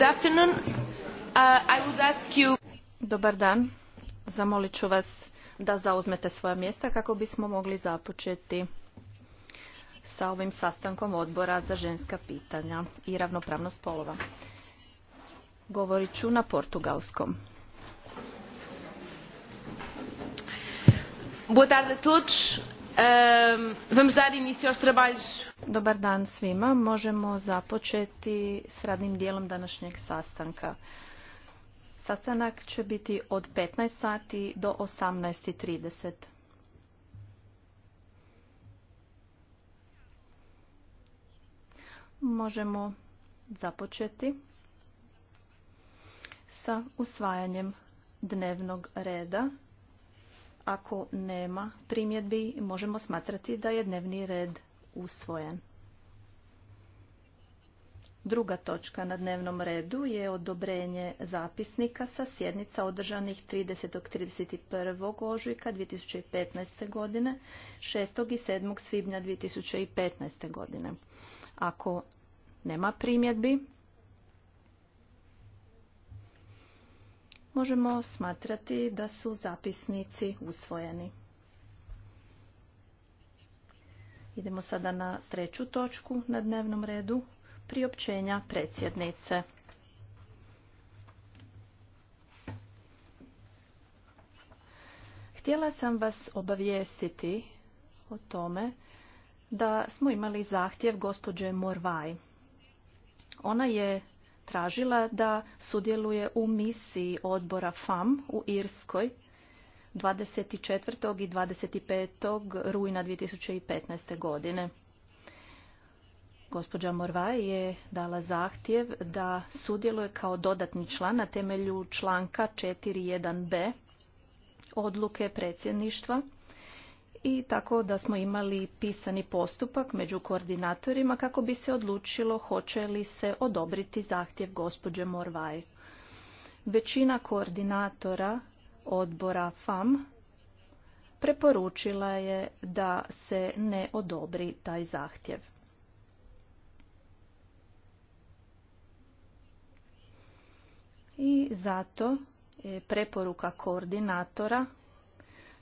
Uh, Dobar dan. Zamolit ću vas da zauzmete svoja mjesta kako bismo mogli započeti sa ovim sastankom odbora za ženska pitanja i ravnopravnost polova. Govorit ću na portugalskom. Boa tarde a todos. Um, vamos dar início aos trabalhos Dobar dan svima. Možemo započeti s radnim dijelom današnjeg sastanka. Sastanak će biti od 15 sati do 18.30. Možemo započeti sa usvajanjem dnevnog reda. Ako nema primjedbi, možemo smatrati da je dnevni red usvojen. Druga točka na dnevnom redu je odobrenje zapisnika sa sjednica održanih 30. 31. ožujka 2015. godine, 6. i 7. svibnja 2015. godine. Ako nema primjedbi, možemo smatrati da su zapisnici usvojeni. Idemo sada na treću točku na dnevnom redu, priopćenja predsjednice. Htjela sam vas obavijestiti o tome da smo imali zahtjev gospođe Morvaj. Ona je tražila da sudjeluje u misiji odbora FAM u Irskoj 24. i 25. rujna 2015. godine. Gospođa Morvaj je dala zahtjev da sudjeluje kao dodatni član na temelju članka 4.1b odluke predsjedništva i tako da smo imali pisani postupak među koordinatorima kako bi se odlučilo hoće li se odobriti zahtjev gospođe Morvaj. Većina koordinatora odbora FAM preporučila je da se ne odobri taj zahtjev. I zato je preporuka koordinatora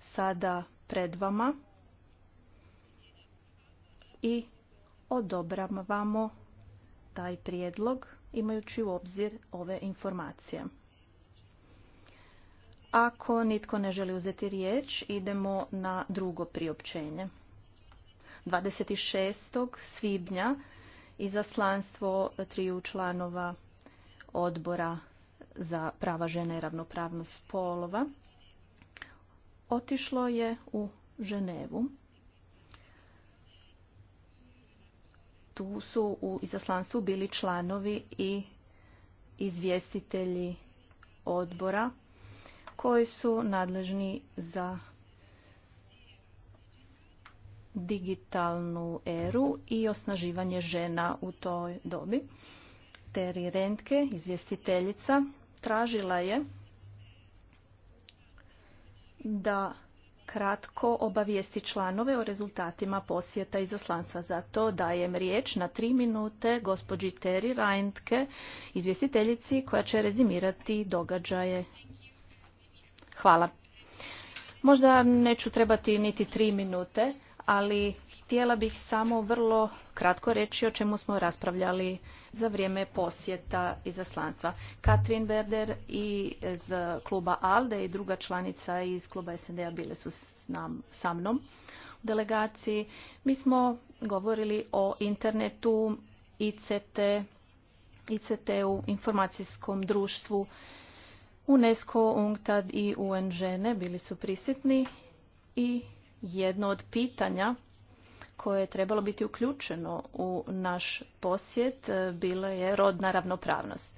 sada pred vama i odobravamo taj prijedlog imajući u obzir ove informacije. Ako nitko ne želi uzeti riječ, idemo na drugo priopćenje. 26. svibnja izaslanstvo triju članova odbora za prava žene i ravnopravnost spolova otišlo je u Ženevu. Tu su u izaslanstvu bili članovi i izvjestitelji odbora koji su nadležni za digitalnu eru i osnaživanje žena u toj dobi. Teri Rentke, izvjestiteljica, tražila je da kratko obavijesti članove o rezultatima posjeta izaslanca. Zato dajem riječ na tri minute gospođi Teri Rentke, izvjestiteljici koja će rezimirati događaje Hvala. Možda neću trebati niti tri minute, ali htjela bih samo vrlo kratko reći o čemu smo raspravljali za vrijeme posjeta izaslanstva. Katrin Berder i iz kluba ALDE i druga članica iz kluba SND-a bile su nam, sa mnom u delegaciji. Mi smo govorili o internetu, ICT, ICT-u, informacijskom društvu UNESCO, UNCTAD i UN žene bili su prisjetni i jedno od pitanja koje je trebalo biti uključeno u naš posjet eh, bila je rodna ravnopravnost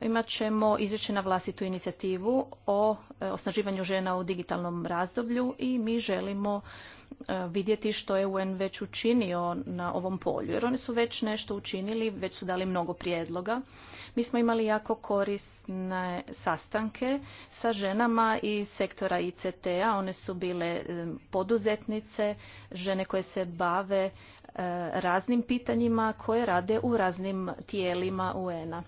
imat ćemo izvješće na vlastitu inicijativu o e, osnaživanju žena u digitalnom razdoblju i mi želimo e, vidjeti što je UN već učinio na ovom polju. Jer oni su već nešto učinili, već su dali mnogo prijedloga. Mi smo imali jako korisne sastanke sa ženama iz sektora ICT-a. One su bile e, poduzetnice, žene koje se bave raznim pitanjima koje rade u raznim tijelima UN-a.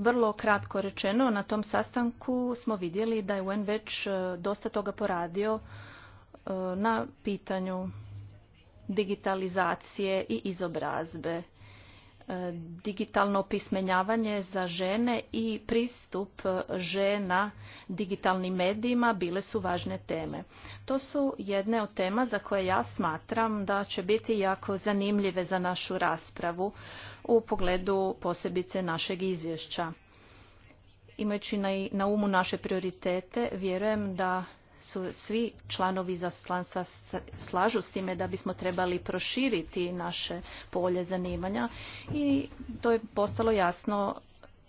Vrlo kratko rečeno, na tom sastanku smo vidjeli da je UN već e, dosta toga poradio e, na pitanju digitalizacije i izobrazbe E, digitalno opismenjavanje za žene i pristup e, žena digitalnim medijima bile su važne teme. To su jedne od tema za koje ja smatram da će biti jako zanimljive za našu raspravu u pogledu posebice našeg izvješća. Imajući na umu naše prioritete, vjerujem da su svi članovi slanstva slažu s time da bismo trebali proširiti naše polje zanimanja i to je postalo jasno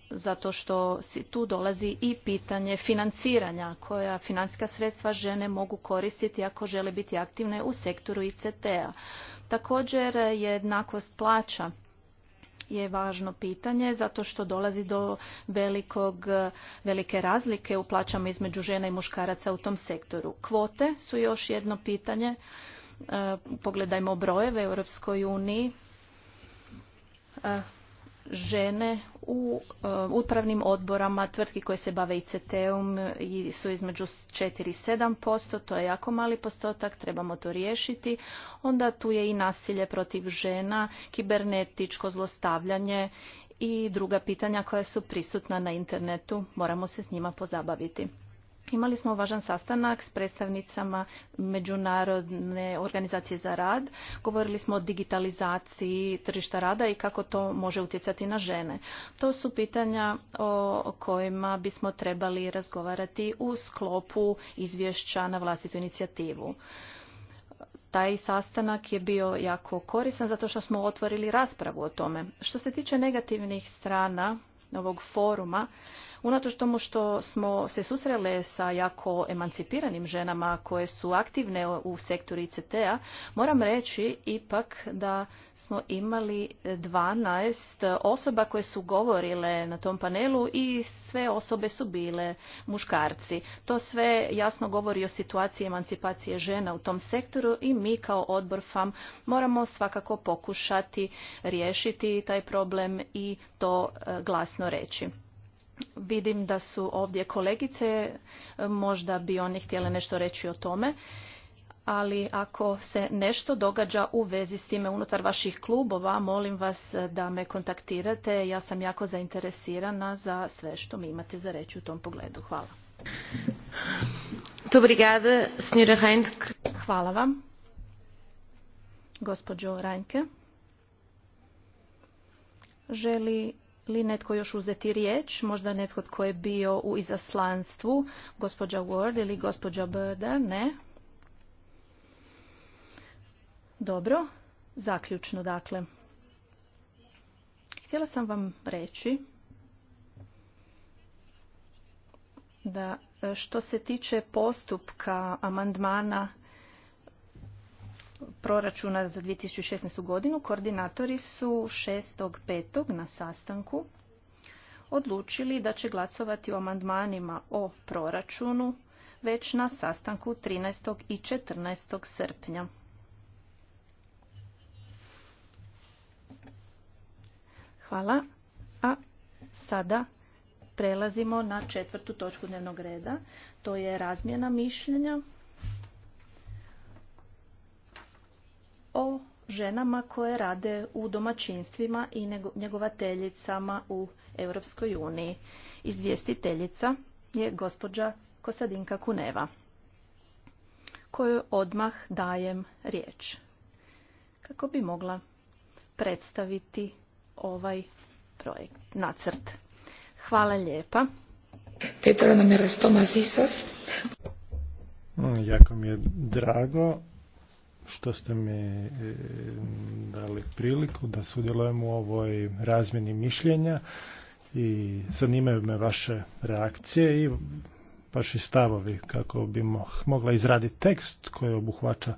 zato što tu dolazi i pitanje financiranja koja financijska sredstva žene mogu koristiti ako žele biti aktivne u sektoru ICT-a. Također jednakost plaća je važno pitanje zato što dolazi do velikog, velike razlike u plaćama između žena i muškaraca u tom sektoru. Kvote su još jedno pitanje. E, pogledajmo brojeve u Europskoj uniji e, žene u eh, upravnim odborama tvrtki koje se bave ICT-om su između 4 i 7%, to je jako mali postotak, trebamo to riješiti. Onda tu je i nasilje protiv žena, kibernetičko zlostavljanje i druga pitanja koja su prisutna na internetu, moramo se s njima pozabaviti. Imali smo važan sastanak s predstavnicama Međunarodne organizacije za rad. Govorili smo o digitalizaciji tržišta rada i kako to može utjecati na žene. To su pitanja o kojima bismo trebali razgovarati u sklopu izvješća na vlastitu inicijativu. Taj sastanak je bio jako korisan zato što smo otvorili raspravu o tome. Što se tiče negativnih strana ovog foruma, Unatoč tomu što smo se susrele sa jako emancipiranim ženama koje su aktivne u sektoru ICT-a, moram reći ipak da smo imali 12 osoba koje su govorile na tom panelu i sve osobe su bile muškarci. To sve jasno govori o situaciji emancipacije žena u tom sektoru i mi kao odbor FAM moramo svakako pokušati riješiti taj problem i to e, glasno reći. Vidim da su ovdje kolegice, možda bi oni htjeli nešto reći o tome, ali ako se nešto događa u vezi s time unutar vaših klubova, molim vas da me kontaktirate, ja sam jako zainteresirana za sve što mi imate za reći u tom pogledu. Hvala. Hvala vam. Gospođo Rajnke. Želi li netko još uzeti riječ? Možda netko tko je bio u izaslanstvu, gospođa Ward ili gospođa Burda? Ne. Dobro, zaključno dakle. Htjela sam vam reći da e, što se tiče postupka amandmana proračuna za 2016. godinu koordinatori su 6.5. na sastanku odlučili da će glasovati o amandmanima o proračunu već na sastanku 13. i 14. srpnja. Hvala. A sada prelazimo na četvrtu točku dnevnog reda. To je razmjena mišljenja o ženama koje rade u domaćinstvima i njegovateljicama u Europskoj uniji. Izvjestiteljica je gospođa Kosadinka Kuneva, koju odmah dajem riječ kako bi mogla predstaviti ovaj projekt, nacrt. Hvala lijepa. Mm, jako mi je drago što ste mi e, dali priliku da sudjelujem u ovoj razmjeni mišljenja i zanimaju me vaše reakcije i vaši stavovi kako bi mogla izraditi tekst koji obuhvaća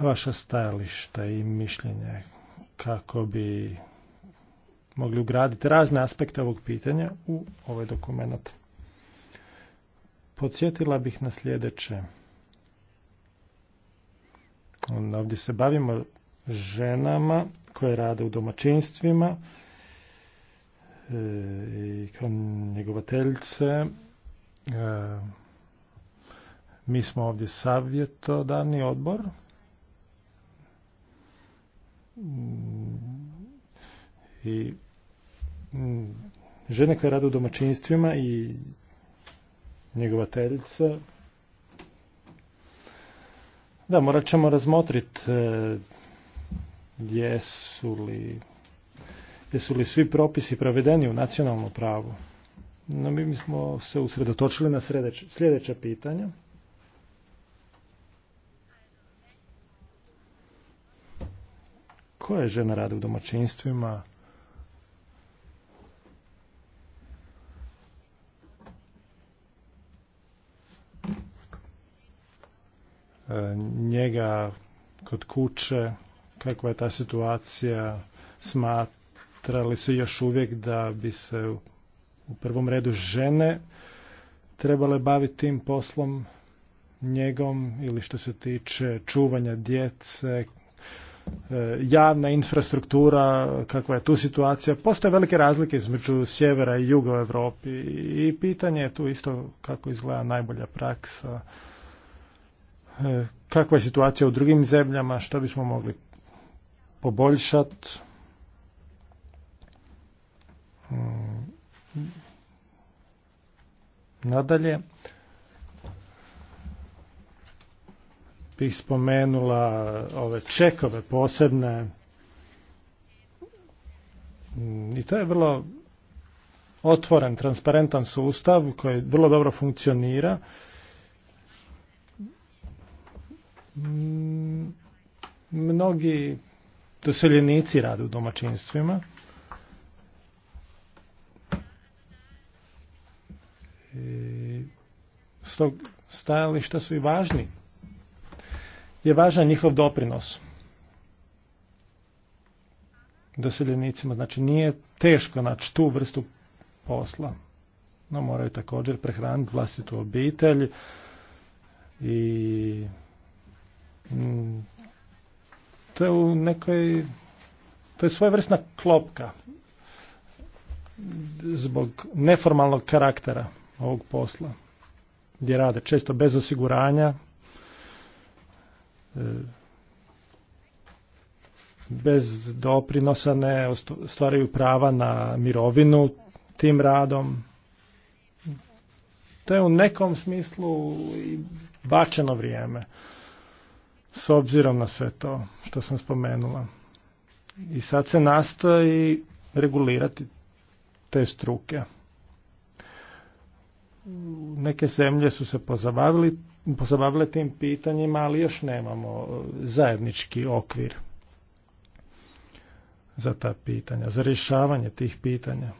vaša stajališta i mišljenje kako bi mogli ugraditi razne aspekte ovog pitanja u ovaj dokument. Podsjetila bih na sljedeće. Ovdje se bavimo ženama koje rade u domaćinstvima e, i kao njegovateljce. E, mi smo ovdje savjetodavni odbor. I mm, žene koje rade u domaćinstvima i njegovateljice da, morat ćemo razmotriti e, jesu li, jesu li svi propisi provedeni u nacionalno pravu. No, mi smo se usredotočili na sljedeća, pitanja. Koja je žena rada u domaćinstvima? E, njega kod kuće, kakva je ta situacija, smatrali su još uvijek da bi se u prvom redu žene trebale baviti tim poslom njegom ili što se tiče čuvanja djece, e, javna infrastruktura, kakva je tu situacija. Postoje velike razlike između sjevera i juga u Europi i pitanje je tu isto kako izgleda najbolja praksa kakva je situacija u drugim zemljama, što bismo mogli poboljšati. Nadalje bih spomenula ove čekove posebne i to je vrlo otvoren, transparentan sustav koji vrlo dobro funkcionira Mm, mnogi doseljenici rade u domaćinstvima. I s tog stajališta su i važni. Je važan njihov doprinos doseljenicima. Znači nije teško naći tu vrstu posla. No moraju također prehraniti vlastitu obitelj i Mm. to je u nekoj, to je svojevrsna klopka zbog neformalnog karaktera ovog posla gdje rade često bez osiguranja e, bez doprinosa ne stvaraju prava na mirovinu tim radom to je u nekom smislu bačeno vrijeme s obzirom na sve to što sam spomenula. I sad se nastoji regulirati te struke. Neke zemlje su se pozabavili, pozabavile tim pitanjima, ali još nemamo e, zajednički okvir za ta pitanja, za rješavanje tih pitanja.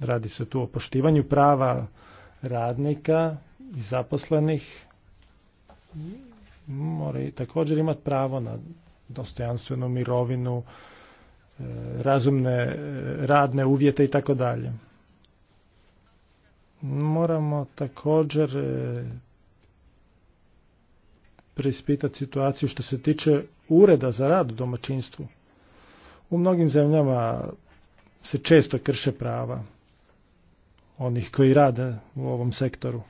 Radi se tu o poštivanju prava radnika i zaposlenih moraju također imati pravo na dostojanstvenu mirovinu, e, razumne e, radne uvjete i tako dalje. Moramo također e, preispitati situaciju što se tiče ureda za rad u domaćinstvu. U mnogim zemljama se često krše prava onih koji rade u ovom sektoru.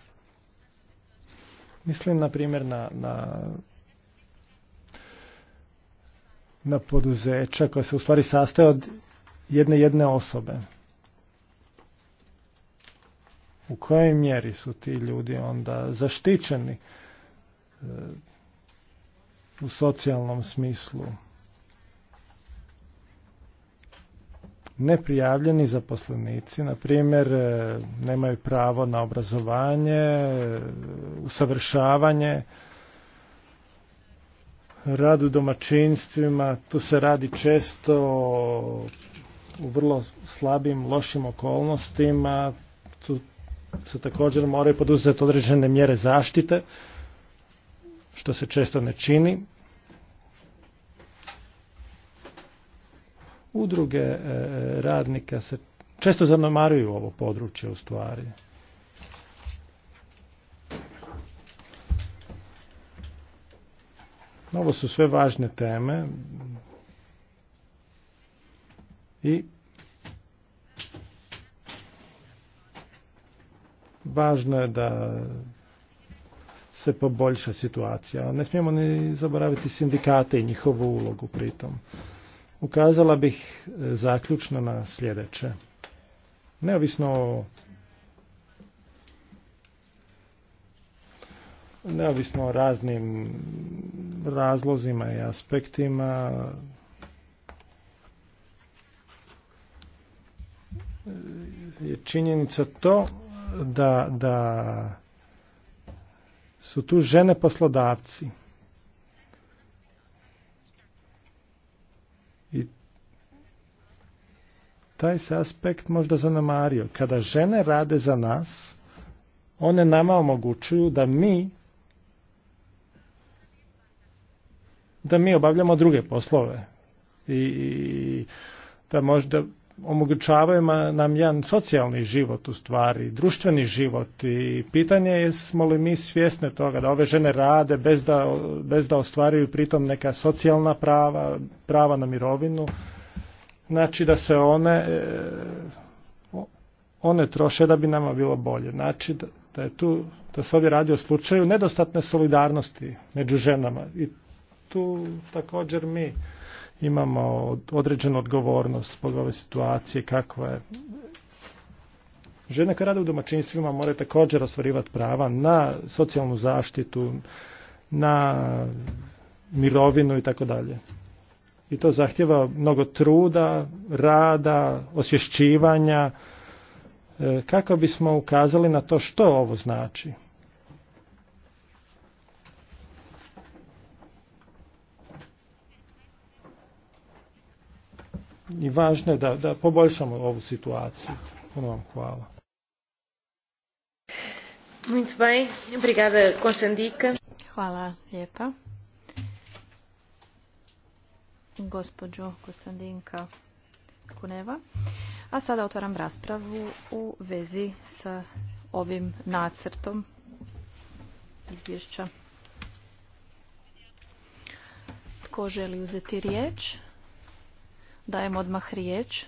Mislim, na primjer, na, na, na poduzeća koja se u stvari sastoje od jedne jedne osobe. U kojoj mjeri su ti ljudi onda zaštićeni e, u socijalnom smislu? neprijavljeni zaposlenici, na primjer, e, nemaju pravo na obrazovanje, e, usavršavanje, rad u domaćinstvima, tu se radi često u vrlo slabim, lošim okolnostima, tu se također moraju poduzeti određene mjere zaštite, što se često ne čini. Udruge e, radnika se često zanemaruju ovo područje u stvari. Ovo su sve važne teme i važno je da se poboljša situacija. Ne smijemo ni zaboraviti sindikate i njihovu ulogu pritom ukazala bih e, zaključno na sljedeće. Neovisno o neovisno o raznim razlozima i aspektima je činjenica to da, da su tu žene poslodavci. taj se aspekt možda zanemario. Kada žene rade za nas, one nama omogućuju da mi da mi obavljamo druge poslove i da možda omogućavaju nam jedan socijalni život u stvari, društveni život i pitanje je smo li mi svjesni toga da ove žene rade bez da, bez da ostvaruju pritom neka socijalna prava, prava na mirovinu znači da se one e, one troše da bi nama bilo bolje. Znači da je tu, da se ovdje radi o slučaju nedostatne solidarnosti među ženama i tu također mi imamo određenu odgovornost zbog ove situacije kakva je. Žene koje rade u domaćinstvima moraju također ostvarivati prava na socijalnu zaštitu, na mirovinu i tako dalje i to zahtjeva mnogo truda, rada, osješćivanja, e, kako bismo ukazali na to što ovo znači. I važno je da, da poboljšamo ovu situaciju. Puno vam hvala. Muito bem, obrigada Hvala lijepa gospođo Kostandinka Kuneva. A sada otvaram raspravu u vezi sa ovim nacrtom izvješća. Tko želi uzeti riječ? Dajem odmah riječ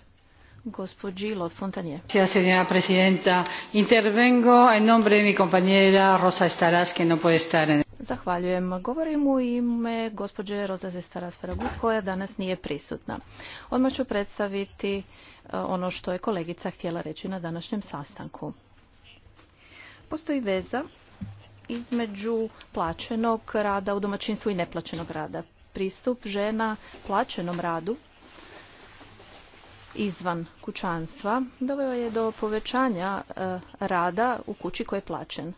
gospođi Lot Fontanje. Señora presidenta, intervengo en nombre de mi compañera Rosa Estarás, que no puede estar Zahvaljujem. Govorim u ime gospođe Roza Zestara Sferagut koja danas nije prisutna. Odmah ću predstaviti e, ono što je kolegica htjela reći na današnjem sastanku. Postoji veza između plaćenog rada u domaćinstvu i neplaćenog rada. Pristup žena plaćenom radu izvan kućanstva doveo je do povećanja e, rada u kući koji je plaćen.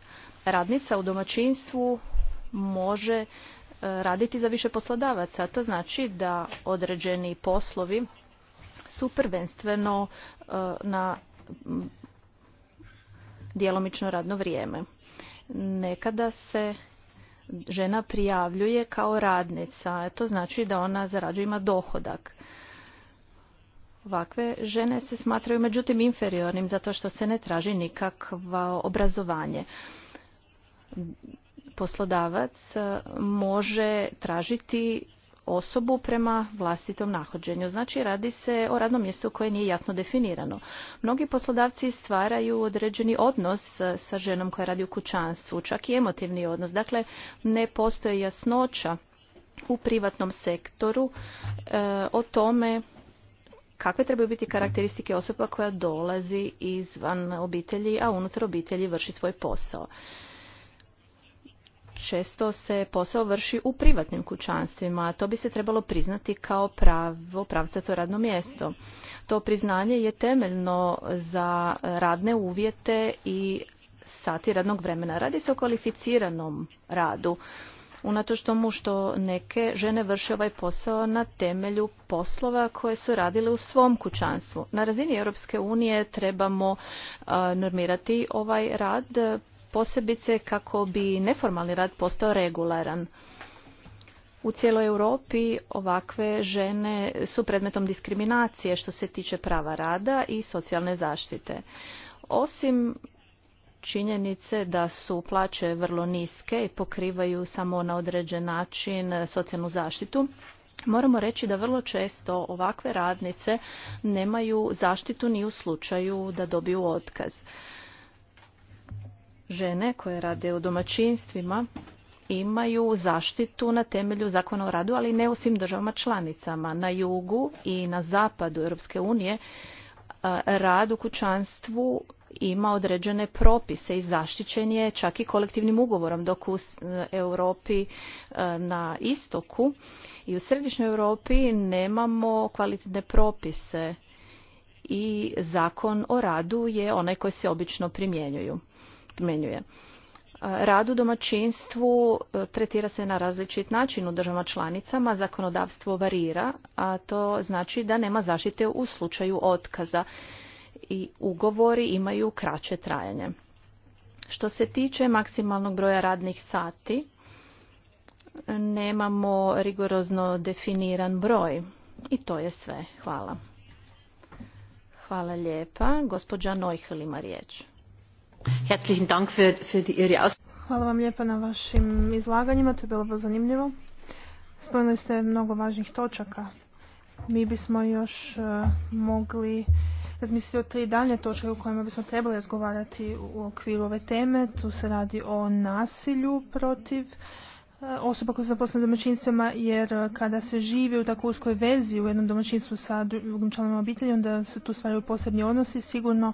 Radnica u domaćinstvu može e, raditi za više poslodavaca. To znači da određeni poslovi su prvenstveno e, na djelomično radno vrijeme. Nekada se žena prijavljuje kao radnica. To znači da ona zarađuje ima dohodak. Ovakve žene se smatraju međutim inferiornim zato što se ne traži nikakvo obrazovanje poslodavac e, može tražiti osobu prema vlastitom nahođenju. Znači radi se o radnom mjestu koje nije jasno definirano. Mnogi poslodavci stvaraju određeni odnos e, sa ženom koja radi u kućanstvu, čak i emotivni odnos. Dakle, ne postoji jasnoća u privatnom sektoru e, o tome kakve trebaju biti karakteristike osoba koja dolazi izvan obitelji, a unutar obitelji vrši svoj posao često se posao vrši u privatnim kućanstvima, a to bi se trebalo priznati kao pravo pravcato radno mjesto. To priznanje je temeljno za radne uvjete i sati radnog vremena. Radi se o kvalificiranom radu. Unatoč tomu što neke žene vrše ovaj posao na temelju poslova koje su radile u svom kućanstvu. Na razini Europske unije trebamo normirati ovaj rad posebice kako bi neformalni rad postao regularan. U cijeloj Europi ovakve žene su predmetom diskriminacije što se tiče prava rada i socijalne zaštite. Osim činjenice da su plaće vrlo niske i pokrivaju samo na određen način socijalnu zaštitu, Moramo reći da vrlo često ovakve radnice nemaju zaštitu ni u slučaju da dobiju otkaz žene koje rade u domaćinstvima imaju zaštitu na temelju zakona o radu, ali ne u svim državama članicama. Na jugu i na zapadu Europske unije rad u kućanstvu ima određene propise i zaštićen je čak i kolektivnim ugovorom dok u e, Europi e, na istoku i u središnjoj Europi nemamo kvalitetne propise i zakon o radu je onaj koji se obično primjenjuju primjenjuje. E, rad u domaćinstvu e, tretira se na različit način u državama članicama, zakonodavstvo varira, a to znači da nema zaštite u slučaju otkaza i ugovori imaju kraće trajanje. Što se tiče maksimalnog broja radnih sati, nemamo rigorozno definiran broj i to je sve. Hvala. Hvala lijepa. Gospođa Nojhel ima riječ. Hvala vam lijepa na vašim izlaganjima, to je bilo vrlo zanimljivo. Spomenuli ste mnogo važnih točaka. Mi bismo još e, mogli razmisliti o tri dalje točke o kojima bismo trebali razgovarati u okviru ove teme. Tu se radi o nasilju protiv e, osoba koje su zaposlila u domaćinstvima, jer e, kada se živi u tako uskoj vezi u jednom domaćinstvu sa drugim članovima obitelji, onda se tu stvaraju posebni odnosi. Sigurno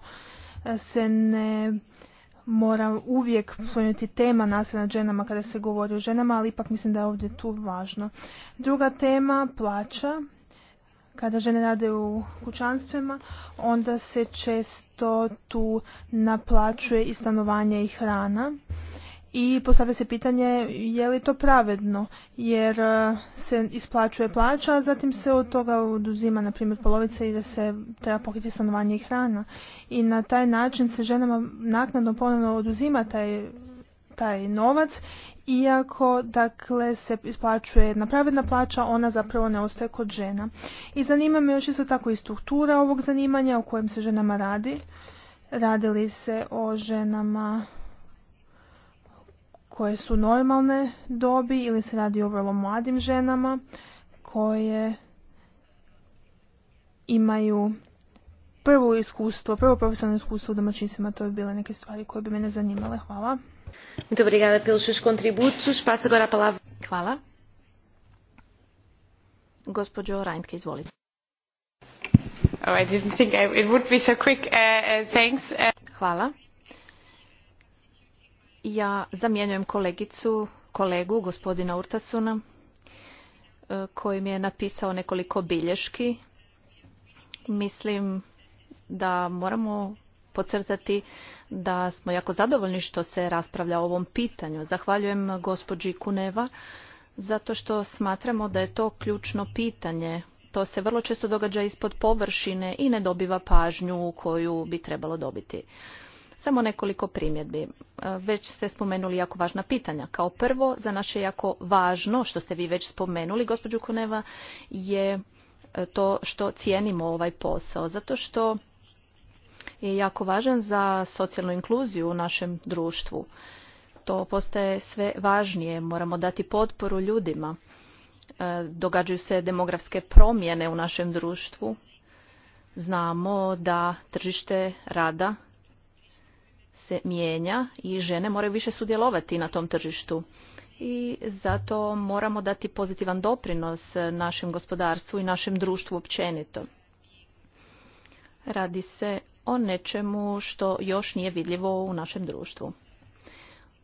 se ne mora uvijek spomenuti tema nasilja nad ženama kada se govori o ženama, ali ipak mislim da je ovdje tu važno. Druga tema, plaća. Kada žene rade u kućanstvima, onda se često tu naplaćuje i stanovanje i hrana i postavlja se pitanje je li to pravedno jer e, se isplaćuje plaća, a zatim se od toga oduzima na primjer polovica i da se treba pokriti stanovanje i hrana. I na taj način se ženama naknadno ponovno oduzima taj, taj novac iako dakle se isplaćuje jedna pravedna plaća, ona zapravo ne ostaje kod žena. I zanima me još isto tako i struktura ovog zanimanja o kojem se ženama radi. Radili se o ženama koje su normalne dobi ili se radi o vrlo mladim ženama koje imaju prvo iskustvo, prvo profesionalno iskustvo u domaćinstvima, to bi bile neke stvari koje bi mene zanimale. Hvala. Muito obrigada pelos seus contributos. Passo agora a palavra. Hvala. Gospođo Reintke, izvolite. Oh, I didn't think I, it would be so quick. Uh, uh, thanks. Uh... Hvala. Ja zamjenjujem kolegicu, kolegu, gospodina Urtasuna, e, koji mi je napisao nekoliko bilješki. Mislim da moramo podcrtati da smo jako zadovoljni što se raspravlja o ovom pitanju. Zahvaljujem gospođi Kuneva zato što smatramo da je to ključno pitanje. To se vrlo često događa ispod površine i ne dobiva pažnju koju bi trebalo dobiti. Samo nekoliko primjedbi. E, već ste spomenuli jako važna pitanja. Kao prvo, za naše jako važno, što ste vi već spomenuli, gospođu Kuneva je e, to što cijenimo ovaj posao. Zato što je jako važan za socijalnu inkluziju u našem društvu. To postaje sve važnije. Moramo dati potporu ljudima. E, događaju se demografske promjene u našem društvu. Znamo da tržište rada se mijenja i žene moraju više sudjelovati na tom tržištu i zato moramo dati pozitivan doprinos našem gospodarstvu i našem društvu općenito. Radi se o nečemu što još nije vidljivo u našem društvu.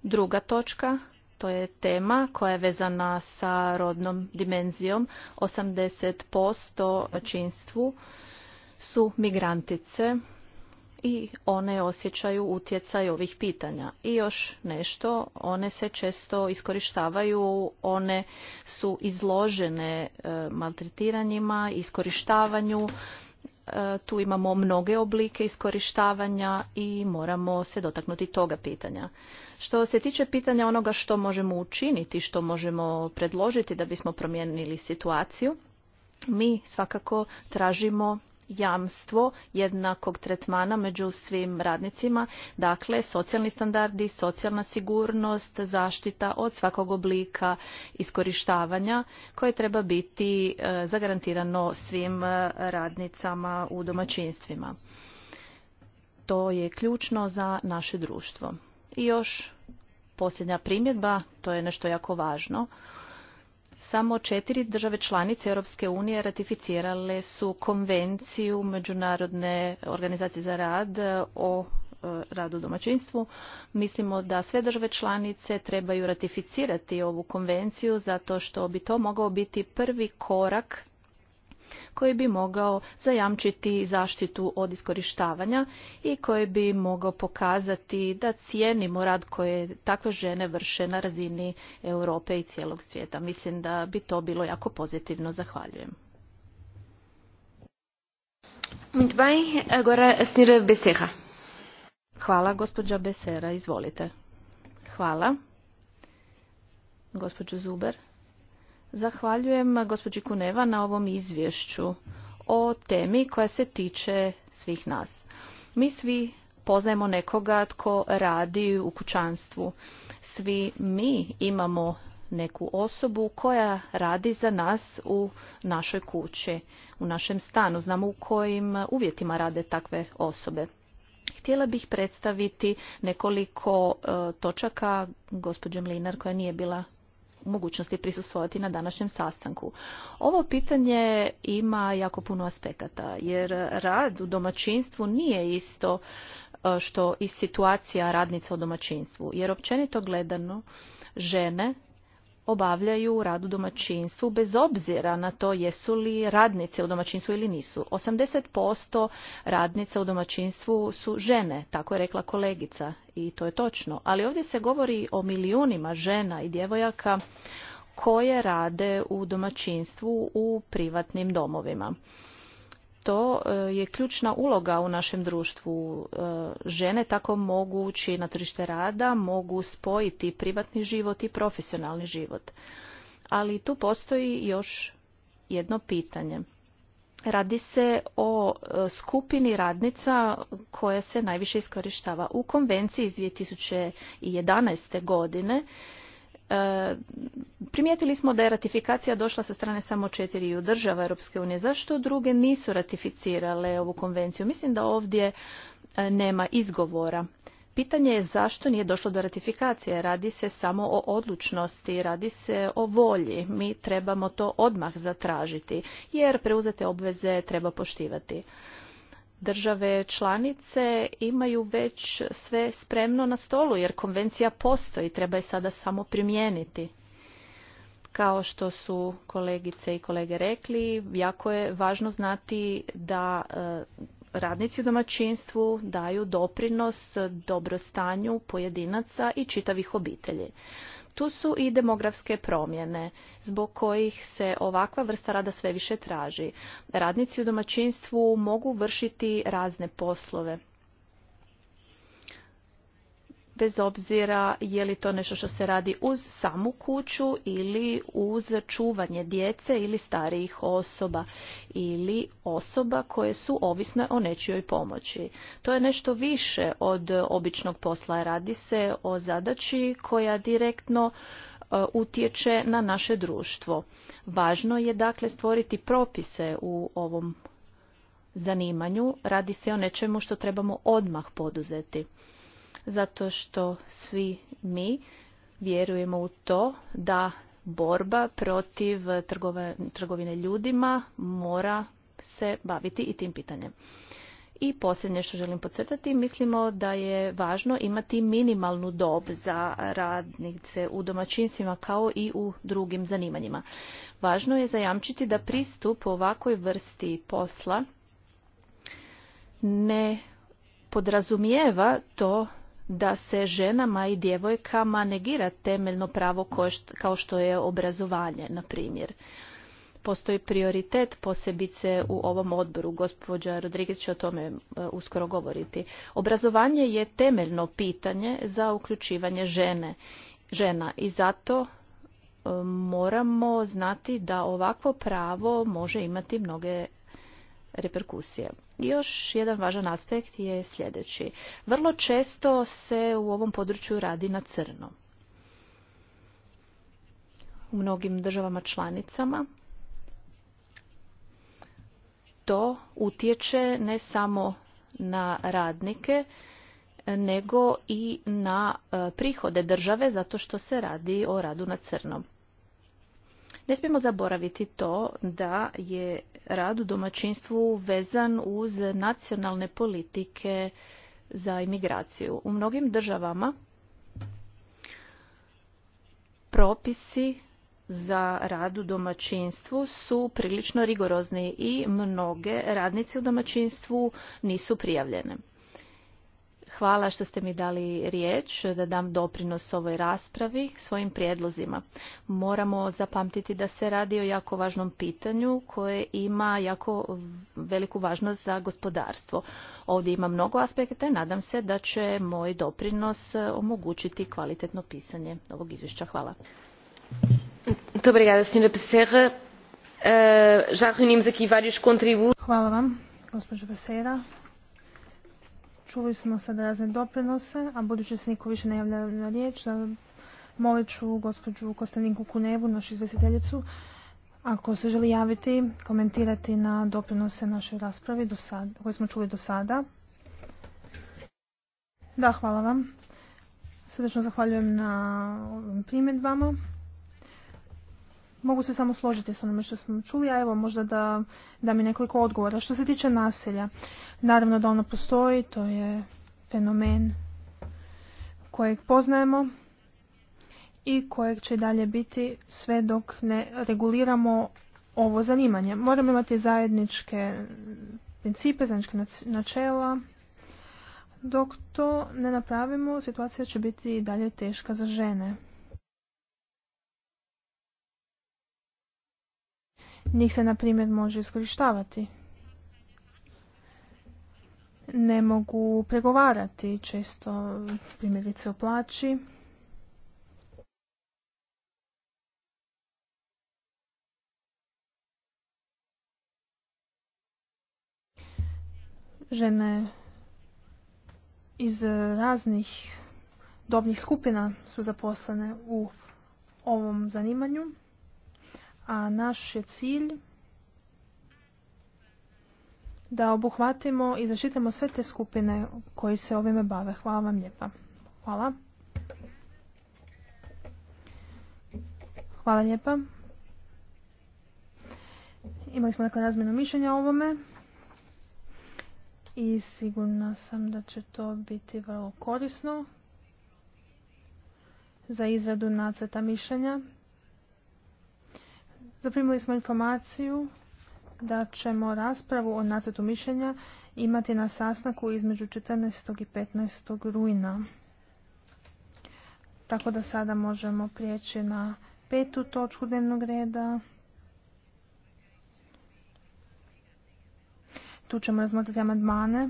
Druga točka, to je tema koja je vezana sa rodnom dimenzijom. 80% činstvu su migrantice i one osjećaju utjecaj ovih pitanja. I još nešto, one se često iskorištavaju, one su izložene e, maltretiranjima, iskorištavanju, e, tu imamo mnoge oblike iskorištavanja i moramo se dotaknuti toga pitanja. Što se tiče pitanja onoga što možemo učiniti, što možemo predložiti da bismo promijenili situaciju, mi svakako tražimo jamstvo jednakog tretmana među svim radnicima, dakle socijalni standardi, socijalna sigurnost, zaštita od svakog oblika iskorištavanja koje treba biti e, zagarantirano svim e, radnicama u domaćinstvima. To je ključno za naše društvo. I još posljednja primjedba, to je nešto jako važno. Samo četiri države članice Europske unije ratificirale su konvenciju Međunarodne organizacije za rad e, o e, radu u domaćinstvu. Mislimo da sve države članice trebaju ratificirati ovu konvenciju zato što bi to mogao biti prvi korak koji bi mogao zajamčiti zaštitu od iskorištavanja i koji bi mogao pokazati da cijenimo rad koje takve žene vrše na razini Europe i cijelog svijeta. Mislim da bi to bilo jako pozitivno. Zahvaljujem. Hvala, gospođa Besera, izvolite. Hvala. Gospođo Zuber. Zahvaljujem gospođi Kuneva na ovom izvješću o temi koja se tiče svih nas. Mi svi poznajemo nekoga tko radi u kućanstvu. Svi mi imamo neku osobu koja radi za nas u našoj kući, u našem stanu. Znamo u kojim uvjetima rade takve osobe. Htjela bih predstaviti nekoliko e, točaka gospođe Mlinar koja nije bila mogućnosti prisustvovati na današnjem sastanku. Ovo pitanje ima jako puno aspekata jer rad u domaćinstvu nije isto e, što i situacija radnica u domaćinstvu jer općenito gledano žene obavljaju rad u domaćinstvu bez obzira na to jesu li radnice u domaćinstvu ili nisu. 80% radnica u domaćinstvu su žene, tako je rekla kolegica i to je točno. Ali ovdje se govori o milijunima žena i djevojaka koje rade u domaćinstvu u privatnim domovima to e, je ključna uloga u našem društvu. E, žene tako mogu ući na tržište rada, mogu spojiti privatni život i profesionalni život. Ali tu postoji još jedno pitanje. Radi se o e, skupini radnica koja se najviše iskorištava. U konvenciji iz 2011. godine E, primijetili smo da je ratifikacija došla sa strane samo četiri država Europske unije. Zašto druge nisu ratificirale ovu konvenciju? Mislim da ovdje e, nema izgovora. Pitanje je zašto nije došlo do ratifikacije. Radi se samo o odlučnosti, radi se o volji. Mi trebamo to odmah zatražiti jer preuzete obveze treba poštivati države članice imaju već sve spremno na stolu jer konvencija postoji, treba je sada samo primijeniti. Kao što su kolegice i kolege rekli, jako je važno znati da e, radnici u domaćinstvu daju doprinos dobrostanju pojedinaca i čitavih obitelji. Tu su i demografske promjene zbog kojih se ovakva vrsta rada sve više traži. Radnici u domaćinstvu mogu vršiti razne poslove bez obzira je li to nešto što se radi uz samu kuću ili uz čuvanje djece ili starijih osoba ili osoba koje su ovisne o nečijoj pomoći. To je nešto više od običnog posla. Radi se o zadaći koja direktno uh, utječe na naše društvo. Važno je dakle stvoriti propise u ovom zanimanju. Radi se o nečemu što trebamo odmah poduzeti zato što svi mi vjerujemo u to da borba protiv trgovine ljudima mora se baviti i tim pitanjem. I posljednje što želim podcrtati, mislimo da je važno imati minimalnu dob za radnice u domaćinstvima kao i u drugim zanimanjima. Važno je zajamčiti da pristup u ovakvoj vrsti posla ne podrazumijeva to da se ženama i djevojkama negira temeljno pravo kao što je obrazovanje, na primjer. Postoji prioritet posebice u ovom odboru. Gospođa Rodriguez će o tome e, uskoro govoriti. Obrazovanje je temeljno pitanje za uključivanje žene, žena i zato e, moramo znati da ovakvo pravo može imati mnoge reperkusije. Još jedan važan aspekt je sljedeći. Vrlo često se u ovom području radi na crno. U mnogim državama članicama to utječe ne samo na radnike, nego i na e, prihode države zato što se radi o radu na crnom. Ne smijemo zaboraviti to da je rad u domaćinstvu vezan uz nacionalne politike za imigraciju. U mnogim državama propisi za rad u domaćinstvu su prilično rigorozni i mnoge radnice u domaćinstvu nisu prijavljene. Hvala što ste mi dali riječ da dam doprinos ovoj raspravi svojim prijedlozima. Moramo zapamtiti da se radi o jako važnom pitanju koje ima jako veliku važnost za gospodarstvo. Ovdje ima mnogo aspekta i nadam se da će moj doprinos omogućiti kvalitetno pisanje ovog izvješća. Hvala. E, Hvala vam, gospođo Pesera. Čuli smo sad razne doprinose, a budući se niko više ne javlja na riječ, molit ću gospođu Kostaninku Kunevu, našu izvjestiteljicu, ako se želi javiti, komentirati na doprinose našoj raspravi do koje smo čuli do sada. Da, hvala vam. Srdečno zahvaljujem na ovim primjedbama mogu se samo složiti s onome što smo čuli, a evo možda da, da mi nekoliko odgovora. Što se tiče naselja, naravno da ono postoji, to je fenomen kojeg poznajemo i kojeg će dalje biti sve dok ne reguliramo ovo zanimanje. Moramo imati zajedničke principe, zajedničke načela. Dok to ne napravimo, situacija će biti i dalje teška za žene. Njih se, na primjer, može iskorištavati. Ne mogu pregovarati često primjerice o plaći. žene iz raznih dobnih skupina su zaposlene u ovom zanimanju a naš je cilj da obuhvatimo i zaštitimo sve te skupine koji se ovime bave. Hvala vam lijepa. Hvala. Hvala lijepa. Imali smo dakle razmjenu mišljenja o ovome i sigurna sam da će to biti vrlo korisno za izradu nacrta mišljenja Zaprimili smo informaciju da ćemo raspravu o nacrtu mišljenja imati na sastanku između 14. i 15. rujna. Tako da sada možemo prijeći na petu točku dnevnog reda. Tu ćemo razmotriti amandmane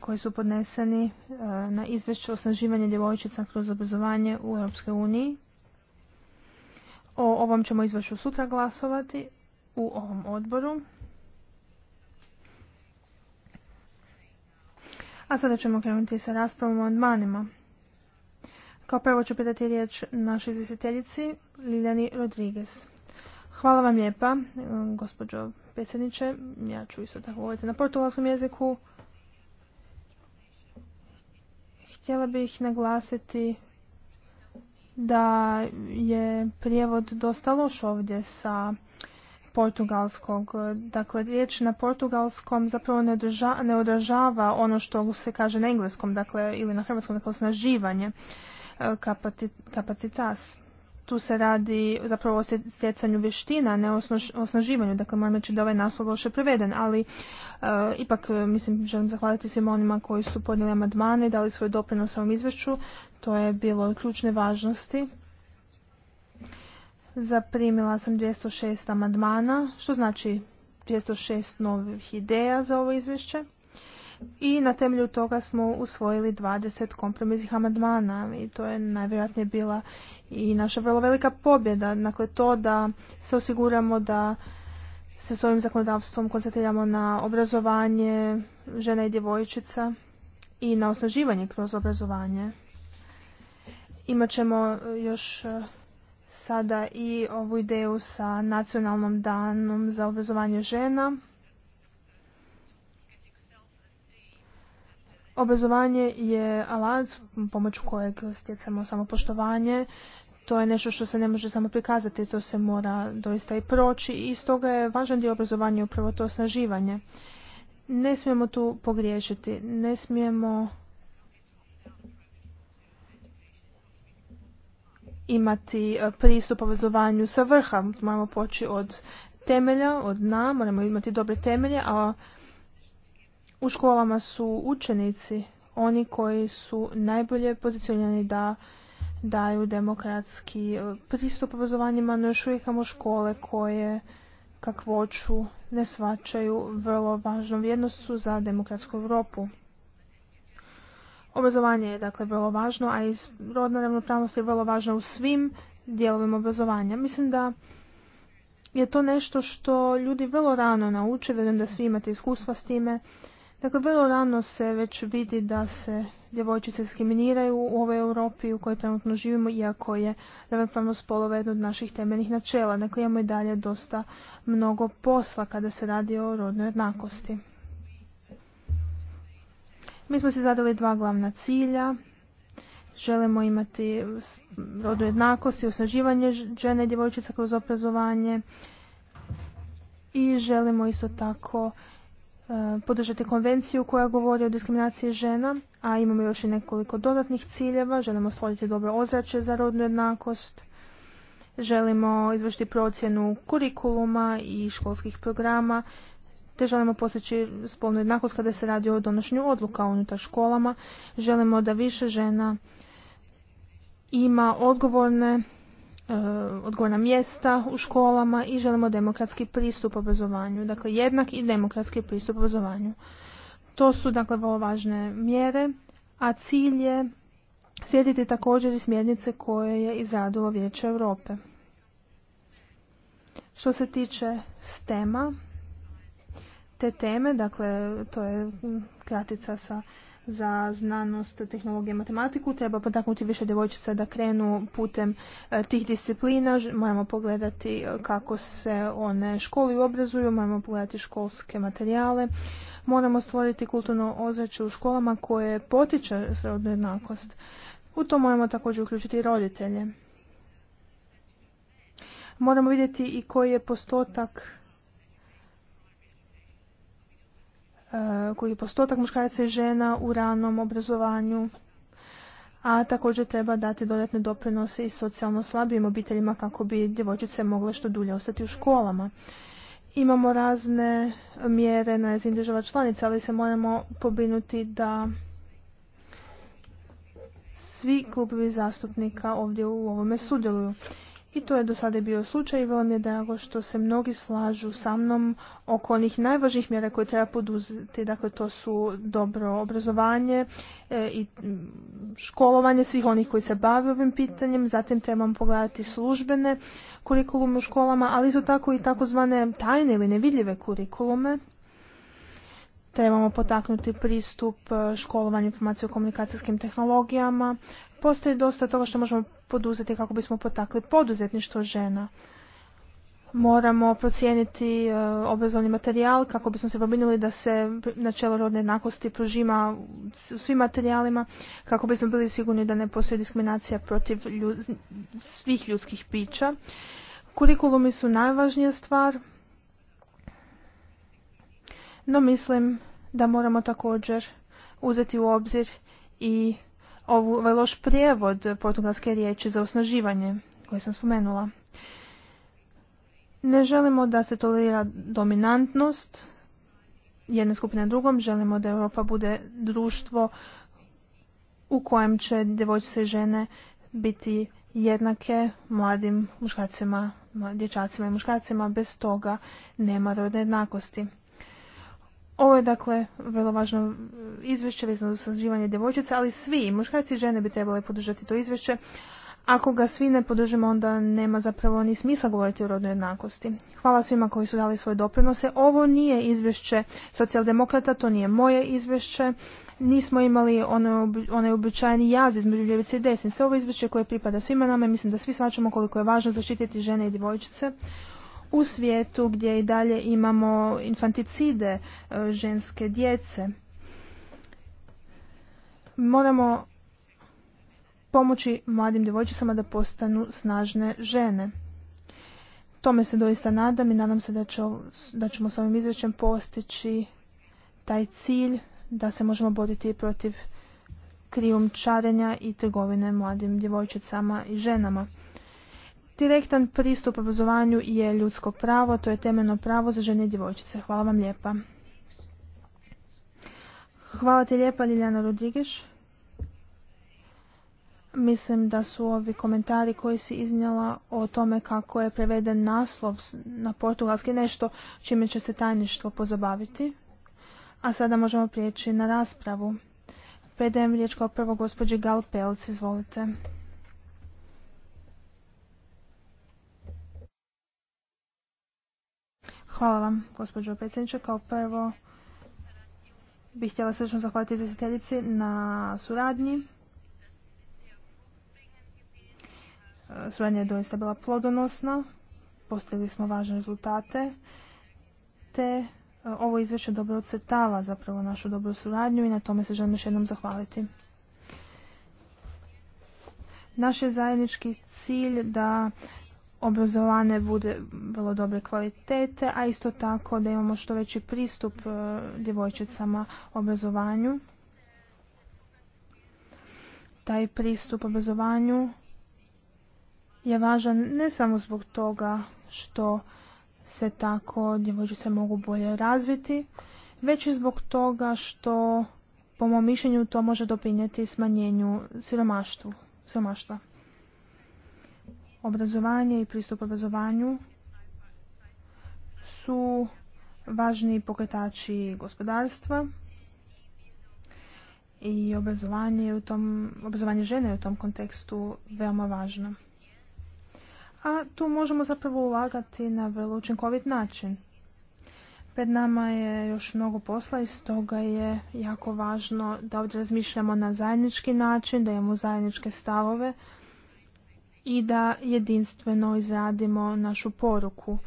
koji su podneseni e, na izvješće osnaživanje djevojčica kroz obrazovanje u eu uniji. O ovom ćemo izvršu sutra glasovati u ovom odboru. A sada ćemo krenuti sa raspravom o odmanima. Kao prvo ću predati riječ našoj izvjestiteljici Liljani Rodriguez. Hvala vam lijepa, gospođo predsjedniče. Ja ću isto tako govoriti na portugalskom jeziku. Htjela bih naglasiti da je prijevod dosta loš ovdje sa portugalskog. Dakle, riječ na portugalskom zapravo ne, održava odražava ono što se kaže na engleskom, dakle, ili na hrvatskom, dakle, osnaživanje, e, kapacitas tu se radi zapravo o stjecanju vještina, ne o osnaživanju. Dakle, moram reći da ovaj naslov loše preveden, ali e, ipak e, mislim želim zahvaliti svima onima koji su podnijeli amandmane i dali svoj doprinos ovom izvješću. To je bilo od ključne važnosti. Zaprimila sam 206 amandmana, što znači 206 novih ideja za ovo izvješće i na temelju toga smo usvojili 20 kompromisnih amandmana i to je najvjerojatnije bila i naša vrlo velika pobjeda. Dakle, to da se osiguramo da se s ovim zakonodavstvom koncentriramo na obrazovanje žena i djevojčica i na osnaživanje kroz obrazovanje. Imaćemo eh, još eh, sada i ovu ideju sa nacionalnom danom za obrazovanje žena Obrazovanje je alat pomoću kojeg stjecamo samopoštovanje. To je nešto što se ne može samo prikazati, to se mora doista i proći i stoga je važan dio obrazovanja upravo to osnaživanje. Ne smijemo tu pogriješiti, ne smijemo imati e, pristup obrazovanju sa vrha. Moramo poći od temelja, od dna, moramo imati dobre temelje, a u školama su učenici oni koji su najbolje pozicionirani da daju demokratski e, pristup obrazovanjima, no još uvijek imamo škole koje kakvoću ne svačaju vrlo važnom vrijednostu za demokratsku Europu. Obrazovanje je dakle vrlo važno, a i rodna ravnopravnost je vrlo važna u svim dijelovima obrazovanja. Mislim da je to nešto što ljudi vrlo rano nauče, vjerujem da svi imate iskustva s time Dakle, vrlo rano se već vidi da se djevojčice diskriminiraju u ovoj Europi u kojoj trenutno živimo, iako je ravnopravnost spolova jedno od naših temeljnih načela. Dakle, imamo i dalje dosta mnogo posla kada se radi o rodnoj jednakosti. Mi smo se zadali dva glavna cilja. Želimo imati rodnu jednakost i osnaživanje žene i djevojčica kroz obrazovanje i želimo isto tako podržati konvenciju koja govori o diskriminaciji žena, a imamo još i nekoliko dodatnih ciljeva. Želimo stvoriti dobro ozračje za rodnu jednakost. Želimo izvršiti procjenu kurikuluma i školskih programa, te želimo postići spolnu jednakost kada se radi o donošenju odluka unutar školama. Želimo da više žena ima odgovorne E, odgojna mjesta u školama i želimo demokratski pristup obrazovanju. Dakle, jednak i demokratski pristup obrazovanju. To su dakle vrlo važne mjere, a cilj je slijediti također i smjernice koje je izradilo Vijeće Europe. Što se tiče stema, te teme, dakle to je kratica sa za znanost, tehnologiju i matematiku. Treba potaknuti više djevojčica da krenu putem e, tih disciplina. Moramo pogledati e, kako se one školi obrazuju, moramo pogledati školske materijale. Moramo stvoriti kulturno ozračje u školama koje potiče srodnu jednakost. U to moramo također uključiti i roditelje. Moramo vidjeti i koji je postotak Eh, koji je postotak muškaraca i žena u ranom obrazovanju, a također treba dati dodatne doprinose i socijalno slabijim obiteljima kako bi djevojčice mogle što dulje ostati u školama. Imamo razne mjere na razini država članica, ali se moramo pobinuti da svi klubovi zastupnika ovdje u ovome sudjeluju. I to je do sada bio slučaj i vrlo mi je drago što se mnogi slažu sa mnom oko onih najvažnijih mjera koje treba poduzeti. Dakle, to su dobro obrazovanje e, i školovanje svih onih koji se bave ovim pitanjem. Zatim trebamo pogledati službene kurikulume u školama, ali su tako i takozvane tajne ili nevidljive kurikulume trebamo potaknuti pristup e, školovanju informacije o komunikacijskim tehnologijama. Postoji dosta toga što možemo poduzeti kako bismo potakli poduzetništvo žena. Moramo procijeniti e, obrazovni materijal kako bismo se pobrinuli da se načelo rodne jednakosti prožima u svim materijalima, kako bismo bili sigurni da ne postoji diskriminacija protiv svih ljudskih pića. Kurikulumi su najvažnija stvar, no mislim da moramo također uzeti u obzir i ovu ovaj loš prijevod portugalske riječi za osnaživanje koje sam spomenula. Ne želimo da se tolerira dominantnost jedne skupine drugom, želimo da Europa bude društvo u kojem će djevojčice i žene biti jednake mladim muškacima, dječacima i muškacima, bez toga nema rodne jednakosti. Ovo je dakle vrlo važno e, izvješće vezano za osnaživanje djevojčica, ali svi, muškarci i žene bi trebali podržati to izvješće. Ako ga svi ne podržimo, onda nema zapravo ni smisla govoriti o rodnoj jednakosti. Hvala svima koji su dali svoje doprinose. Ovo nije izvješće socijaldemokrata, to nije moje izvješće. Nismo imali onaj običajni jaz između ljevice i desnice. Ovo izvješće koje pripada svima nama i mislim da svi svačamo koliko je važno zaštititi žene i djevojčice u svijetu gdje i dalje imamo infanticide e, ženske djece. Moramo pomoći mladim djevojčicama da postanu snažne žene. Tome se doista nadam i nadam se da, da ćemo s ovim izvješćem postići taj cilj da se možemo boriti protiv krijumčarenja i trgovine mladim djevojčicama i ženama. Direktan pristup obrazovanju je ljudsko pravo, to je temeljno pravo za žene i djevojčice. Hvala vam lijepa. Hvala ti lijepa Liljana Rodrigeš. Mislim da su ovi komentari koji si iznijela o tome kako je preveden naslov na portugalski nešto čime će se tajništvo pozabaviti. A sada možemo prijeći na raspravu. Predajem riječ kao prvo gospođi Gal Pelc, izvolite. Hvala vam, gospođo predsjedniče. Kao prvo bih htjela srčno zahvaliti izvjestiteljici na suradnji. Suradnja je doista bila plodonosna, postigli smo važne rezultate, te e, ovo izvješće dobro ocrtava zapravo našu dobru suradnju i na tome se želim još jednom zahvaliti. Naš je zajednički cilj da obrazovane bude vrlo dobre kvalitete, a isto tako da imamo što veći pristup e, djevojčicama obrazovanju. Taj pristup obrazovanju je važan ne samo zbog toga što se tako djevojčice mogu bolje razviti, već i zbog toga što po mom mišljenju to može doprinijeti smanjenju siromaštvu, siromaštva obrazovanje i pristup obrazovanju su važni pokretači gospodarstva i obrazovanje, u tom, obrazovanje žene u tom kontekstu veoma važno. A tu možemo zapravo ulagati na vrlo učinkovit način. Pred nama je još mnogo posla i stoga je jako važno da ovdje razmišljamo na zajednički način, da imamo zajedničke stavove i da jedinstveno izradimo našu poruku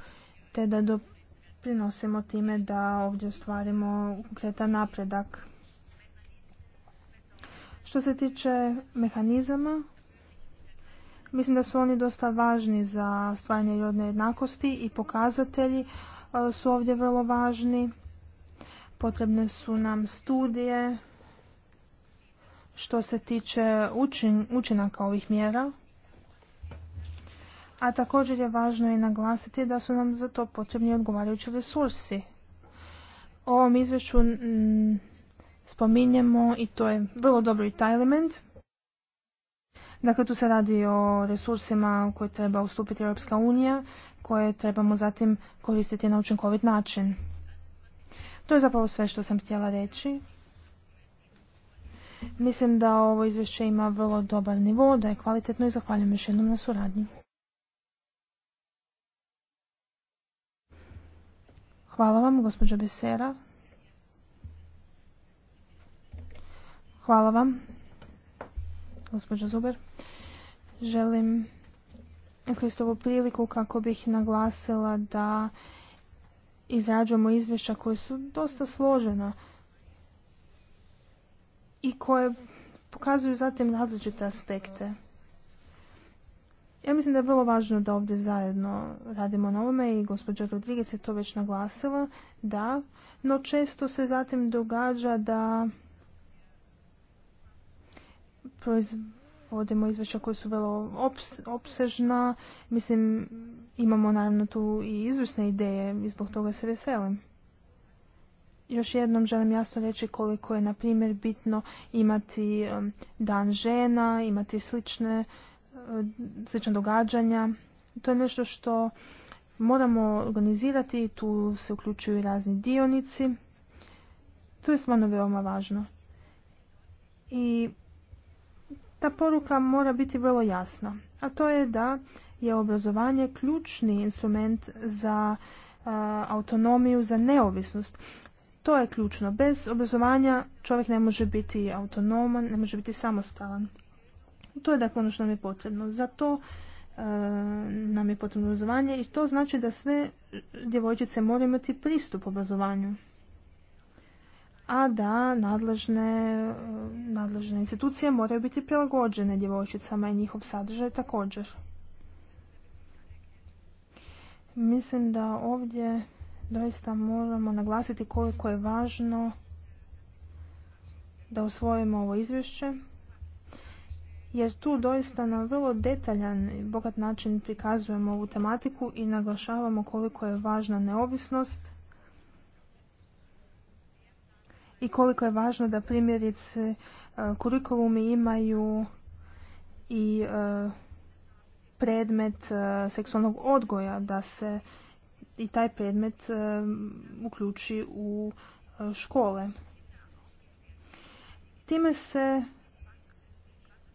te da doprinosimo time da ovdje ostvarimo konkretan napredak. Što se tiče mehanizama, mislim da su oni dosta važni za stvaranje rodne jednakosti i pokazatelji e, su ovdje vrlo važni. Potrebne su nam studije što se tiče učinaka ovih mjera a također je važno i naglasiti da su nam za to potrebni odgovarajući resursi. O ovom izvješću spominjemo i to je vrlo dobro i taj element. Dakle, tu se radi o resursima koje treba ustupiti Europska unija, koje trebamo zatim koristiti na učinkovit način. To je zapravo sve što sam htjela reći. Mislim da ovo izvješće ima vrlo dobar nivo, da je kvalitetno i zahvaljujem još jednom na suradnji. Hvala vam, gospođo Besera. Hvala vam, gospođo Zuber. Želim iskoristiti ovu priliku kako bih naglasila da izrađujemo izvješća koje su dosta složena i koje pokazuju zatim različite aspekte. Ja mislim da je vrlo važno da ovdje zajedno radimo na ovome i gospođa Rodriguez je to već naglasila, da, no često se zatim događa da proizvodimo izvješća koja su vrlo opsežna, mislim imamo naravno tu i izvrsne ideje i zbog toga se veselim. Još jednom želim jasno reći koliko je, na primjer, bitno imati dan žena, imati slične E, slična događanja. To je nešto što moramo organizirati tu se uključuju i razni dionici. To je stvarno veoma važno. I ta poruka mora biti vrlo jasna, a to je da je obrazovanje ključni instrument za e, autonomiju, za neovisnost. To je ključno. Bez obrazovanja čovjek ne može biti autonoman, ne može biti samostalan. To je dakle ono što nam je potrebno. Za to e, nam je potrebno obrazovanje i to znači da sve djevojčice moraju imati pristup obrazovanju. A da nadležne, nadležne institucije moraju biti prilagođene djevojčicama i njihov sadržaj također. Mislim da ovdje doista moramo naglasiti koliko je važno da usvojimo ovo izvješće jer tu doista na vrlo detaljan i bogat način prikazujemo ovu tematiku i naglašavamo koliko je važna neovisnost i koliko je važno da primjerice e, kurikulumi imaju i e, predmet e, seksualnog odgoja, da se i taj predmet uključi u škole. Time se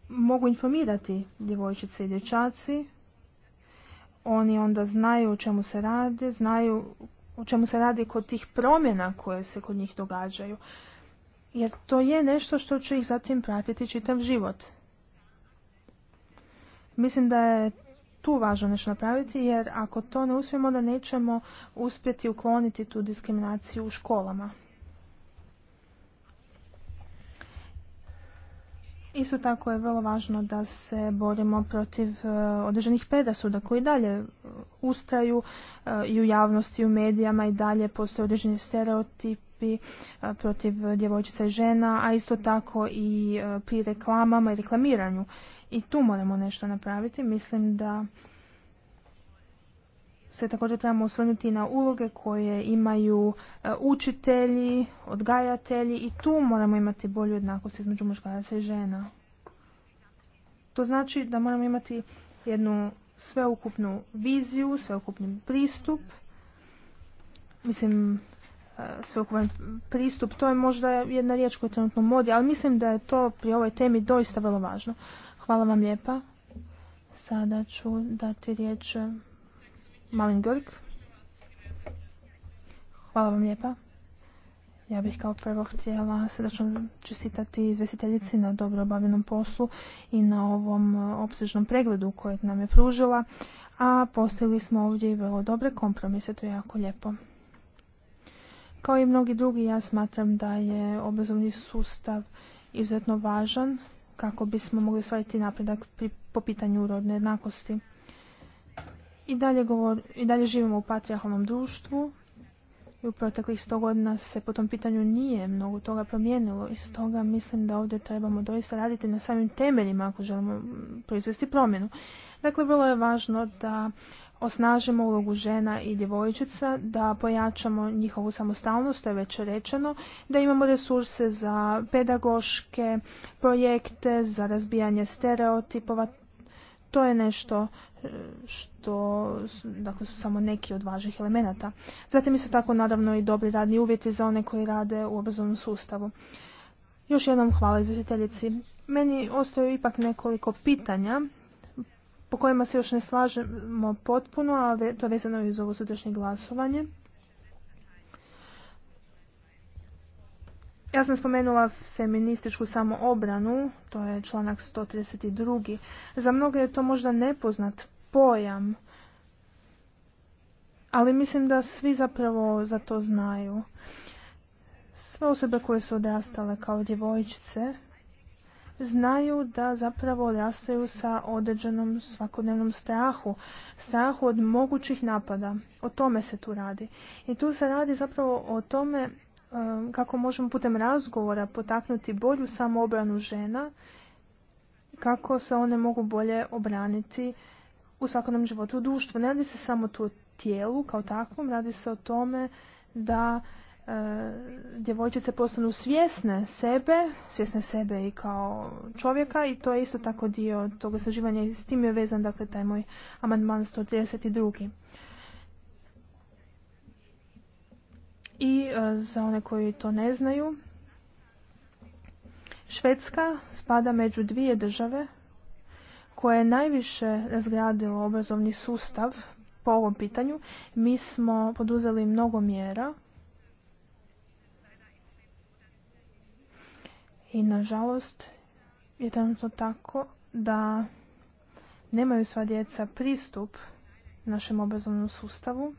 mogu informirati djevojčice i dječaci. Oni onda znaju o čemu se radi, znaju o čemu se radi kod tih promjena koje se kod njih događaju. Jer to je nešto što će ih zatim pratiti čitav život. Mislim da je tu važno nešto napraviti jer ako to ne uspijemo da nećemo uspjeti ukloniti tu diskriminaciju u školama. Isto tako je vrlo važno da se borimo protiv e, određenih predasuda koji dalje e, ustaju e, i u javnosti i u medijama i dalje postoje određeni stereotipi protiv djevojčica i žena, a isto tako i pri reklamama i reklamiranju. I tu moramo nešto napraviti. Mislim da se također trebamo osvrnuti na uloge koje imaju e, učitelji, odgajatelji i tu moramo imati bolju jednakost između muškaraca i žena. To znači da moramo imati jednu sveukupnu viziju, sveukupni pristup. Mislim, e, sveukupan pristup, to je možda jedna riječ koja je trenutno modi, ali mislim da je to pri ovoj temi doista vrlo važno. Hvala vam lijepa. Sada ću dati riječ Malin Hvala vam lijepa. Ja bih kao prvo htjela srdačno čestitati izvjestiteljici na dobro obavljenom poslu i na ovom e, opsežnom pregledu kojeg nam je pružila, a postigli smo ovdje i vrlo dobre kompromise, to je jako lijepo. Kao i mnogi drugi, ja smatram da je obrazovni sustav izuzetno važan kako bismo mogli ostvariti napredak po pitanju rodne jednakosti. I dalje, govor, I dalje živimo u patrijarhalnom društvu i u proteklih sto godina se po tom pitanju nije mnogo toga promijenilo i stoga mislim da ovdje trebamo doista raditi na samim temeljima ako želimo proizvesti promjenu. Dakle, vrlo je važno da osnažimo ulogu žena i djevojčica, da pojačamo njihovu samostalnost, to je već rečeno, da imamo resurse za pedagoške projekte, za razbijanje stereotipova, to je nešto e, što dakle, su samo neki od važnih elemenata. Zatim isto tako naravno, i dobri radni uvjeti za one koji rade u obrazovnom sustavu. Još jednom hvala izvjestiteljici. Meni ostaju ipak nekoliko pitanja po kojima se još ne slažemo potpuno, ali to je vezano i uz ovo sadašnje glasovanje. Ja sam spomenula feminističku samoobranu, to je članak 132. Za mnoge je to možda nepoznat pojam, ali mislim da svi zapravo za to znaju. Sve osobe koje su odrastale kao djevojčice znaju da zapravo odrastaju sa određenom svakodnevnom strahu, strahu od mogućih napada. O tome se tu radi. I tu se radi zapravo o tome Um, kako možemo putem razgovora potaknuti bolju samoobranu žena, kako se one mogu bolje obraniti u svakodnevnom životu u društvu. Ne radi se samo tu o tijelu kao takvom, radi se o tome da e, djevojčice postanu svjesne sebe, svjesne sebe i kao čovjeka i to je isto tako dio toga saživanja i s tim je vezan dakle taj moj amandman 132. I e, za one koji to ne znaju, Švedska spada među dvije države koje je najviše razgradilo obrazovni sustav po ovom pitanju. Mi smo poduzeli mnogo mjera i nažalost je trenutno tako da nemaju sva djeca pristup našem obrazovnom sustavu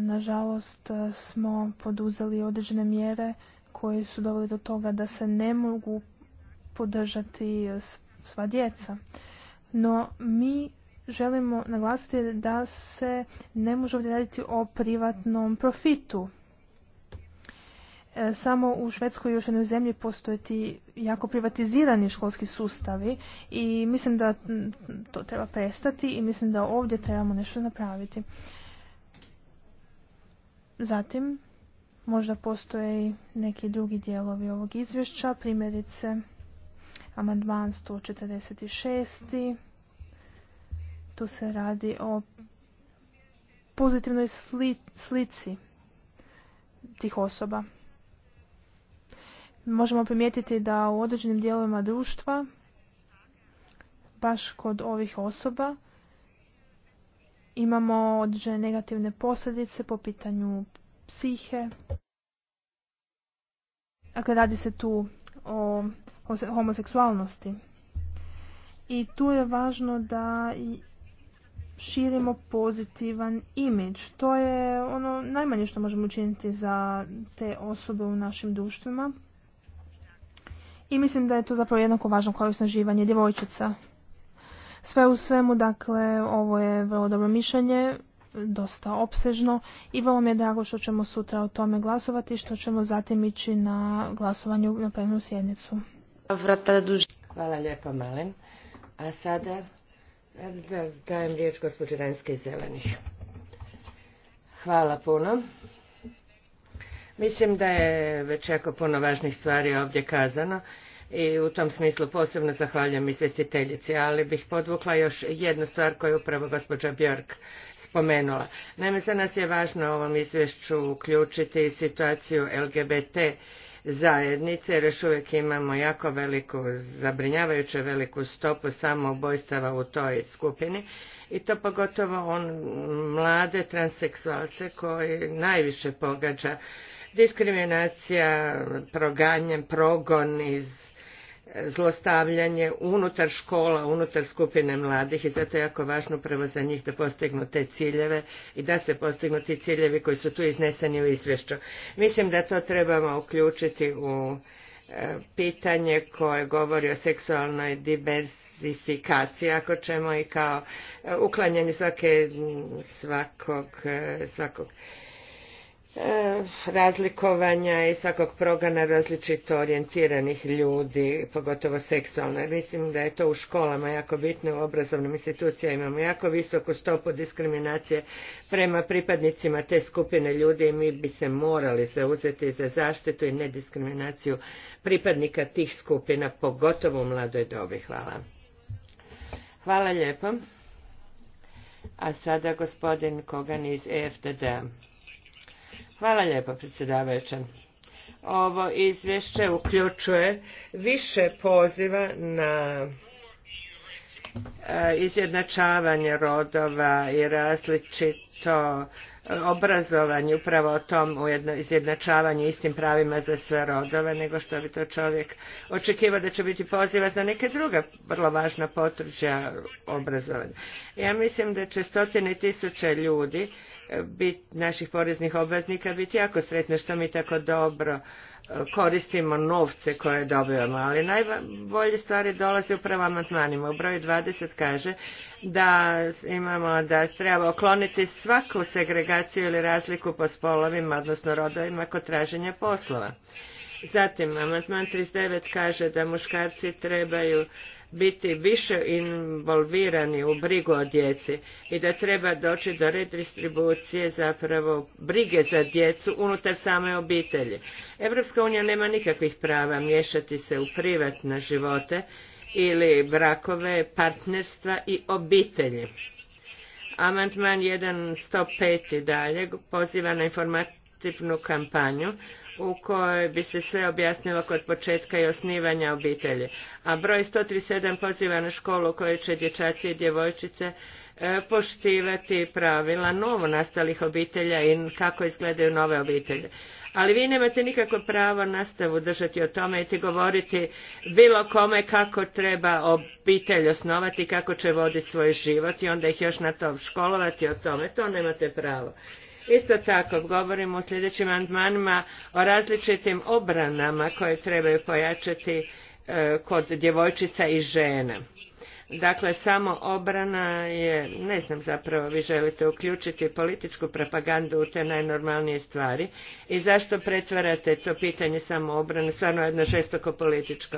nažalost smo poduzeli određene mjere koje su dovele do toga da se ne mogu podržati sva djeca. No mi želimo naglasiti da se ne može ovdje raditi o privatnom profitu. E, samo u Švedskoj i još jednoj zemlji postoje ti jako privatizirani školski sustavi i mislim da to treba prestati i mislim da ovdje trebamo nešto napraviti. Zatim, možda postoje i neki drugi dijelovi ovog izvješća, primjerice amandman 146. Tu se radi o pozitivnoj slici tih osoba. Možemo primijetiti da u određenim dijelovima društva, baš kod ovih osoba, imamo određene negativne posljedice po pitanju psihe. Dakle, radi se tu o homoseksualnosti. I tu je važno da širimo pozitivan imidž. To je ono najmanje što možemo učiniti za te osobe u našim društvima. I mislim da je to zapravo jednako važno kao i osnaživanje djevojčica. Sve u svemu, dakle, ovo je vrlo dobro mišljenje, dosta opsežno i vrlo mi je drago što ćemo sutra o tome glasovati i što ćemo zatim ići na glasovanju na plenarnu sjednicu. Hvala lijepo, Malen. A sada e, dajem riječ gospođe Renske iz Zelenih. Hvala puno. Mislim da je već jako puno važnih stvari ovdje kazano i u tom smislu posebno zahvaljujem izvjestiteljici, ali bih podvukla još jednu stvar koju je upravo gospođa Björk spomenula. Naime, za nas je važno u ovom izvješću uključiti situaciju LGBT zajednice, jer još uvijek imamo jako veliku, zabrinjavajuće veliku stopu samoubojstava u toj skupini i to pogotovo on mlade transseksualce koji najviše pogađa diskriminacija, proganjem, progon iz zlostavljanje unutar škola, unutar skupine mladih i zato je jako važno prvo za njih da postignu te ciljeve i da se postignu ti ciljevi koji su tu izneseni u izvješću. Mislim da to trebamo uključiti u e, pitanje koje govori o seksualnoj diversifikaciji, ako ćemo i kao e, uklanjanje svake, svakog, e, svakog Eh, razlikovanja i svakog progana različito orijentiranih ljudi, pogotovo seksualno. Mislim da je to u školama jako bitno, u obrazovnim institucijama imamo jako visoku stopu diskriminacije prema pripadnicima te skupine ljudi i mi bi se morali zauzeti za zaštitu i nediskriminaciju pripadnika tih skupina, pogotovo u mladoj dobi. Hvala. Hvala lijepo. A sada gospodin Kogan iz EFTD. Hvala lijepo predsjedavajuća. Ovo izvješće uključuje više poziva na e, izjednačavanje rodova i različito obrazovanje upravo o tom izjednačavanju istim pravima za sve rodove nego što bi to čovjek očekivao da će biti poziva za neke druga vrlo važna područja obrazovanja. Ja mislim da će stotine tisuća ljudi bit naših poreznih obveznika biti jako sretna što mi tako dobro e, koristimo novce koje dobivamo, ali najbolje stvari dolaze upravo amandmanima. U broju 20 kaže da imamo da treba okloniti svaku segregaciju ili razliku po spolovima, odnosno rodovima kod traženja poslova. Zatim, amandman 39 kaže da muškarci trebaju biti više involvirani u brigu o djeci i da treba doći do redistribucije zapravo brige za djecu unutar same obitelji. Europska unija nema nikakvih prava miješati se u privatne živote ili brakove, partnerstva i obitelji. Amandman 1.105 i dalje poziva na informativnu kampanju u kojoj bi se sve objasnilo kod početka i osnivanja obitelji. A broj 137 poziva na školu u kojoj će dječaci i djevojčice e, poštivati pravila novo nastalih obitelja i kako izgledaju nove obitelje. Ali vi nemate nikako pravo nastavu držati o tome i ti govoriti bilo kome kako treba obitelj osnovati, kako će voditi svoj život i onda ih još na to školovati o tome. To nemate pravo. Isto tako govorimo u sljedećim amandmanima o različitim obranama koje trebaju pojačati e, kod djevojčica i žena. Dakle, samo obrana je, ne znam zapravo, vi želite uključiti političku propagandu u te najnormalnije stvari i zašto pretvarate to pitanje samo obrane, stvarno jedno žestoko političko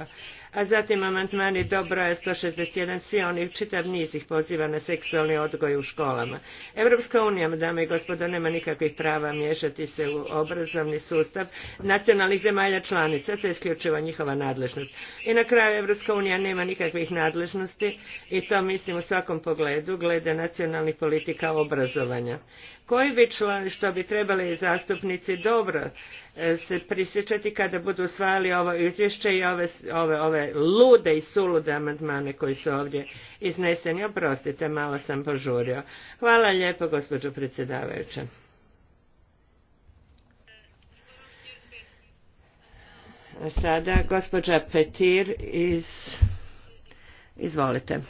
a zatim amandmani do broja 161, svi oni, čitav niz ih poziva na seksualni odgoj u školama. Europska unija, dame i gospodo, nema nikakvih prava miješati se u obrazovni sustav nacionalnih zemalja članica, to je isključivo njihova nadležnost. I na kraju Europska unija nema nikakvih nadležnosti i to mislim u svakom pogledu glede nacionalnih politika obrazovanja koji bi član, što bi trebali zastupnici dobro e, se prisjećati kada budu usvajali ovo izvješće i ove, ove, ove lude i sulude amandmane koji su ovdje izneseni. Oprostite, malo sam požurio. Hvala lijepo, gospođo predsjedavajuća. sada gospođa Petir iz... Izvolite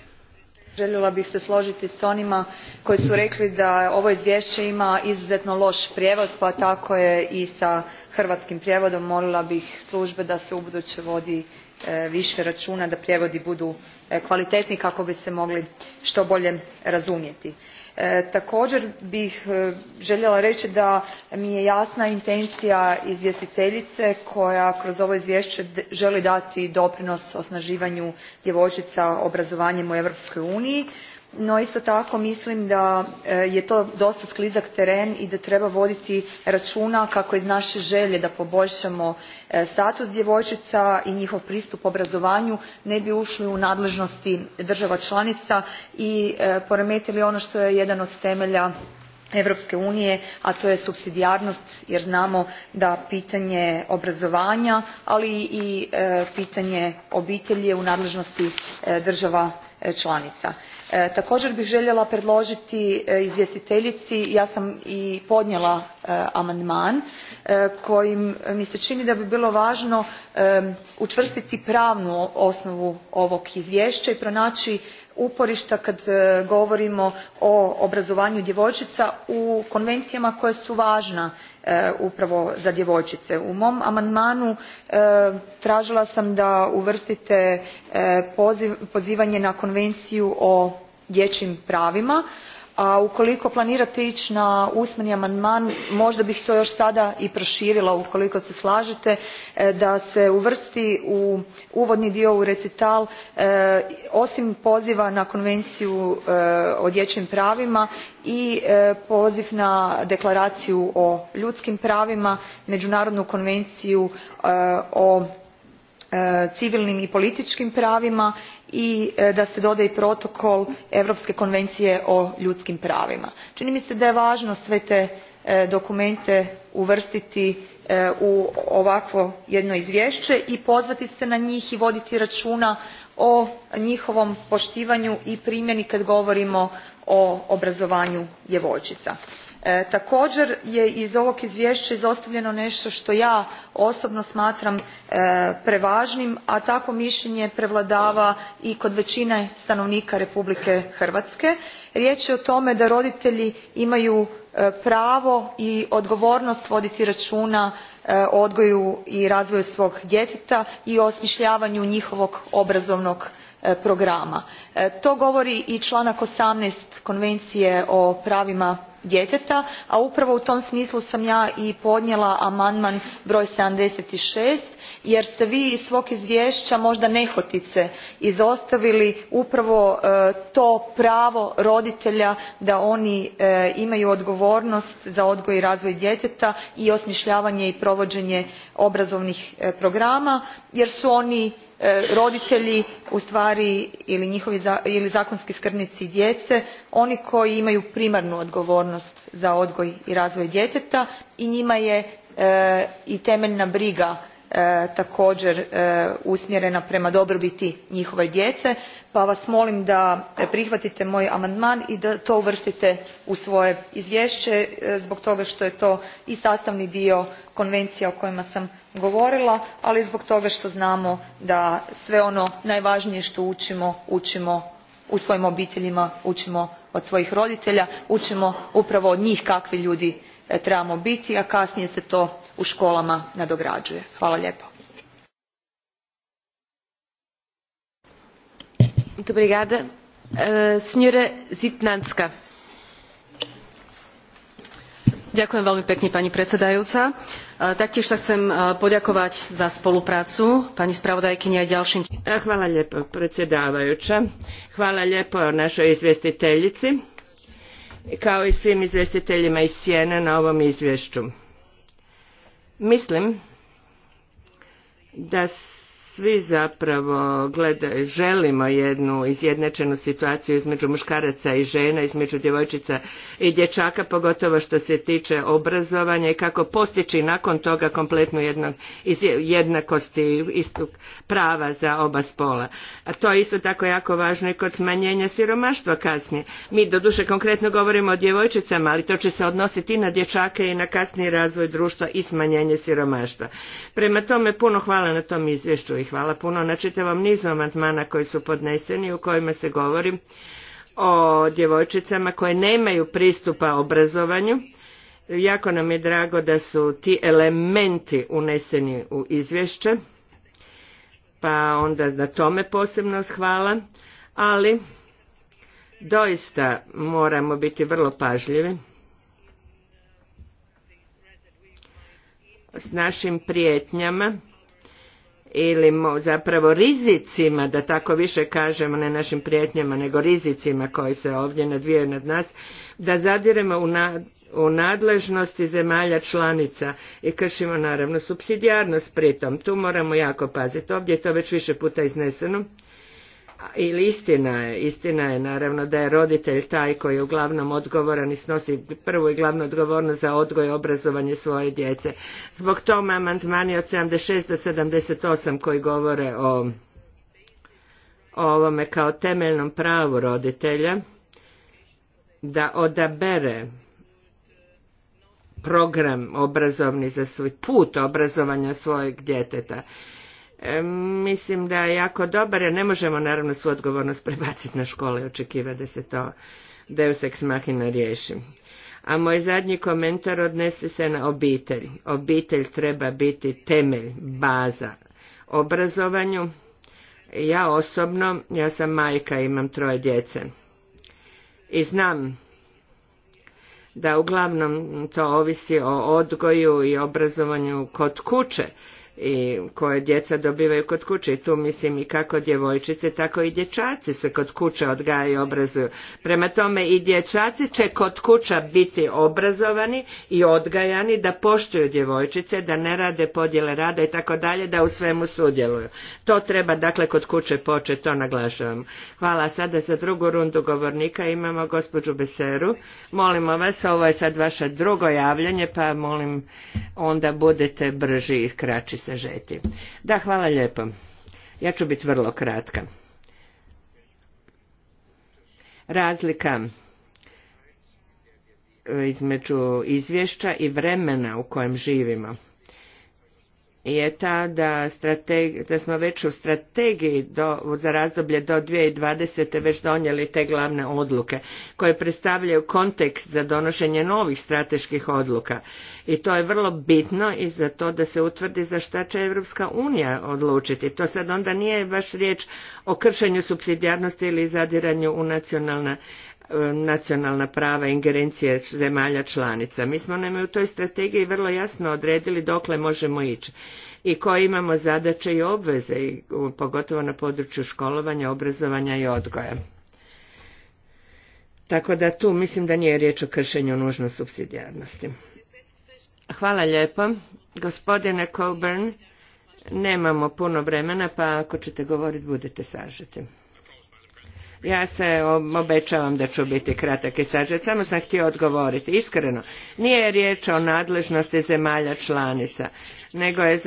željela bih se složiti s onima koji su rekli da ovo izvješće ima izuzetno loš prijevod pa tako je i sa hrvatskim prijevodom. molila bih službe da se ubuduće vodi e, više računa da prijevodi budu e, kvalitetniji kako bi se mogli što bolje razumjeti. E, također bih e, željela reći da mi je jasna intencija izvjestiteljice koja kroz ovo izvješće želi dati doprinos osnaživanju djevojčica obrazovanjem u europskoj uniji no isto tako mislim da e, je to dosta sklizak teren i da treba voditi računa kako iz naše želje da poboljšamo e, status djevojčica i njihov pristup obrazovanju ne bi ušli u nadležnosti država članica i e, poremetili ono što je jedan od temelja europske unije a to je supsidijarnost jer znamo da pitanje obrazovanja ali i pitanje obitelji je u nadležnosti država članica. E, također bih željela predložiti e, izvjestiteljici ja sam i podnijela e, amandman kojim mi se čini da bi bilo važno učvrstiti pravnu osnovu ovog izvješća i pronaći uporišta kad govorimo o obrazovanju djevojčica u konvencijama koje su važna. E, upravo za djevojčice. u mom amandmanu e, tražila sam da uvrstite e, pozivanje na konvenciju o dječjim pravima a ukoliko planirate ići na usmeni amandman možda bih to još sada i proširila ukoliko se slažete e, da se uvrsti u uvodni dio u recital e, osim poziva na konvenciju e, o dječjim pravima i poziv na deklaraciju o ljudskim pravima međunarodnu konvenciju o E, civilnim i političkim pravima i e, da se doda i protokol europske konvencije o ljudskim pravima. čini mi se da je važno sve te e, dokumente uvrstiti u ovakvo jedno izvješće i pozvati se na njih i voditi računa o njihovom poštivanju i primjeni kad govorimo o obrazovanju djevojčica. E, također je iz ovog izvješća izostavljeno nešto što ja osobno smatram e, prevažnim a takvo mišljenje prevladava i kod većine stanovnika republike hrvatske riječ je o tome da roditelji imaju e, pravo i odgovornost voditi računa o odgoju i razvoju svog djeteta i o osmišljavanju njihovog obrazovnog programa. to govori i članak eighteen konvencije o pravima djeteta a upravo u tom smislu sam ja i podnijela amandman broj seventy six jer ste vi iz svog izvješća možda nehotice izostavili upravo e, to pravo roditelja da oni e, imaju odgovornost za odgoj i razvoj djeteta i osmišljavanje i provođenje obrazovnih e, programa jer su oni E, roditelji ustvari ili zakonski skrbnici djece oni koji imaju primarnu odgovornost za odgoj i razvoj djeteta i njima je e, i temeljna briga E, također e, usmjerena prema dobrobiti njihove djece pa vas molim da prihvatite moj amandman i da to uvrstite u svoje izvješće e, zbog toga što je to i sastavni dio konvencija o kojima sam govorila ali i zbog toga što znamo da sve ono najvažnije što učimo učimo u svojim obiteljima učimo od svojih roditelja učimo upravo od njih kakvi ljudi trebamo biti a kasnije se to u školama nadograđuje. Hvala lijepo. Eh, Ďakujem veľmi pekne, pani predsedajúca. Eh, taktiež sa chcem eh, poďakovať za spoluprácu pani spravodajkyni aj ďalším. Hvala lijepo predsjedavajuća. Hvala lijepo našoj izvjestiteljici kao i svim izvjestiteljima iz Sjene na ovom izvješću. Mislim da svi zapravo gleda, želimo jednu izjednačenu situaciju između muškaraca i žena, između djevojčica i dječaka, pogotovo što se tiče obrazovanja i kako postići nakon toga kompletnu jednakost i istog prava za oba spola. A to je isto tako jako važno i kod smanjenja siromaštva kasnije. Mi doduše konkretno govorimo o djevojčicama, ali to će se odnositi i na dječake i na kasniji razvoj društva i smanjenje siromaštva. Prema tome puno hvala na tom izvješću i hvala puno na čitavom nizu amandmana koji su podneseni u kojima se govori o djevojčicama koje nemaju pristupa obrazovanju. Jako nam je drago da su ti elementi uneseni u izvješće, pa onda na tome posebno hvala, ali doista moramo biti vrlo pažljivi s našim prijetnjama ili zapravo rizicima, da tako više kažemo, ne našim prijetnjama, nego rizicima koji se ovdje nadvijaju nad nas, da zadiremo u, nadležnosti zemalja članica i kršimo naravno subsidijarnost pritom. Tu moramo jako paziti. Ovdje je to već više puta izneseno ili istina je, istina je naravno da je roditelj taj koji je uglavnom odgovoran i snosi prvu i glavnu odgovornost za odgoj i obrazovanje svoje djece. Zbog tome amandmani od 76 do 78 koji govore o, o ovome kao temeljnom pravu roditelja da odabere program obrazovni za svoj put obrazovanja svojeg djeteta E, mislim da je jako dobar, jer ne možemo naravno svu odgovornost prebaciti na škole i očekivati da se to deus ex machina riješi. A moj zadnji komentar odnese se na obitelj. Obitelj treba biti temelj, baza obrazovanju. Ja osobno, ja sam majka, imam troje djece. I znam da uglavnom to ovisi o odgoju i obrazovanju kod kuće i koje djeca dobivaju kod kuće i tu mislim i kako djevojčice tako i dječaci se kod kuće odgajaju i obrazuju prema tome i dječaci će kod kuća biti obrazovani i odgajani da poštuju djevojčice da ne rade podjele rada i tako dalje da u svemu sudjeluju to treba dakle kod kuće početi to naglašavam hvala sada za drugu rundu govornika imamo gospođu Beseru molimo vas ovo je sad vaše drugo javljanje pa molim onda budete brži i kraći sažeti. Da, hvala lijepo. Ja ću biti vrlo kratka. Razlika e, između izvješća i vremena u kojem živimo je ta da, da smo već u strategiji do, za razdoblje do 2020. već donijeli te glavne odluke koje predstavljaju kontekst za donošenje novih strateških odluka i to je vrlo bitno i za to da se utvrdi za šta će Evropska unija odlučiti. To sad onda nije baš riječ o kršenju supsidijarnosti ili zadiranju u nacionalna nacionalna prava ingerencije zemalja članica. Mi smo naime u toj strategiji vrlo jasno odredili dokle možemo ići i koje imamo zadaće i obveze, pogotovo na području školovanja, obrazovanja i odgoja. Tako da tu mislim da nije riječ o kršenju nužno subsidijarnosti. Hvala lijepo. Gospodine Coburn, nemamo puno vremena, pa ako ćete govoriti budete sažeti. Ja se obećavam da ću biti kratak i sažet. Samo sam htio odgovoriti. Iskreno, nije riječ o nadležnosti zemalja članica, nego je,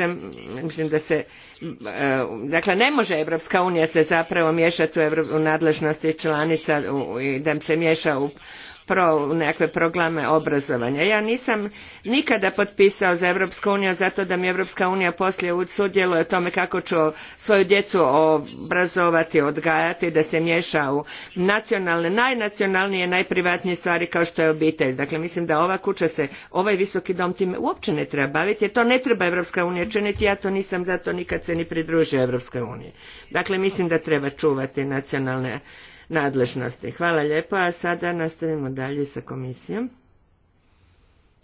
mislim da se E, dakle ne može Evropska unija se zapravo miješati u, nadležnosti članica i da se miješa u, nekakve programe obrazovanja. Ja nisam nikada potpisao za Evropsku uniju zato da mi Evropska unija poslije sudjeluje o tome kako ću svoju djecu obrazovati, odgajati, da se miješa u nacionalne, najnacionalnije, najprivatnije stvari kao što je obitelj. Dakle, mislim da ova kuća se, ovaj visoki dom time uopće ne treba baviti, jer to ne treba Evropska unija činiti, ja to nisam zato nikad se ni pridružio Europskoj uniji. Dakle, mislim da treba čuvati nacionalne nadležnosti. Hvala lijepo, a sada nastavimo dalje sa komisijom.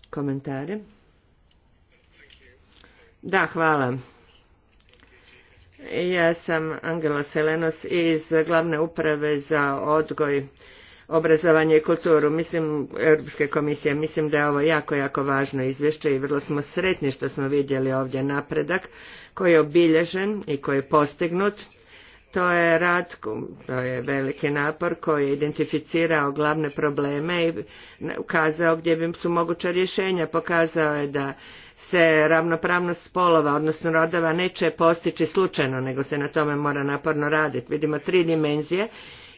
Komentare? Da, hvala. Ja sam Angela Selenos iz glavne uprave za odgoj obrazovanje i kulturu. Mislim, Europske komisije, mislim da je ovo jako, jako važno izvješće i vrlo smo sretni što smo vidjeli ovdje napredak koji je obilježen i koji je postignut. To je rad, to je veliki napor koji je identificirao glavne probleme i ukazao gdje bi su moguća rješenja. Pokazao je da se ravnopravnost spolova, odnosno rodova, neće postići slučajno, nego se na tome mora naporno raditi. Vidimo tri dimenzije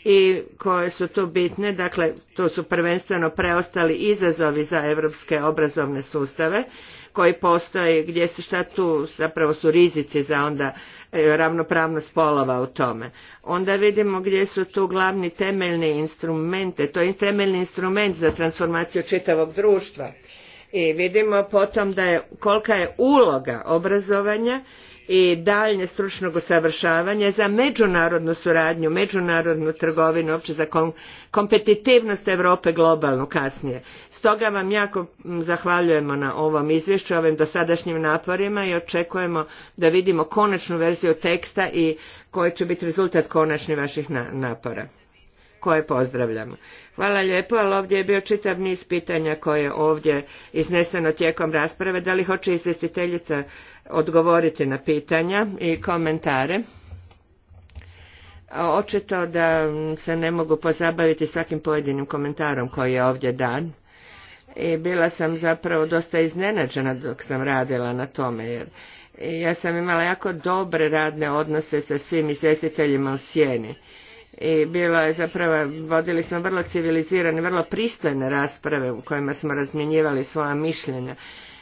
i koje su tu bitne, dakle tu su prvenstveno preostali izazovi za europske obrazovne sustave koji postoje, gdje se šta tu zapravo su rizici za onda e, ravnopravnost spolova u tome. Onda vidimo gdje su tu glavni temeljni instrumente, to je temeljni instrument za transformaciju čitavog društva. I vidimo potom da je kolika je uloga obrazovanja i daljnje stručnog usavršavanja za međunarodnu suradnju, međunarodnu trgovinu, uopće za kompetitivnost Europe globalno kasnije. Stoga vam jako zahvaljujemo na ovom izvješću, ovim dosadašnjim naporima i očekujemo da vidimo konačnu verziju teksta i koji će biti rezultat konačnih vaših napora koje pozdravljamo. Hvala lijepo, ali ovdje je bio čitav niz pitanja koje je ovdje izneseno tijekom rasprave. Da li hoće izvjestiteljica odgovoriti na pitanja i komentare? Očito da se ne mogu pozabaviti svakim pojedinim komentarom koji je ovdje dan. I bila sam zapravo dosta iznenađena dok sam radila na tome, jer ja sam imala jako dobre radne odnose sa svim izvjestiteljima u sjeni i bila je zapravo, vodili smo vrlo civilizirane, vrlo pristojne rasprave u kojima smo razmjenjivali svoja mišljenja.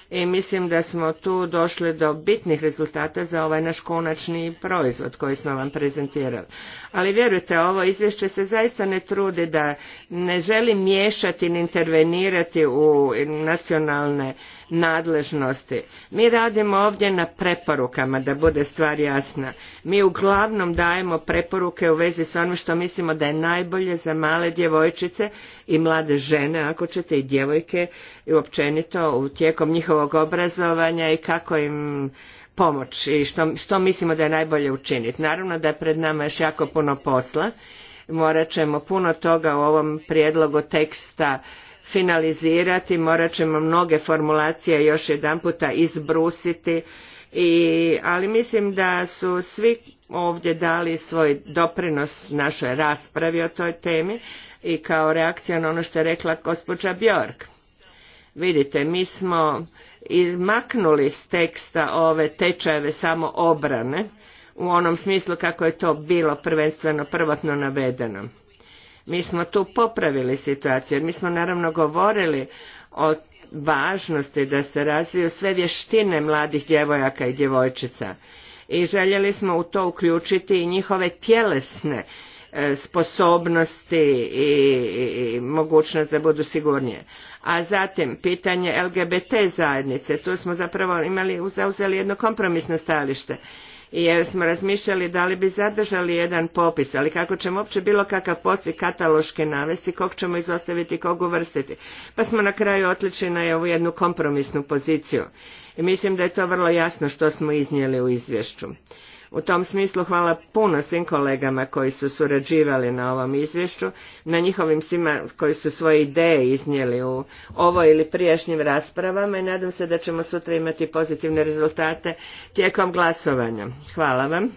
I mislim da smo tu došli do bitnih rezultata za ovaj naš konačni proizvod koji smo vam prezentirali. Ali vjerujte, ovo izvješće se zaista ne trudi da ne želi miješati ni intervenirati u nacionalne nadležnosti. Mi radimo ovdje na preporukama, da bude stvar jasna. Mi uglavnom dajemo preporuke u vezi s onim što mislimo da je najbolje za male djevojčice i mlade žene, ako ćete i djevojke, i općenito tijekom njihovog obrazovanja i kako im pomoći. i što, što mislimo da je najbolje učiniti. Naravno da je pred nama još jako puno posla, morat ćemo puno toga u ovom prijedlogu teksta finalizirati, morat ćemo mnoge formulacije još jedanputa izbrusiti, i, ali mislim da su svi ovdje dali svoj doprinos našoj raspravi o toj temi i kao reakcija na ono što je rekla gospođa Bjork. Vidite, mi smo izmaknuli s teksta ove tečajeve samo obrane u onom smislu kako je to bilo prvenstveno prvotno navedeno. Mi smo tu popravili situaciju, jer mi smo naravno govorili o važnosti da se razviju sve vještine mladih djevojaka i djevojčica i željeli smo u to uključiti i njihove tjelesne e, sposobnosti i mogućnost da budu sigurnije. A zatim pitanje LGBT zajednice, tu smo zapravo imali zauzeli jedno kompromisno stajalište jer smo razmišljali da li bi zadržali jedan popis, ali kako ćemo uopće bilo kakav posvi kataloški navesti, kog ćemo izostaviti, kog uvrstiti. Pa smo na kraju otličili na ovu jednu kompromisnu poziciju. I mislim da je to vrlo jasno što smo iznijeli u izvješću. U tom smislu hvala puno svim kolegama koji su surađivali na ovom izvješću, na njihovim svima koji su svoje ideje iznijeli u ovo ili prijašnjim raspravama i nadam se da ćemo sutra imati pozitivne rezultate tijekom glasovanja. Hvala vam.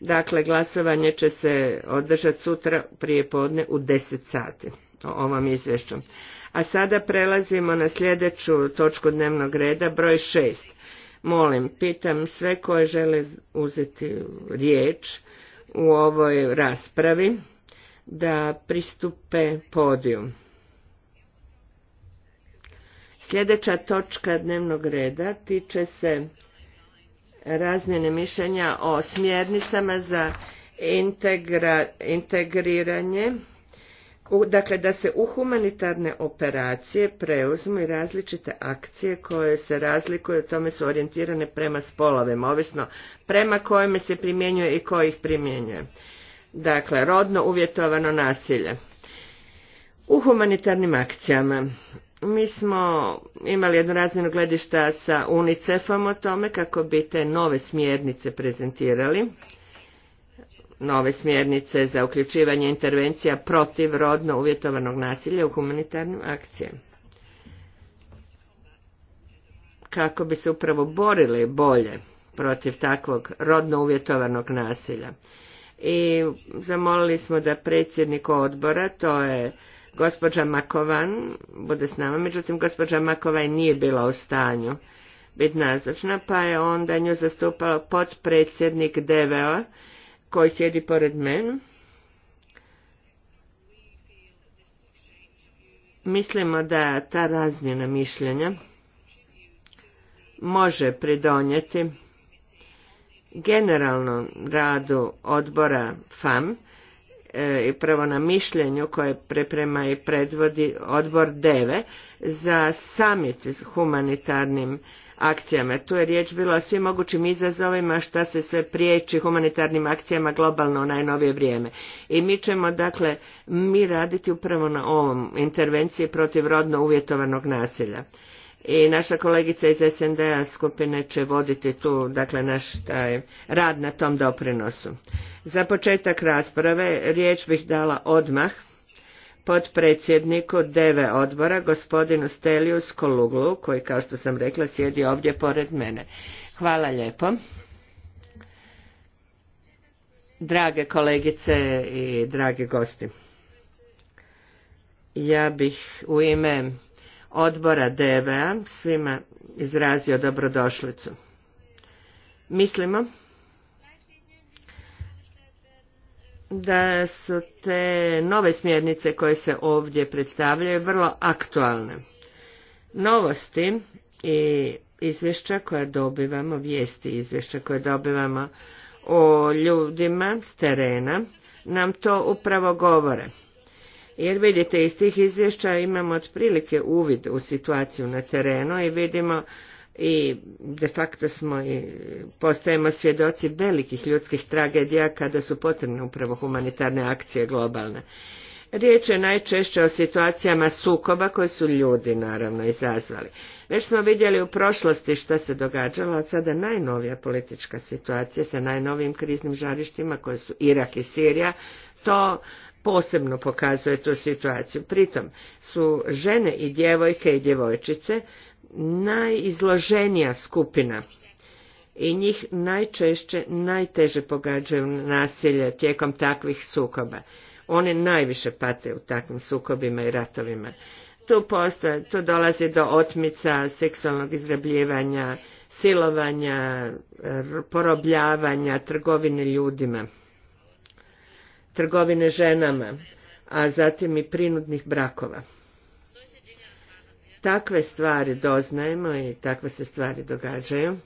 Dakle, glasovanje će se održati sutra prije podne u 10 sati o ovom izvješću. A sada prelazimo na sljedeću točku dnevnog reda, broj 6 Molim, pitam sve koje žele uzeti riječ u ovoj raspravi da pristupe podiju. Sljedeća točka dnevnog reda tiče se razmjene mišljenja o smjernicama za integriranje dakle da se u humanitarne operacije preuzmu i različite akcije koje se razlikuju o tome su orijentirane prema spolovima, ovisno prema kojima se primjenjuje i koji ih primjenjuje. Dakle, rodno uvjetovano nasilje. U humanitarnim akcijama mi smo imali jednu razmjenu gledišta sa UNICEF-om o tome kako bi te nove smjernice prezentirali nove smjernice za uključivanje intervencija protiv rodno uvjetovanog nasilja u humanitarnim akcijama. Kako bi se upravo borili bolje protiv takvog rodno uvjetovanog nasilja. I zamolili smo da predsjednik odbora, to je gospođa Makovan, bude s nama, međutim gospođa Makovan nije bila u stanju biti nazočna, pa je onda nju zastupao potpredsjednik DVO, koji sjedi pored mene. Mislimo da ta razmjena mišljenja može pridonijeti generalnom radu odbora FAM e, i prvo na mišljenju koje preprema i predvodi odbor DEVE e za samit humanitarnim akcijama. Tu je riječ bila o svim mogućim izazovima šta se sve priječi humanitarnim akcijama globalno u najnovije vrijeme. I mi ćemo dakle mi raditi upravo na ovom intervenciji protiv rodno uvjetovanog nasilja. I naša kolegica iz SND-a skupine će voditi tu, dakle, naš taj, rad na tom doprinosu. Za početak rasprave riječ bih dala odmah potpredsjedniku DEVE odbora, gospodinu Steliju Skoluglu, koji kao što sam rekla sjedi ovdje pored mene. Hvala lijepo. Drage kolegice i dragi gosti, ja bih u ime odbora dva svima izrazio dobrodošlicu. Mislimo da su te nove smjernice koje se ovdje predstavljaju vrlo aktualne. Novosti i izvješća koja dobivamo, vijesti izvješća koje dobivamo o ljudima s terena nam to upravo govore. Jer vidite, iz tih izvješća imamo otprilike uvid u situaciju na terenu i vidimo i de facto smo i postajemo svjedoci velikih ljudskih tragedija kada su potrebne upravo humanitarne akcije globalne. Riječ je najčešće o situacijama sukoba koje su ljudi naravno izazvali. Već smo vidjeli u prošlosti što se događalo, a sada najnovija politička situacija sa najnovijim kriznim žarištima koje su Irak i Sirija, to posebno pokazuje tu situaciju. Pritom su žene i djevojke i djevojčice najizloženija skupina i njih najčešće najteže pogađaju nasilje tijekom takvih sukoba. One najviše pate u takvim sukobima i ratovima. Tu, postoje, tu dolazi do otmica, seksualnog izrabljivanja, silovanja, porobljavanja, trgovine ljudima, trgovine ženama, a zatim i prinudnih brakova. Takve stvari doznajemo i takve se stvari događaju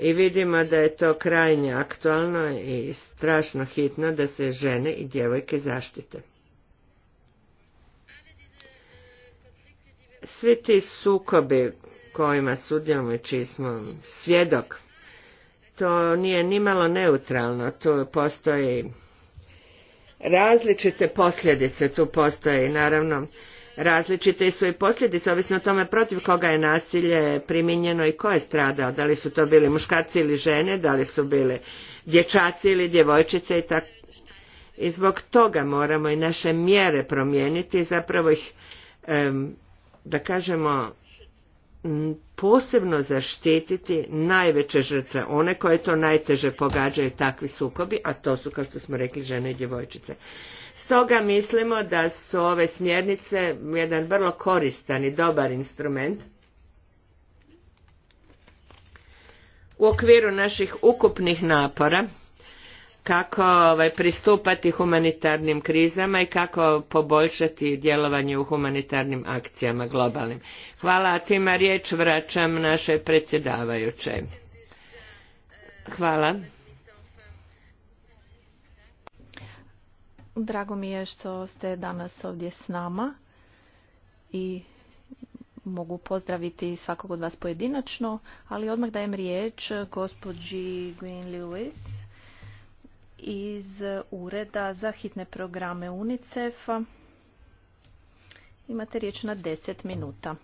i vidimo da je to krajnje aktualno i strašno hitno da se žene i djevojke zaštite. Svi ti sukobi kojima sudjamo i čiji smo svjedok, to nije nimalo neutralno, tu postoji različite posljedice, tu postoje i naravno različite su i posljedice, ovisno o tome protiv koga je nasilje primijenjeno i ko je stradao, da li su to bili muškarci ili žene, da li su bili dječaci ili djevojčice i tako. I zbog toga moramo i naše mjere promijeniti, zapravo ih, da kažemo, posebno zaštititi najveće žrtve, one koje to najteže pogađaju takvi sukobi, a to su, kao što smo rekli, žene i djevojčice. Stoga mislimo da su ove smjernice jedan vrlo koristan i dobar instrument u okviru naših ukupnih napora kako ovaj, pristupati humanitarnim krizama i kako poboljšati djelovanje u humanitarnim akcijama globalnim. Hvala, a tima riječ vraćam naše predsjedavajuće. Hvala. Drago mi je što ste danas ovdje s nama i mogu pozdraviti svakog od vas pojedinačno, ali odmah dajem riječ gospođi Gwen Lewis iz Ureda za hitne programe UNICEF. Imate riječ na 10 minuta.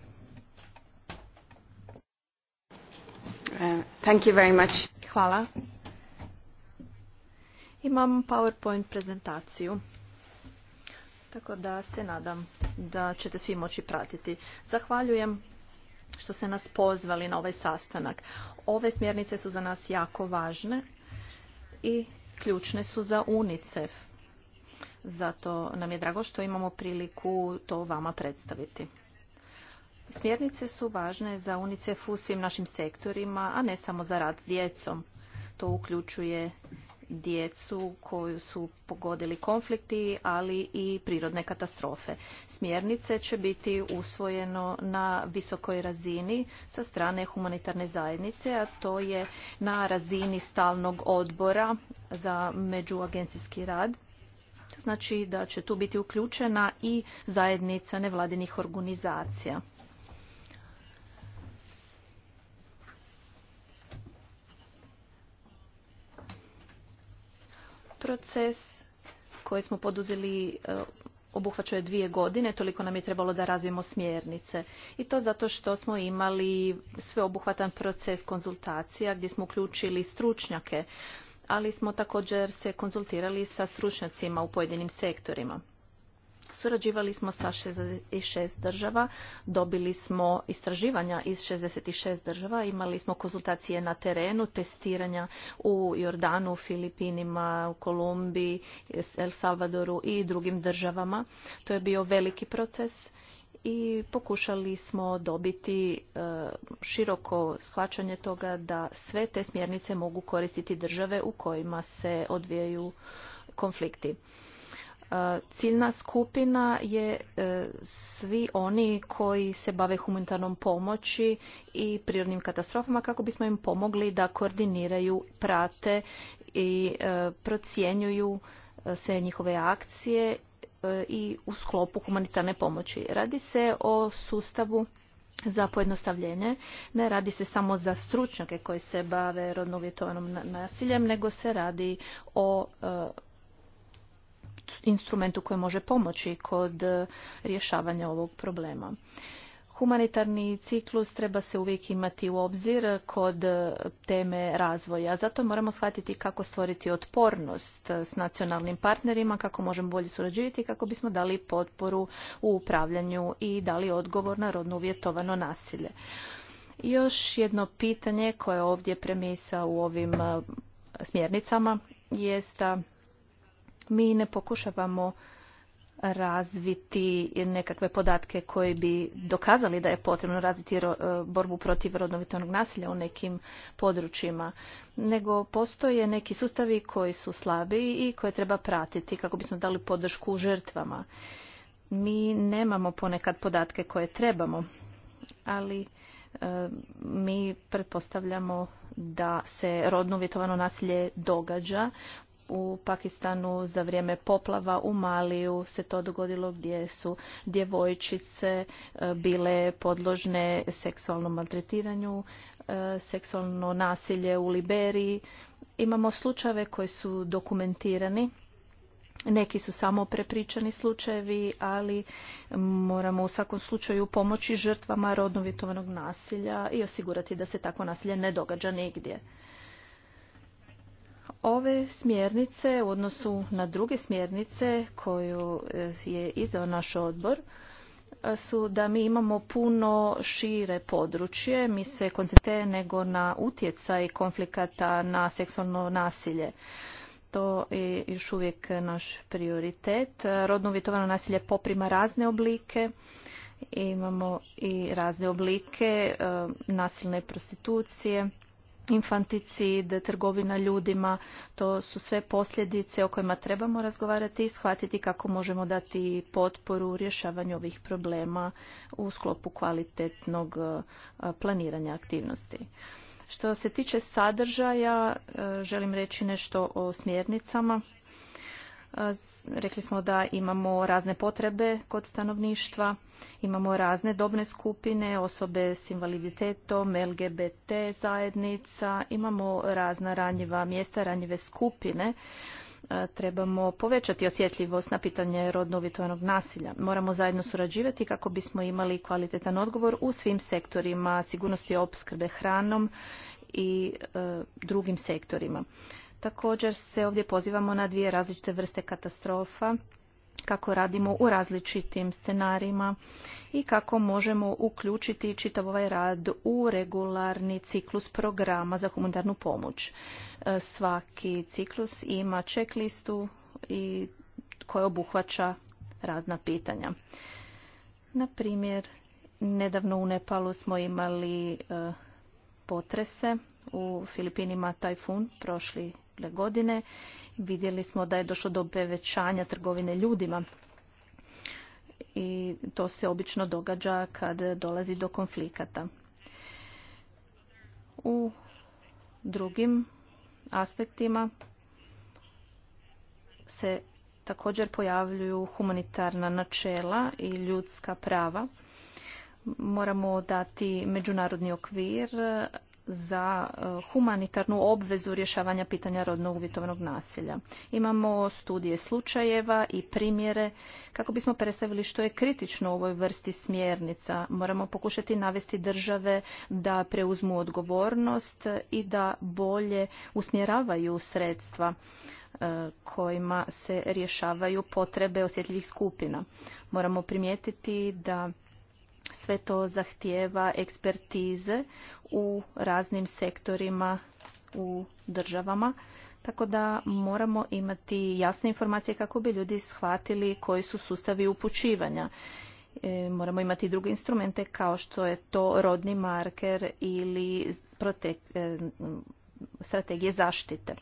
Uh, Hvala imam PowerPoint prezentaciju, tako da se nadam da ćete svi moći pratiti. Zahvaljujem što ste nas pozvali na ovaj sastanak. Ove smjernice su za nas jako važne i ključne su za UNICEF. Zato nam je drago što imamo priliku to vama predstaviti. Smjernice su važne za UNICEF u svim našim sektorima, a ne samo za rad s djecom. To uključuje djecu koju su pogodili konflikti, ali i prirodne katastrofe. Smjernice će biti usvojeno na visokoj razini sa strane humanitarne zajednice, a to je na razini stalnog odbora za međuagencijski rad. To znači da će tu biti uključena i zajednica nevladinih organizacija. proces koji smo poduzeli e, obuhvaćuje dvije godine, toliko nam je trebalo da razvijemo smjernice. I to zato što smo imali sveobuhvatan proces konzultacija gdje smo uključili stručnjake, ali smo također se konzultirali sa stručnjacima u pojedinim sektorima. Surađivali smo sa 66 država, dobili smo istraživanja iz 66 država, imali smo konzultacije na terenu, testiranja u Jordanu, Filipinima, u Kolumbiji, El Salvadoru i drugim državama. To je bio veliki proces i pokušali smo dobiti e, široko shvaćanje toga da sve te smjernice mogu koristiti države u kojima se odvijaju konflikti. E, ciljna skupina je e, svi oni koji se bave humanitarnom pomoći i prirodnim katastrofama kako bismo im pomogli da koordiniraju, prate i e, procjenjuju sve njihove akcije i u sklopu humanitarne pomoći. Radi se o sustavu za pojednostavljenje. Ne radi se samo za stručnjake koji se bave rodno uvjetovanom nasiljem, nego se radi o instrumentu koji može pomoći kod e, rješavanja ovog problema. Humanitarni ciklus treba se uvijek imati u obzir kod e, teme razvoja. Zato moramo shvatiti kako stvoriti otpornost s nacionalnim partnerima, kako možemo bolje surađivati, kako bismo dali potporu u upravljanju i dali odgovor na rodno uvjetovano nasilje. Još jedno pitanje koje ovdje premisa u ovim e, smjernicama jest da mi ne pokušavamo razviti nekakve podatke koji bi dokazali da je potrebno razviti e, borbu protiv rodnovitornog nasilja u nekim područjima, nego postoje neki sustavi koji su slabi i koje treba pratiti kako bismo dali podršku žrtvama. Mi nemamo ponekad podatke koje trebamo, ali e, mi pretpostavljamo da se rodno uvjetovano nasilje događa u Pakistanu za vrijeme poplava u Maliju se to dogodilo gdje su djevojčice e, bile podložne seksualnom maltretiranju, e, seksualno nasilje u Liberiji. Imamo slučajeve koji su dokumentirani. Neki su samo prepričani slučajevi, ali moramo u svakom slučaju pomoći žrtvama rodno nasilja i osigurati da se takvo nasilje ne događa nigdje. Ove smjernice u odnosu na druge smjernice koju e, je izdao naš odbor e, su da mi imamo puno šire područje, mi se koncentriramo nego na utjecaj konflikata na seksualno nasilje. To je još uvijek naš prioritet. Rodno uvjetovano nasilje poprima razne oblike. Imamo i razne oblike e, nasilne prostitucije, infanticid, trgovina ljudima, to su sve posljedice o kojima trebamo razgovarati i shvatiti kako možemo dati potporu rješavanju ovih problema u sklopu kvalitetnog e, planiranja aktivnosti. Što se tiče sadržaja, e, želim reći nešto o smjernicama. Rekli smo da imamo razne potrebe kod stanovništva, imamo razne dobne skupine, osobe s invaliditetom, LGBT zajednica, imamo razna ranjiva mjesta, ranjive skupine. Trebamo povećati osjetljivost na pitanje rodno nasilja. Moramo zajedno surađivati kako bismo imali kvalitetan odgovor u svim sektorima sigurnosti opskrbe hranom i e, drugim sektorima. Također se ovdje pozivamo na dvije različite vrste katastrofa, kako radimo u različitim scenarijima i kako možemo uključiti čitav ovaj rad u regularni ciklus programa za humanitarnu pomoć. E, svaki ciklus ima čeklistu i koja obuhvaća razna pitanja. Na primjer, nedavno u Nepalu smo imali e, potrese u Filipinima tajfun prošli godine. Vidjeli smo da je došlo do povećanja trgovine ljudima i to se obično događa kad dolazi do konflikata. U drugim aspektima se također pojavljuju humanitarna načela i ljudska prava. Moramo dati međunarodni okvir za e, humanitarnu obvezu rješavanja pitanja rodnog uvjetovanog nasilja. Imamo studije slučajeva i primjere kako bismo predstavili što je kritično u ovoj vrsti smjernica. Moramo pokušati navesti države da preuzmu odgovornost i da bolje usmjeravaju sredstva e, kojima se rješavaju potrebe osjetljivih skupina. Moramo primijetiti da sve to zahtijeva ekspertize u raznim sektorima u državama. Tako da moramo imati jasne informacije kako bi ljudi shvatili koji su sustavi upućivanja. E, moramo imati druge instrumente kao što je to rodni marker ili e, strategije zaštite.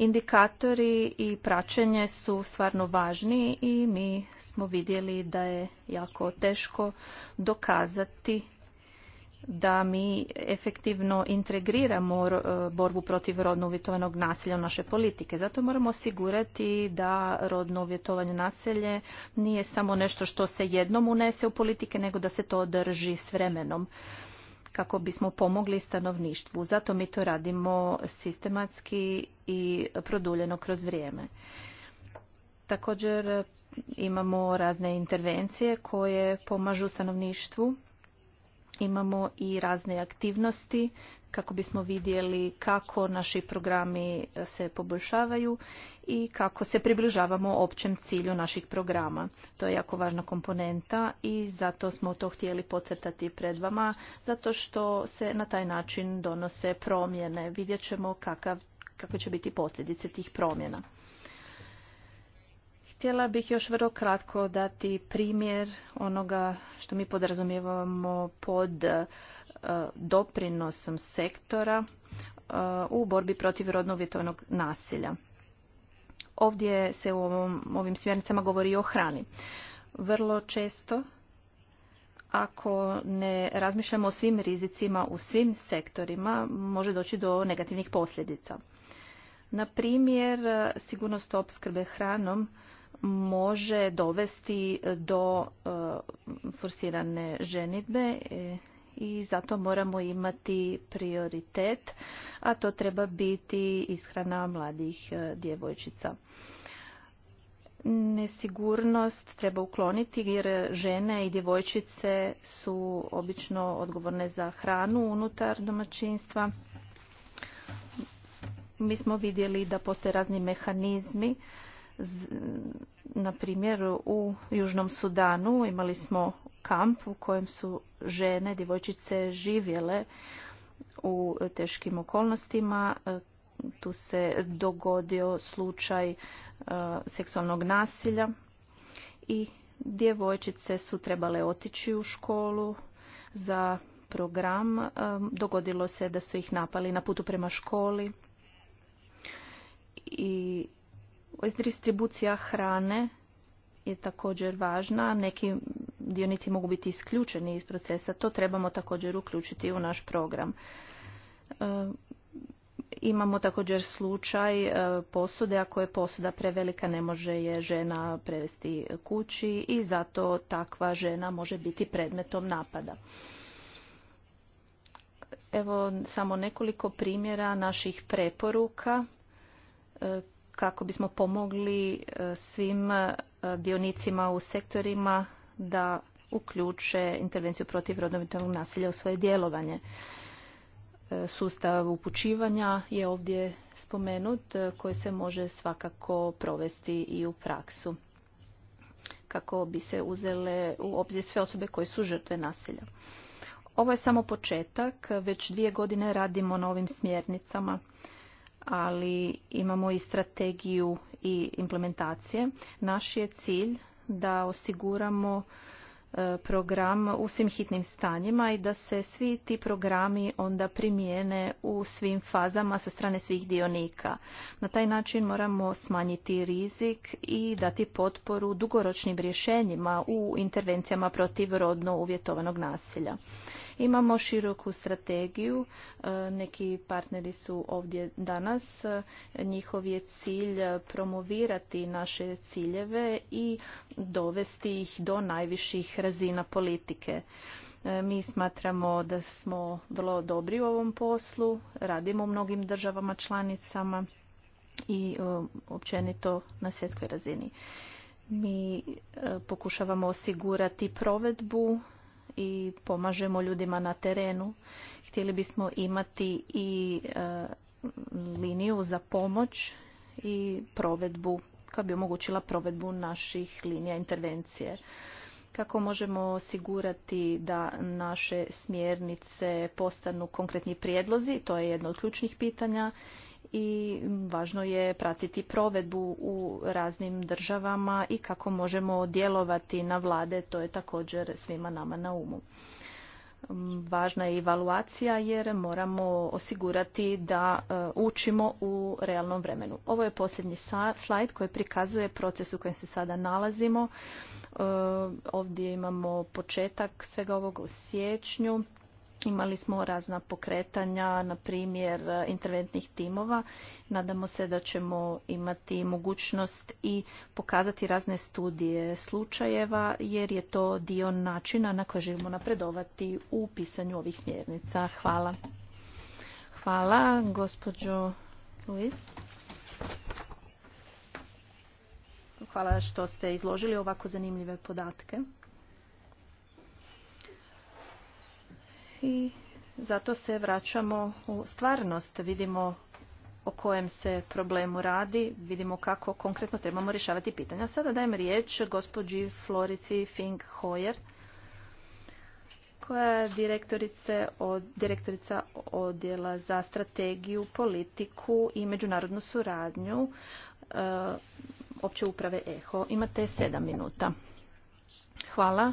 Indikatori i praćenje su stvarno važni i mi smo vidjeli da je jako teško dokazati da mi efektivno integriramo e, borbu protiv rodno uvjetovanog nasilja u naše politike. Zato moramo osigurati da rodno uvjetovanje nasilje nije samo nešto što se jednom unese u politike, nego da se to održi s vremenom kako bismo pomogli stanovništvu. Zato mi to radimo sistematski i produljeno kroz vrijeme. Također imamo razne intervencije koje pomažu stanovništvu. Imamo i razne aktivnosti kako bismo vidjeli kako naši programi eh, se poboljšavaju i kako se približavamo općem cilju naših programa. To je jako važna komponenta i zato smo to htjeli podcrtati pred vama, zato što se na taj način donose promjene. Vidjet ćemo kakve će biti posljedice tih promjena. Htjela bih još vrlo kratko dati primjer onoga što mi podrazumijevamo pod e, doprinosom sektora e, u borbi protiv rodno uvjetovanog nasilja. Ovdje se u ovim smjernicama govori o hrani. Vrlo često ako ne razmišljamo o svim rizicima u svim sektorima, može doći do negativnih posljedica. Na primjer, sigurnost opskrbe hranom može dovesti do e, forsirane ženitbe e, i zato moramo imati prioritet, a to treba biti ishrana mladih e, djevojčica. Nesigurnost treba ukloniti jer žene i djevojčice su obično odgovorne za hranu unutar domaćinstva. Mi smo vidjeli da postoje razni mehanizmi na primjer, u Južnom Sudanu imali smo kamp u kojem su žene, djevojčice živjele u teškim okolnostima. E, tu se dogodio slučaj e, seksualnog nasilja i djevojčice su trebale otići u školu za program. E, dogodilo se da su ih napali na putu prema školi i distribucija hrane je također važna. Neki dionici mogu biti isključeni iz procesa. To trebamo također uključiti u naš program. E, imamo također slučaj e, posude, ako je posuda prevelika ne može je žena prevesti kući i zato takva žena može biti predmetom napada. Evo samo nekoliko primjera naših preporuka e, kako bismo pomogli e, svim e, dionicima u sektorima da uključe intervenciju protiv nasilja u svoje djelovanje. E, sustav upućivanja je ovdje spomenut koji se može svakako provesti i u praksu kako bi se uzele u obzir sve osobe koje su žrtve nasilja. Ovo je samo početak, već dvije godine radimo na ovim smjernicama ali imamo i strategiju i implementacije. Naš je cilj da osiguramo e, program u svim hitnim stanjima i da se svi ti programi onda primijene u svim fazama sa strane svih dionika. Na taj način moramo smanjiti rizik i dati potporu dugoročnim rješenjima u intervencijama protiv rodno uvjetovanog nasilja. Imamo široku strategiju, e, neki partneri su ovdje danas, njihov je cilj promovirati naše ciljeve i dovesti ih do najviših razina politike. E, mi smatramo da smo vrlo dobri u ovom poslu, radimo u mnogim državama članicama i e, općenito na svjetskoj razini. Mi pokušavamo osigurati provedbu i pomažemo ljudima na terenu. Htjeli bismo imati i e, liniju za pomoć i provedbu, koja bi omogućila provedbu naših linija intervencije. Kako možemo osigurati da naše smjernice postanu konkretni prijedlozi, to je jedno od ključnih pitanja i važno je pratiti provedbu u raznim državama i kako možemo djelovati na vlade, to je također svima nama na umu. Važna je evaluacija jer moramo osigurati da e, učimo u realnom vremenu. Ovo je posljednji slajd koji prikazuje proces u kojem se sada nalazimo. E, ovdje imamo početak svega ovog u siječnju Imali smo razna pokretanja, na primjer e, interventnih timova. Nadamo se da ćemo imati mogućnost i pokazati razne studije slučajeva, jer je to dio načina na koji želimo napredovati u pisanju ovih smjernica. Hvala. Hvala, gospođo Luis. Hvala što ste izložili ovako zanimljive podatke. i zato se vraćamo u stvarnost, vidimo o kojem se problemu radi, vidimo kako konkretno trebamo rješavati pitanja. Sada dajem riječ gospođi Florici Fink Hoyer, koja je direktorice od, direktorica odjela za strategiju, politiku i međunarodnu suradnju e, opće uprave EHO. Imate sedam minuta. Hvala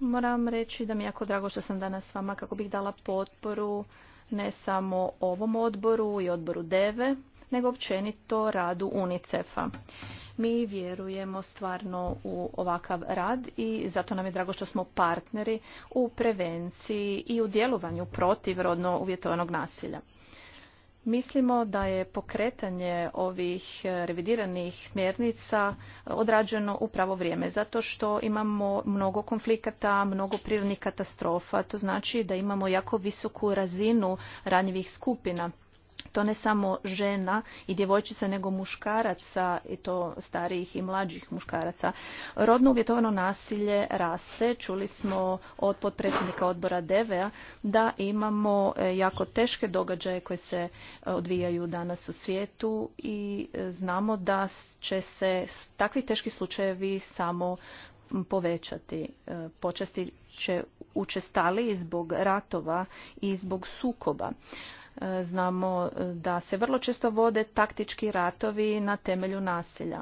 Moram reći da mi je jako drago što sam danas s vama kako bih dala potporu ne samo ovom odboru i odboru DEVE, nego općenito radu UNICEF-a. Mi vjerujemo stvarno u ovakav rad i zato nam je drago što smo partneri u prevenciji i u djelovanju protiv rodno uvjetovanog nasilja. Mislimo da je pokretanje ovih e, revidiranih smjernica e, odrađeno u pravo vrijeme, zato što imamo mnogo konflikata, mnogo prirodnih katastrofa, to znači da imamo jako visoku razinu ranjivih skupina to ne samo žena i djevojčica nego muškaraca i to starijih i mlađih muškaraca. Rodno uvjetovano nasilje raste, čuli smo od potpredsjednika odbora DEVEA da imamo e, jako teške događaje koje se e, odvijaju danas u svijetu i e, znamo da će se takvi teški slučajevi samo povećati. Počesti će učestali zbog ratova i zbog sukoba. Znamo e, da se vrlo često vode taktički ratovi na temelju nasilja.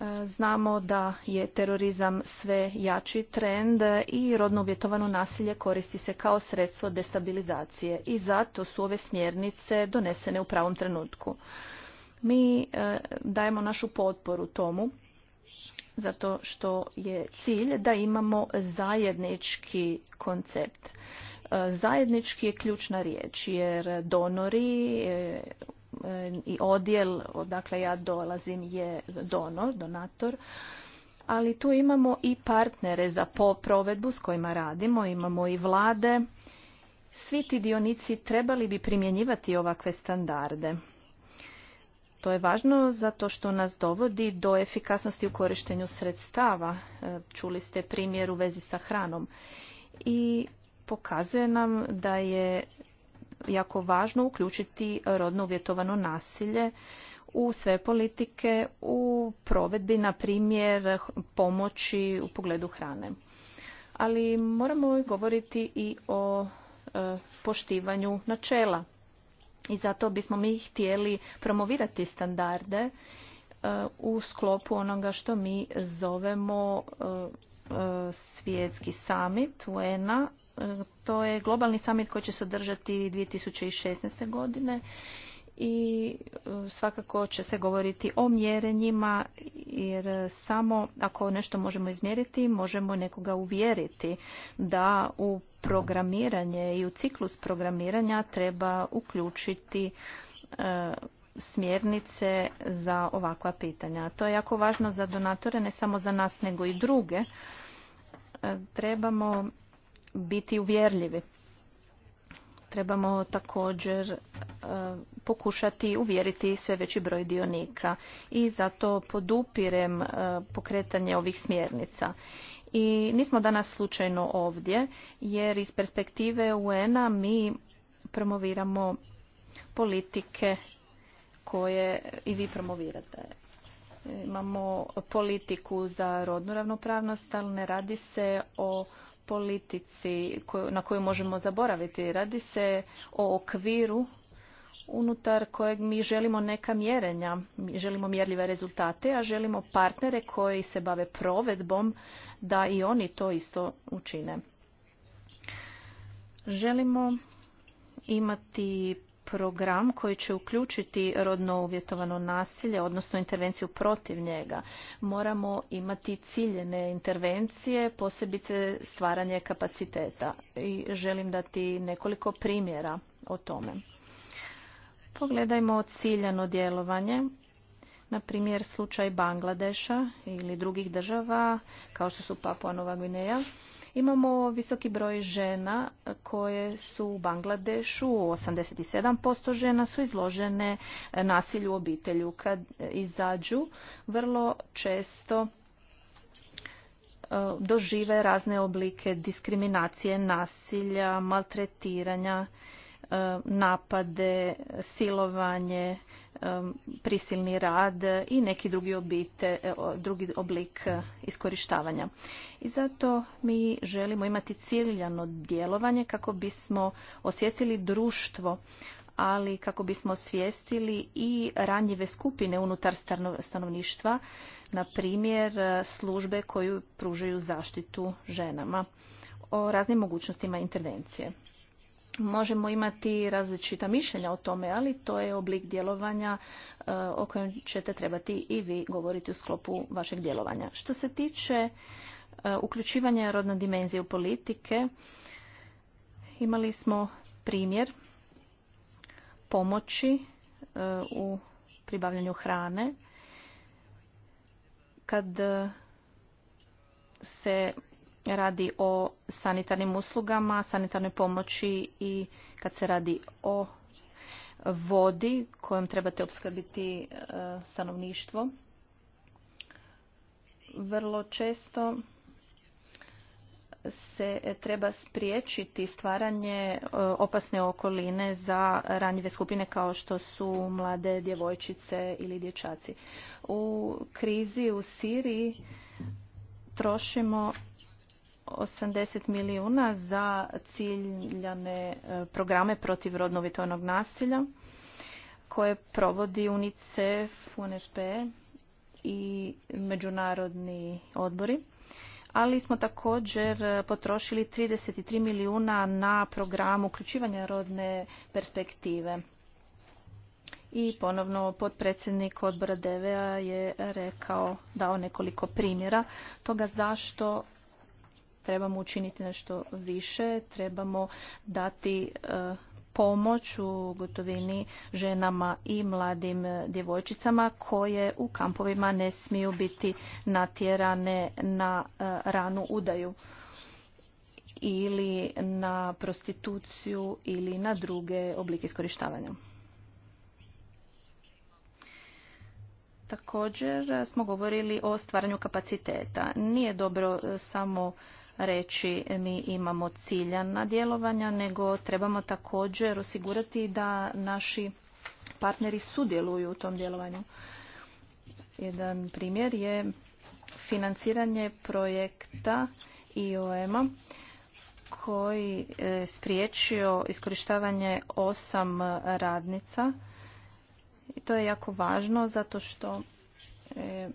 E, znamo da je terorizam sve jači trend i rodno uvjetovano nasilje koristi se kao sredstvo destabilizacije i zato su ove smjernice donesene u pravom trenutku. Mi e, dajemo našu potporu tomu zato što je cilj da imamo zajednički koncept zajednički je ključna riječ jer donori e, e, i odjel odakle ja dolazim je donor, donator, ali tu imamo i partnere za provedbu s kojima radimo, imamo i vlade. Svi ti dionici trebali bi primjenjivati ovakve standarde. To je važno zato što nas dovodi do efikasnosti u korištenju sredstava. E, čuli ste primjer u vezi sa hranom. I pokazuje nam da je jako važno uključiti rodno uvjetovano nasilje u sve politike u provedbi, na primjer, pomoći u pogledu hrane. Ali moramo govoriti i o e, poštivanju načela. I zato bismo mi htjeli promovirati standarde e, u sklopu onoga što mi zovemo e, svjetski summit un to je globalni summit koji će se održati 2016. godine i e, svakako će se govoriti o mjerenjima jer samo ako nešto možemo izmjeriti možemo nekoga uvjeriti da u programiranje i u ciklus programiranja treba uključiti e, smjernice za ovakva pitanja. To je jako važno za donatore, ne samo za nas nego i druge. E, trebamo biti uvjerljivi. Trebamo također e, pokušati uvjeriti sve veći broj dionika i zato podupirem e, pokretanje ovih smjernica. I nismo danas slučajno ovdje jer iz perspektive UN-a mi promoviramo politike koje i vi promovirate. Imamo politiku za rodnu ravnopravnost, ali ne radi se o politici na koju možemo zaboraviti. Radi se o okviru unutar kojeg mi želimo neka mjerenja, mi želimo mjerljive rezultate, a želimo partnere koji se bave provedbom da i oni to isto učine. Želimo imati program koji će uključiti rodno uvjetovano nasilje, odnosno intervenciju protiv njega. Moramo imati ciljene intervencije, posebice stvaranje kapaciteta. I želim dati nekoliko primjera o tome. Pogledajmo ciljano djelovanje na primjer slučaj Bangladeša ili drugih država kao što su Papua Nova Gvineja Imamo visoki broj žena koje su u Bangladešu, 87% žena su izložene eh, nasilju u obitelju. Kad eh, izađu, vrlo često eh, dožive razne oblike diskriminacije, nasilja, maltretiranja, napade, silovanje, Um, prisilni rad i neki drugi, obite, e, drugi oblik e, iskorištavanja. I zato mi želimo imati ciljano djelovanje kako bismo osvijestili društvo ali kako bismo osvijestili i ranjive skupine unutar stanovništva, na primjer e, službe koju pružaju zaštitu ženama o raznim mogućnostima intervencije. Možemo imati različita mišljenja o tome, ali to je oblik djelovanja e, o kojem ćete trebati i vi govoriti u sklopu vašeg djelovanja. Što se tiče e, uključivanja rodne dimenzije u politike, imali smo primjer pomoći e, u pribavljanju hrane kad se radi o sanitarnim uslugama, sanitarnoj pomoći i kad se radi o vodi kojom trebate obskrbiti e, stanovništvo. Vrlo često se treba spriječiti stvaranje e, opasne okoline za ranjive skupine kao što su mlade djevojčice ili dječaci. U krizi u Siriji trošimo 80 milijuna za ciljane e, programe protiv rodno nasilja koje provodi UNICEF, UNFP i međunarodni odbori. Ali smo također potrošili 33 milijuna na program uključivanja rodne perspektive. I ponovno potpredsjednik odbora DVA je rekao, dao nekoliko primjera toga zašto trebamo učiniti nešto više, trebamo dati e, pomoć u gotovini ženama i mladim e, djevojčicama koje u kampovima ne smiju biti natjerane na e, ranu udaju ili na prostituciju ili na druge oblike iskorištavanja. Također smo govorili o stvaranju kapaciteta. Nije dobro samo reći mi imamo ciljana djelovanja, nego trebamo također osigurati da naši partneri sudjeluju u tom djelovanju. Jedan primjer je financiranje projekta IOM-a koji e, spriječio iskorištavanje osam radnica. I to je jako važno zato što e,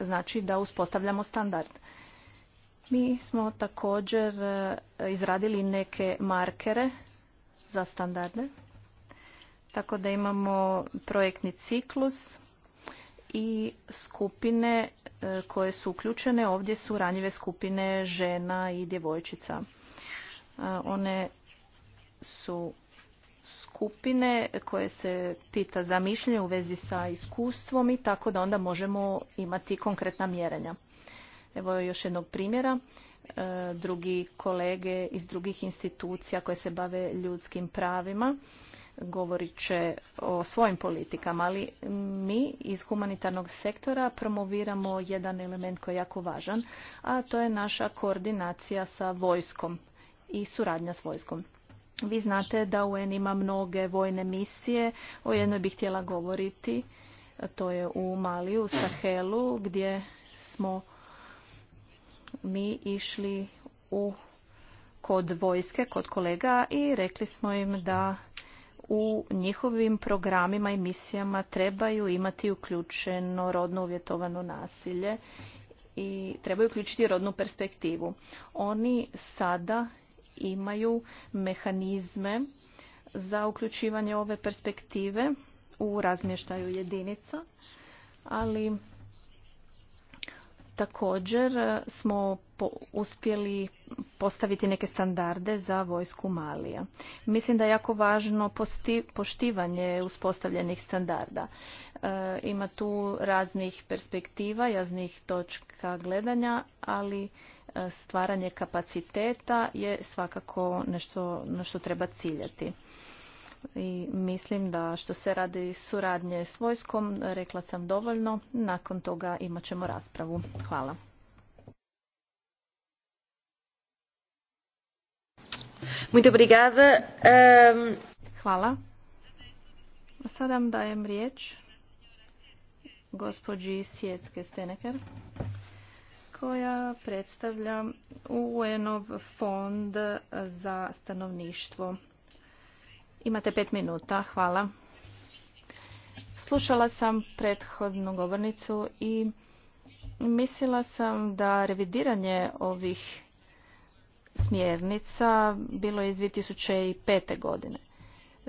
znači da uspostavljamo standard. Mi smo također e, izradili neke markere za standarde. Tako da imamo projektni ciklus i skupine e, koje su uključene. Ovdje su ranjive skupine žena i djevojčica. E, one su skupine koje se pita za mišljenje u vezi sa iskustvom i tako da onda možemo imati konkretna mjerenja. Evo još jednog primjera. E, drugi kolege iz drugih institucija koje se bave ljudskim pravima govorit će o svojim politikama, ali mi iz humanitarnog sektora promoviramo jedan element koji je jako važan, a to je naša koordinacija sa vojskom i suradnja s vojskom. Vi znate da UN ima mnoge vojne misije, o jednoj bih htjela govoriti, to je u Maliju, u Sahelu, gdje smo mi išli u kod vojske, kod kolega i rekli smo im da u njihovim programima i misijama trebaju imati uključeno rodno uvjetovano nasilje i trebaju uključiti rodnu perspektivu. Oni sada imaju mehanizme za uključivanje ove perspektive u razmještaju jedinica, ali Također e, smo uspjeli postaviti neke standarde za vojsku Malija. Mislim da je jako važno poštivanje uspostavljenih standarda. E, ima tu raznih perspektiva, raznih točka gledanja, ali e, stvaranje kapaciteta je svakako nešto na što treba ciljati i mislim da što se radi suradnje s vojskom, rekla sam dovoljno, nakon toga imat ćemo raspravu. Hvala. Muito obrigada. Um... Hvala. Sada dajem riječ gospođi Sjetske Steneker koja predstavlja UN-ov fond za stanovništvo. Imate pet minuta. Hvala. Slušala sam prethodnu govornicu i mislila sam da revidiranje ovih smjernica bilo je iz 2005. godine.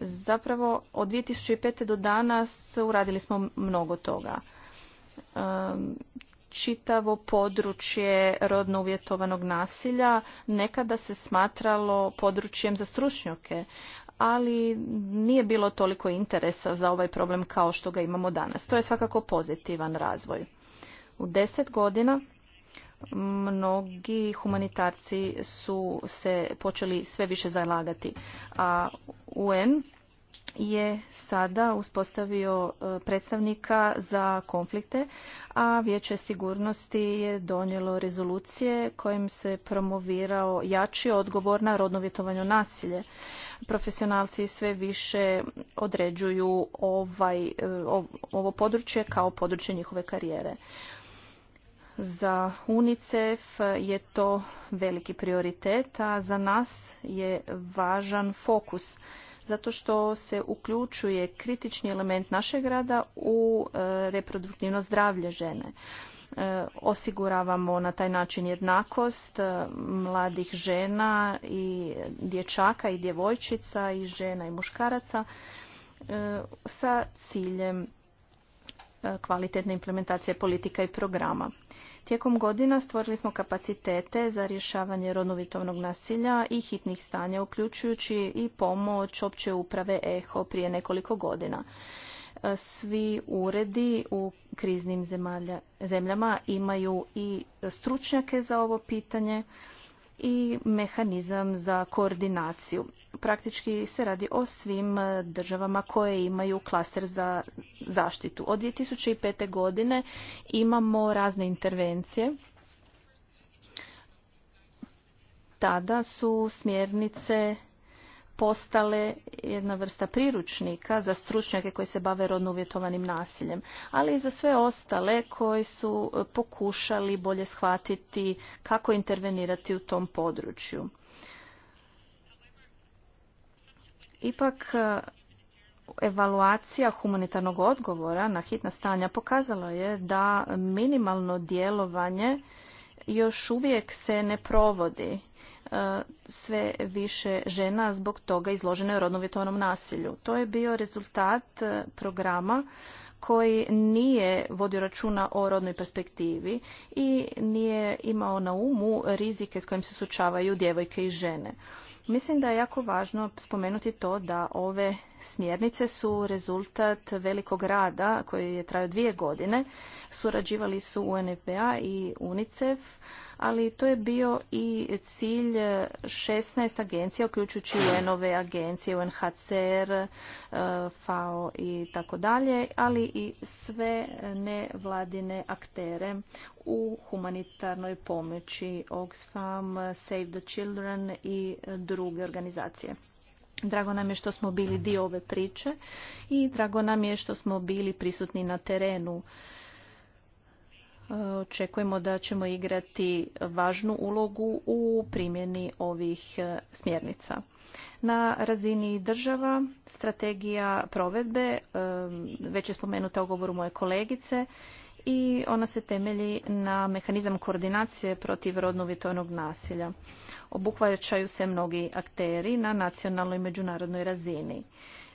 Zapravo od 2005. do danas uradili smo mnogo toga. Ehm, čitavo područje rodno uvjetovanog nasilja nekada se smatralo područjem za stručnjake, ali nije bilo toliko interesa za ovaj problem kao što ga imamo danas. To je svakako pozitivan razvoj. U deset godina mnogi humanitarci su se počeli sve više zalagati, a UN je sada uspostavio e, predstavnika za konflikte, a Vijeće sigurnosti je donijelo rezolucije kojim se promovirao jači odgovor na rodno nasilje profesionalci sve više određuju ovaj, e, ovo područje kao područje njihove karijere. Za UNICEF je to veliki prioritet, a za nas je važan fokus zato što se uključuje kritični element našeg rada u e, reproduktivno zdravlje žene. E, osiguravamo na taj način jednakost e, mladih žena i dječaka i djevojčica i žena i muškaraca e, sa ciljem kvalitetne implementacije politika i programa. Tijekom godina stvorili smo kapacitete za rješavanje rodnovitovnog nasilja i hitnih stanja, uključujući i pomoć opće uprave EHO prije nekoliko godina. E, svi uredi u kriznim zemljama imaju i stručnjake za ovo pitanje i mehanizam za koordinaciju. Praktički se radi o svim državama koje imaju klaster za zaštitu. Od 2005. godine imamo razne intervencije. Tada su smjernice postale jedna vrsta priručnika za stručnjake koji se bave rodno uvjetovanim nasiljem, ali i za sve ostale koji su e, pokušali bolje shvatiti kako intervenirati u tom području. Ipak, e, evaluacija humanitarnog odgovora na hitna stanja pokazala je da minimalno djelovanje još uvijek se ne provodi E, sve više žena zbog toga izloženo je rodnovjetovanom nasilju. To je bio rezultat e, programa koji nije vodio računa o rodnoj perspektivi i nije imao na umu rizike s kojim se sučavaju djevojke i žene. Mislim da je jako važno spomenuti to da ove smjernice su rezultat velikog rada koji je trajao dvije godine. Surađivali su UNPA i UNICEF, ali to je bio i cilj 16 agencija, uključujući i agencije, UNHCR, e, FAO i tako dalje, ali i sve nevladine aktere u humanitarnoj pomoći Oxfam, Save the Children i druge organizacije. Drago nam je što smo bili dio ove priče i drago nam je što smo bili prisutni na terenu. Očekujemo da ćemo igrati važnu ulogu u primjeni ovih e, smjernica. Na razini država strategija provedbe, e, već je spomenuta u govoru moje kolegice, i ona se temelji na mehanizam koordinacije protiv rodno uvjetovanog nasilja. Obuhvaćaju se mnogi akteri na nacionalnoj i međunarodnoj razini.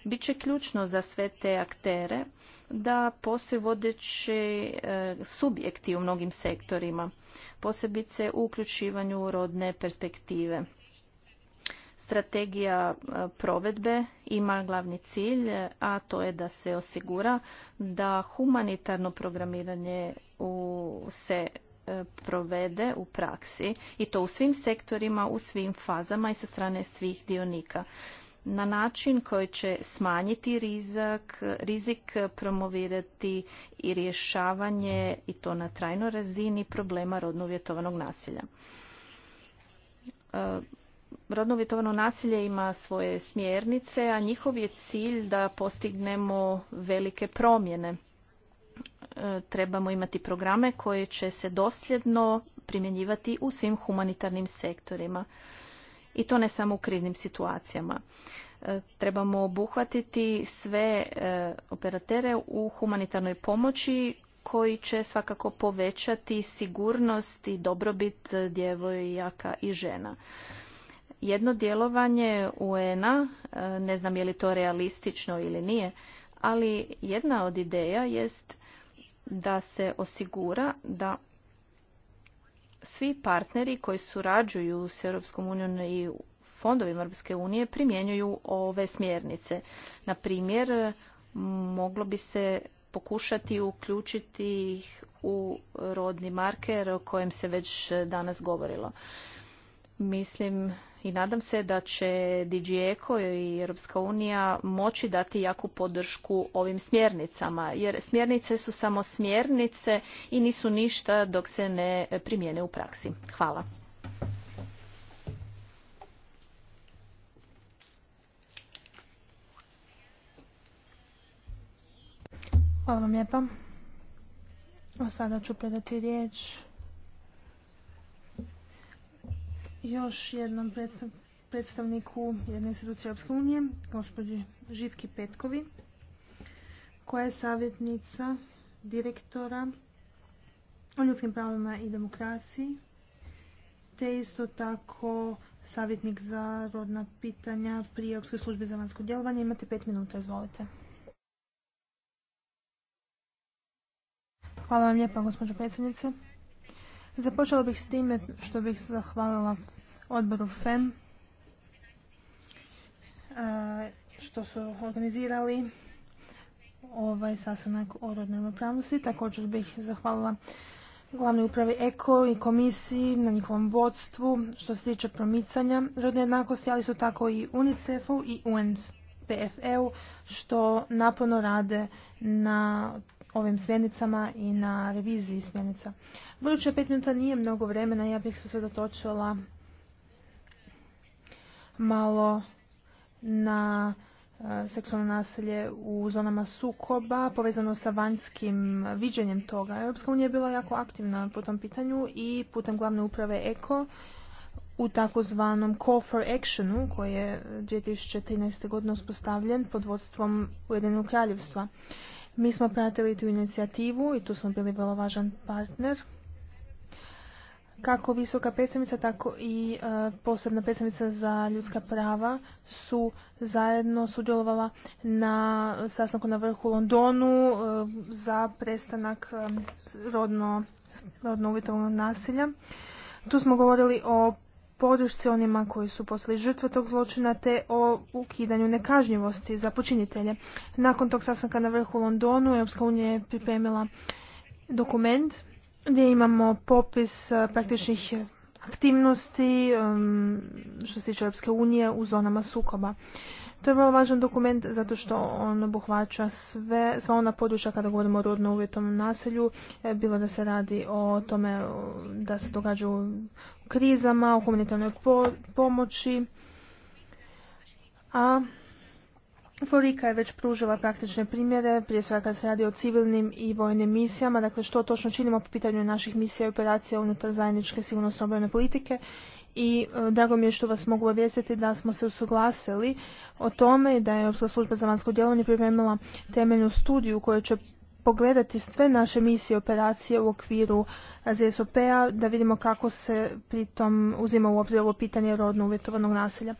Biće ključno za sve te aktere da postoji vodeći e, subjekti u mnogim sektorima, posebice u uključivanju rodne perspektive. Strategija e, provedbe ima glavni cilj, a to je da se osigura da humanitarno programiranje u, se e, provede u praksi i to u svim sektorima, u svim fazama i sa strane svih dionika na način koji će smanjiti rizik, rizik promovirati i rješavanje i to na trajnoj razini problema rodno uvjetovanog nasilja. E, rodno uvjetovano nasilje ima svoje smjernice, a njihov je cilj da postignemo velike promjene. E, trebamo imati programe koje će se dosljedno primjenjivati u svim humanitarnim sektorima. I to ne samo u kriznim situacijama. E, trebamo obuhvatiti sve e, operatere u humanitarnoj pomoći koji će svakako povećati sigurnost i dobrobit djevojaka i žena jedno djelovanje UN-a, e, ne znam je li to realistično ili nije, ali jedna od ideja jest da se osigura da svi partneri koji surađuju s Europskom unijom i fondovima Europske unije primjenjuju ove smjernice. Na primjer, moglo bi se pokušati uključiti ih u rodni marker o kojem se već danas govorilo. Mislim i nadam se da će DG Eko i Europska unija moći dati jaku podršku ovim smjernicama, jer smjernice su samo smjernice i nisu ništa dok se ne primijene u praksi. Hvala. Hvala vam lijepa. A sada ću predati riječ još jednom predstavniku jedne institucije Europske unije, gospođi Živki Petkovi, koja je savjetnica direktora o ljudskim pravima i demokraciji, te isto tako savjetnik za rodna pitanja pri Europskoj službi za vanjsko djelovanje. Imate pet minuta, izvolite. Hvala vam lijepa, gospođo predsjednice. Započela bih s time što bih zahvalila odboru FEM što su organizirali ovaj sastanak o rodnoj ravnopravnosti. Također bih zahvalila glavnoj upravi EKO i komisiji na njihovom vodstvu što se tiče promicanja rodne jednakosti, ali su tako i UNICEF-u i unpfe u što naporno rade na ovim smjernicama i na reviziji smjernica. Budući da pet minuta nije mnogo vremena, ja bih se dotočila malo na e, seksualno nasilje u zonama sukoba povezano sa vanjskim viđenjem toga. Europska unija je bila jako aktivna po tom pitanju i putem glavne uprave ECO u takozvanom Call for Actionu koji je 2013. godine uspostavljen pod vodstvom Ujedinog kraljevstva. Mi smo pratili tu inicijativu i tu smo bili vrlo važan partner kako visoka predstavnica, tako i e, posebna predstavnica za ljudska prava su zajedno sudjelovala na sastanku na vrhu u Londonu e, za prestanak e, rodno, rodno uvjetovnog nasilja. Tu smo govorili o podršci onima koji su postali žrtve tog zločina te o ukidanju nekažnjivosti za počinitelje. Nakon tog sastanka na vrhu u Londonu Europska unija je pripremila dokument gdje imamo popis eh, praktičnih aktivnosti što se tiče Europske unije u zonama sukoba. To je vrlo važan dokument zato što on obuhvaća sve, sva ona područja kada govorimo o rodno uvjetom naselju, e, bilo da se radi o tome da se događa u krizama, o humanitarnoj pomoći, a Forika je već pružila praktične primjere, prije svega kad se radi o civilnim i vojnim misijama, dakle što točno činimo po pitanju naših misija i operacija unutar zajedničke sigurnosno obojene politike i e, drago mi je što vas mogu obavijestiti da smo se usuglasili o tome da je Europska služba za vanjsko djelovanje pripremila temeljnu studiju koja će pogledati sve naše misije i operacije u okviru ZSOP-a da vidimo kako se pritom uzima u obzir ovo pitanje rodno uvjetovanog nasilja.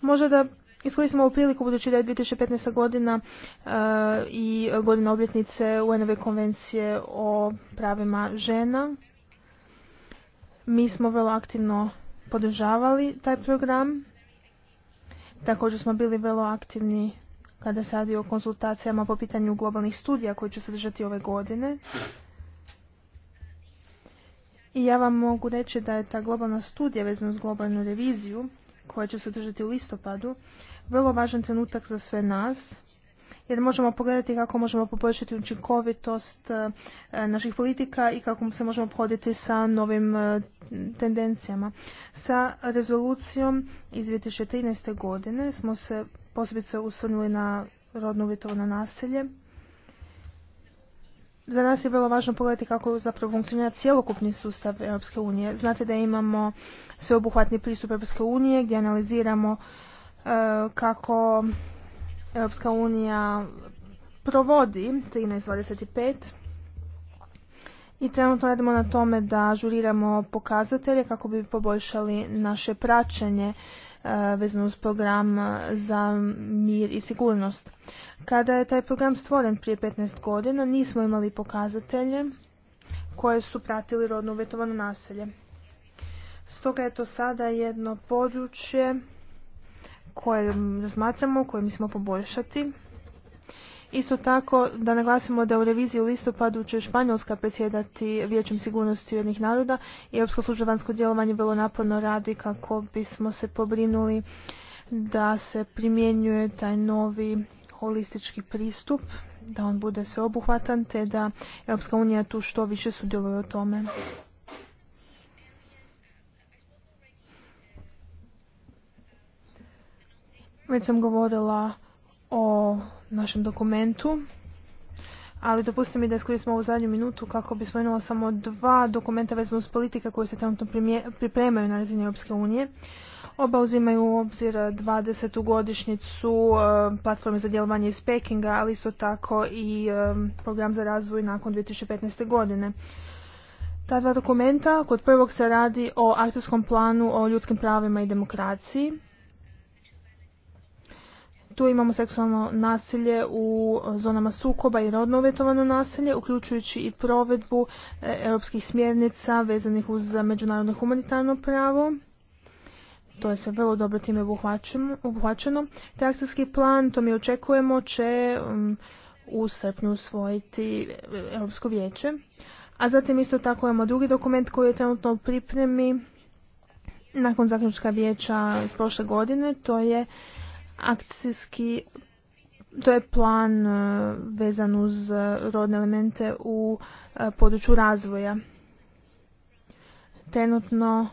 Možda da Iskoristimo ovu priliku budući da je 2015. godina eh, i godina obljetnice UNV konvencije o pravima žena. Mi smo vrlo aktivno podržavali taj program. Također smo bili vrlo aktivni kada se radi o konsultacijama po pitanju globalnih studija koje će se držati ove godine. I ja vam mogu reći da je ta globalna studija vezana uz globalnu reviziju koja će se održati u listopadu vrlo važan trenutak za sve nas jer možemo pogledati kako možemo poboljšati učinkovitost e, naših politika i kako se možemo obhoditi sa novim e, tendencijama. Sa rezolucijom iz 2013. godine smo se posebice usvrnuli na rodno uvjetovano nasilje za nas je vrlo važno pogledati kako zapravo funkcionira cjelokupni sustav Europske unije. Znate da imamo sveobuhvatni pristup Europske unije gdje analiziramo e, kako Europska unija provodi 13.25 i trenutno radimo na tome da žuriramo pokazatelje kako bi poboljšali naše praćenje E, vezano uz program e, za mir i sigurnost. Kada je taj program stvoren prije 15 godina nismo imali pokazatelje koje su pratili rodno uvjetovano naselje. Stoga je to sada jedno područje koje razmatramo, koje mislimo poboljšati Isto tako da naglasimo da u reviziji u listopadu će Španjolska predsjedati Vijećem sigurnosti jednih naroda i Europsko služba djelovanje vrlo naporno radi kako bismo se pobrinuli da se primjenjuje taj novi holistički pristup, da on bude sveobuhvatan te da Europska unija tu što više sudjeluje o tome. Već sam govorila o našem dokumentu, ali dopustite mi da iskoristimo ovu zadnju minutu kako bi spomenula samo dva dokumenta vezano uz politike koje se trenutno pripremaju na razini Europske unije. Oba uzimaju u obzir 20. godišnjicu e, platforme za djelovanje iz Pekinga, ali isto tako i e, program za razvoj nakon 2015. godine. Ta dva dokumenta, kod prvog se radi o akcijskom planu o ljudskim pravima i demokraciji, tu imamo seksualno nasilje u e, zonama sukoba i rodno uvjetovano nasilje, uključujući i provedbu e, europskih smjernica vezanih uz međunarodno humanitarno pravo. To je sve vrlo dobro time obuhvaćeno. Te akcijski plan, to mi očekujemo, će mm, u srpnju usvojiti e, Europsko vijeće. A zatim isto tako imamo drugi dokument koji je trenutno u pripremi nakon zaključka vijeća iz prošle godine, to je akcijski to je plan e, vezan uz e, rodne elemente u e, području razvoja. Trenutno,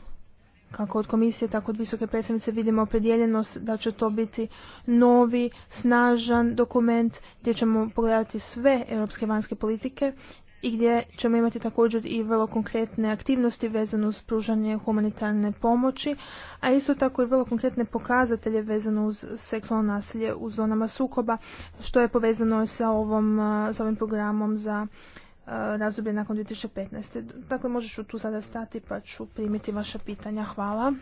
kako od komisije, tako od visoke predstavnice vidimo opredjeljenost da će to biti novi, snažan dokument gdje ćemo pogledati sve europske vanjske politike i gdje ćemo imati također i vrlo konkretne aktivnosti vezane uz pružanje humanitarne pomoći, a isto tako i vrlo konkretne pokazatelje vezano uz seksualno nasilje u zonama sukoba, što je povezano sa, ovom, sa ovim programom za razdoblje nakon 2015. Dakle, možeš tu sada stati pa ću primiti vaša pitanja. Hvala.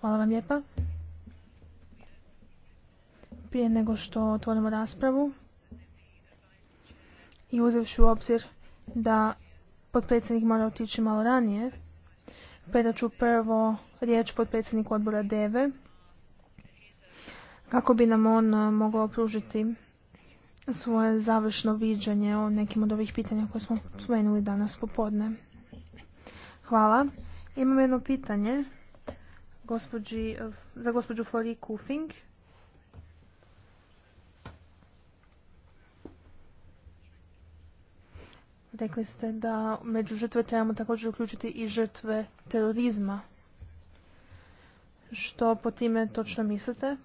Hvala vam lijepa. Prije nego što otvorimo raspravu, i uzevši u obzir da potpredsjednik mora otići malo ranije, predaću ću prvo riječ potpredsjedniku odbora DEVE kako bi nam on mogao pružiti svoje završno viđanje o nekim od ovih pitanja koje smo spomenuli danas popodne. Hvala. Imam jedno pitanje za gospođu Flori Kufing. Rekli ste da među žrtve trebamo također uključiti i žrtve terorizma. Što po time točno mislite?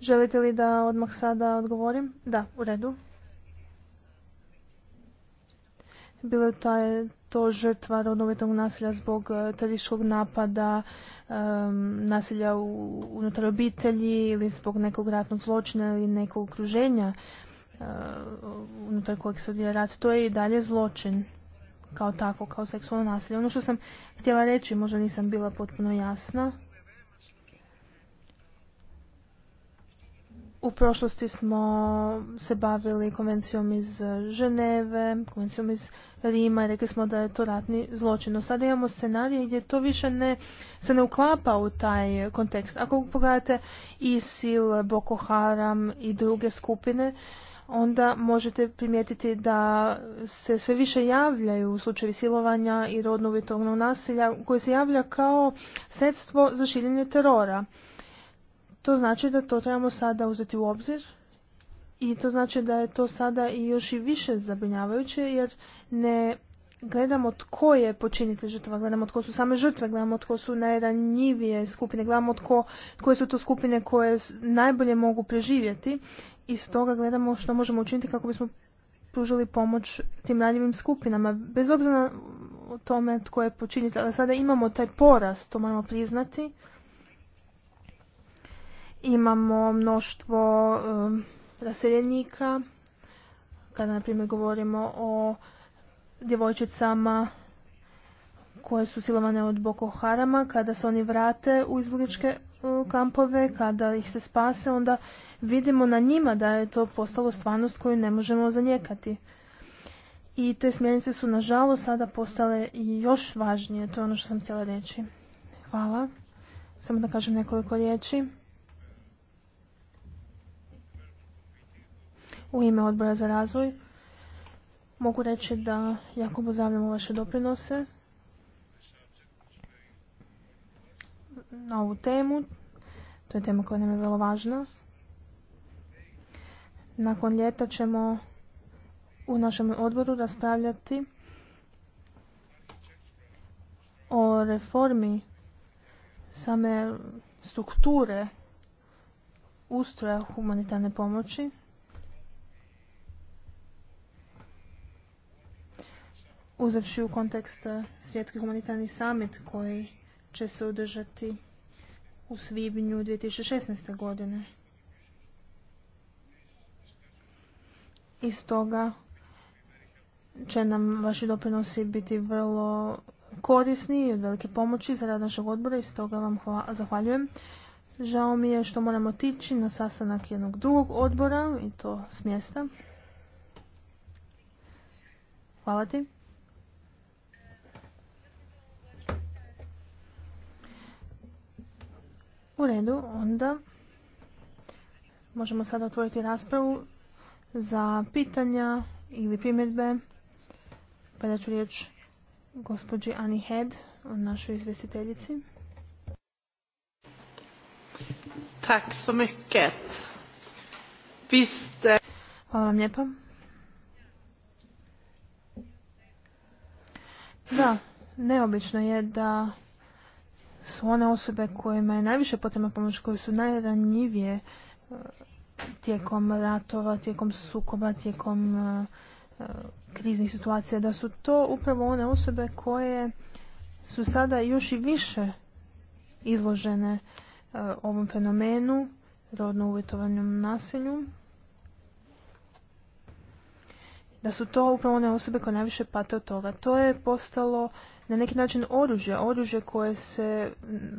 Želite li da odmah sada odgovorim? Da, u redu. Bilo je taj, to žrtva rodovitog nasilja zbog e, terorističkog napada, nasilja unutar obitelji ili zbog nekog ratnog zločina ili nekog okruženja e, unutar kojeg se odvija rat. To je i dalje zločin kao tako, kao seksualno nasilje. Ono što sam htjela reći, možda nisam bila potpuno jasna, U prošlosti smo se bavili konvencijom iz Ženeve, konvencijom iz Rima i rekli smo da je to ratni zločin. No sada imamo scenarije gdje to više ne, se ne uklapa u taj kontekst. Ako pogledate ISIL, Boko Haram i druge skupine, onda možete primijetiti da se sve više javljaju u slučaju silovanja i rodno uvjetovnog nasilja koje se javlja kao sredstvo za širenje terora. To znači da to trebamo sada uzeti u obzir i to znači da je to sada i još i više zabrinjavajuće jer ne gledamo tko je počinitelj žrtva, gledamo tko su same žrtve, gledamo tko su najranjivije skupine, gledamo tko, koje su to skupine koje najbolje mogu preživjeti i stoga gledamo što možemo učiniti kako bismo pružili pomoć tim ranjivim skupinama, bez obzira o tome tko je počinitelj. Ali sada imamo taj porast, to moramo priznati, Imamo mnoštvo um, raseljenika, kada na primjer govorimo o djevojčicama koje su silovane od Boko Harama, kada se oni vrate u izbjegličke kampove, kada ih se spase, onda vidimo na njima da je to postalo stvarnost koju ne možemo zanijekati. I te smjernice su nažalost sada postale još važnije, to je ono što sam htjela reći. Hvala. Samo da kažem nekoliko riječi. u ime odbora za razvoj mogu reći da jako pozdravljamo vaše doprinose na ovu temu. To je tema koja nam je vrlo važna. Nakon ljeta ćemo u našem odboru raspravljati o reformi same strukture ustroja humanitarne pomoći uzevši u kontekst e, svjetski humanitarni summit koji će se održati u svibnju 2016. godine. I stoga će nam vaši doprinosi biti vrlo korisni i od velike pomoći za rad našeg odbora i stoga vam zahvaljujem. Žao mi je što moramo otići na sastanak jednog drugog odbora i to s mjesta. Hvala ti. U redu, onda možemo sada otvoriti raspravu za pitanja ili primjedbe. Pa ću riječ gospođi Ani Head, našoj izvestiteljici. Tak so mycket. piste eh, Hvala vam lijepa. Da, neobično je da su one osobe kojima je najviše potrebna pomoć, koje su najranjivije e, tijekom ratova, tijekom sukoba, tijekom e, e, kriznih situacija, da su to upravo one osobe koje su sada još i više izložene ovom fenomenu, rodno uvjetovanom nasilju, da su to upravo one osobe koje najviše pate od toga. To je postalo na neki način oružje, oružje koje se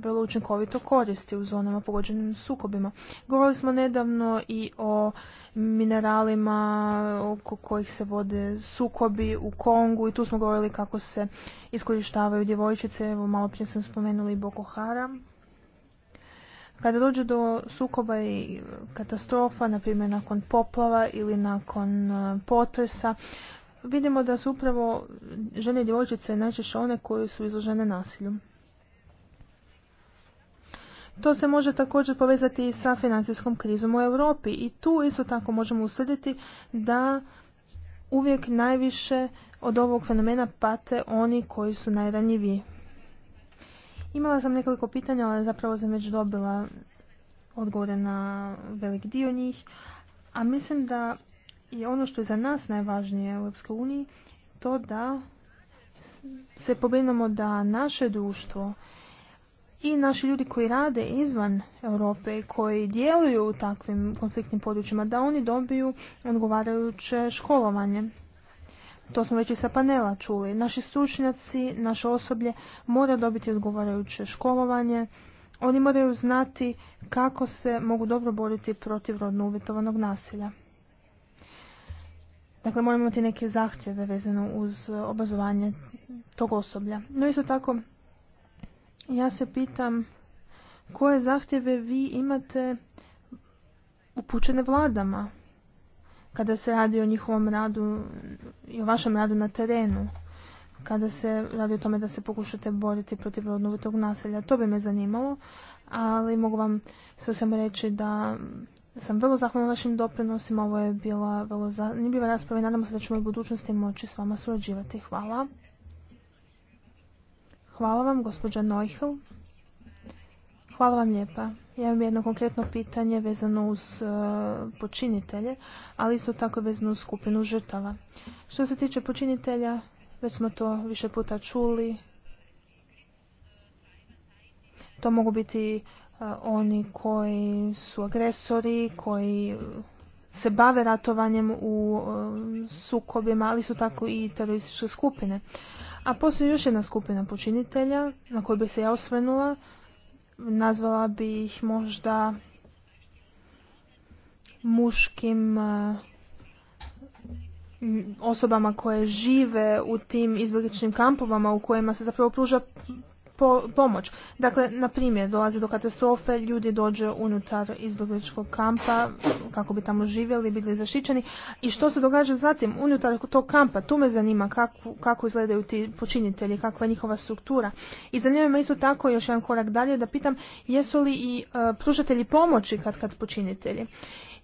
vrlo učinkovito koristi u zonama pogođenim sukobima. Govorili smo nedavno i o mineralima oko kojih se vode sukobi u Kongu i tu smo govorili kako se iskorištavaju djevojčice, evo malo prije sam spomenuli i Boko Haram. Kada dođe do sukoba i katastrofa, na primjer nakon poplava ili nakon e, potresa, vidimo da su upravo žene i djevojčice najčešće one koje su izložene nasilju. To se može također povezati i sa financijskom krizom u Europi i tu isto tako možemo uslediti da uvijek najviše od ovog fenomena pate oni koji su najranjiviji. Imala sam nekoliko pitanja, ali zapravo sam već dobila odgovore na velik dio njih, a mislim da i ono što je za nas najvažnije u Europskoj uniji, to da se pobrinemo da naše društvo i naši ljudi koji rade izvan Europe i koji djeluju u takvim konfliktnim područjima, da oni dobiju odgovarajuće školovanje. To smo već i sa panela čuli. Naši stručnjaci, naše osoblje mora dobiti odgovarajuće školovanje. Oni moraju znati kako se mogu dobro boriti protiv rodno uvjetovanog nasilja. Dakle, moramo imati neke zahtjeve vezano uz e, obrazovanje tog osoblja. No isto tako, ja se pitam koje zahtjeve vi imate upućene vladama kada se radi o njihovom radu i o vašem radu na terenu kada se radi o tome da se pokušate boriti protiv rodnovitog naselja. To bi me zanimalo, ali mogu vam sve samo reći da sam vrlo zahvalna vašim doprinosima. Ovo je bila vrlo zanimljiva rasprava i nadamo se da ćemo u budućnosti moći s vama surađivati. Hvala. Hvala vam, gospođa Neuhl. Hvala vam lijepa. Ja imam jedno konkretno pitanje vezano uz e, počinitelje, ali isto tako vezano uz skupinu žrtava. Što se tiče počinitelja, već smo to više puta čuli. To mogu biti oni koji su agresori, koji se bave ratovanjem u e, sukobima, ali su tako i terorističke skupine. A postoji još jedna skupina počinitelja na koju bi se ja osvrnula, Nazvala bi ih možda muškim e, osobama koje žive u tim izbjegličnim kampovama u kojima se zapravo pruža pomoć. Dakle, na primjer, dolazi do katastrofe, ljudi dođe unutar izbjegličkog kampa kako bi tamo živjeli, bili zaštićeni. I što se događa zatim unutar tog kampa? Tu me zanima kako, kako izgledaju ti počinitelji, kakva je njihova struktura. I zanima me isto tako još jedan korak dalje da pitam jesu li i e, pružatelji pomoći kad kad počinitelji.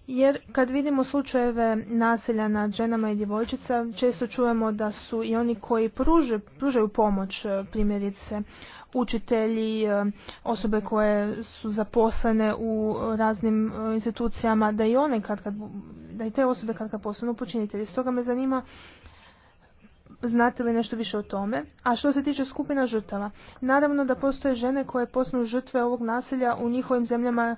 Jer kad vidimo slučajeve nasilja nad ženama i djevojčica, često čujemo da su i oni koji pruže, pružaju pomoć, e, primjerice učitelji, e, osobe koje su zaposlene u raznim e, institucijama, da i one kad, kad da i te osobe kad kad postanu počinitelji. Stoga me zanima znate li nešto više o tome. A što se tiče skupina žrtava, naravno da postoje žene koje postanu žrtve ovog nasilja u njihovim zemljama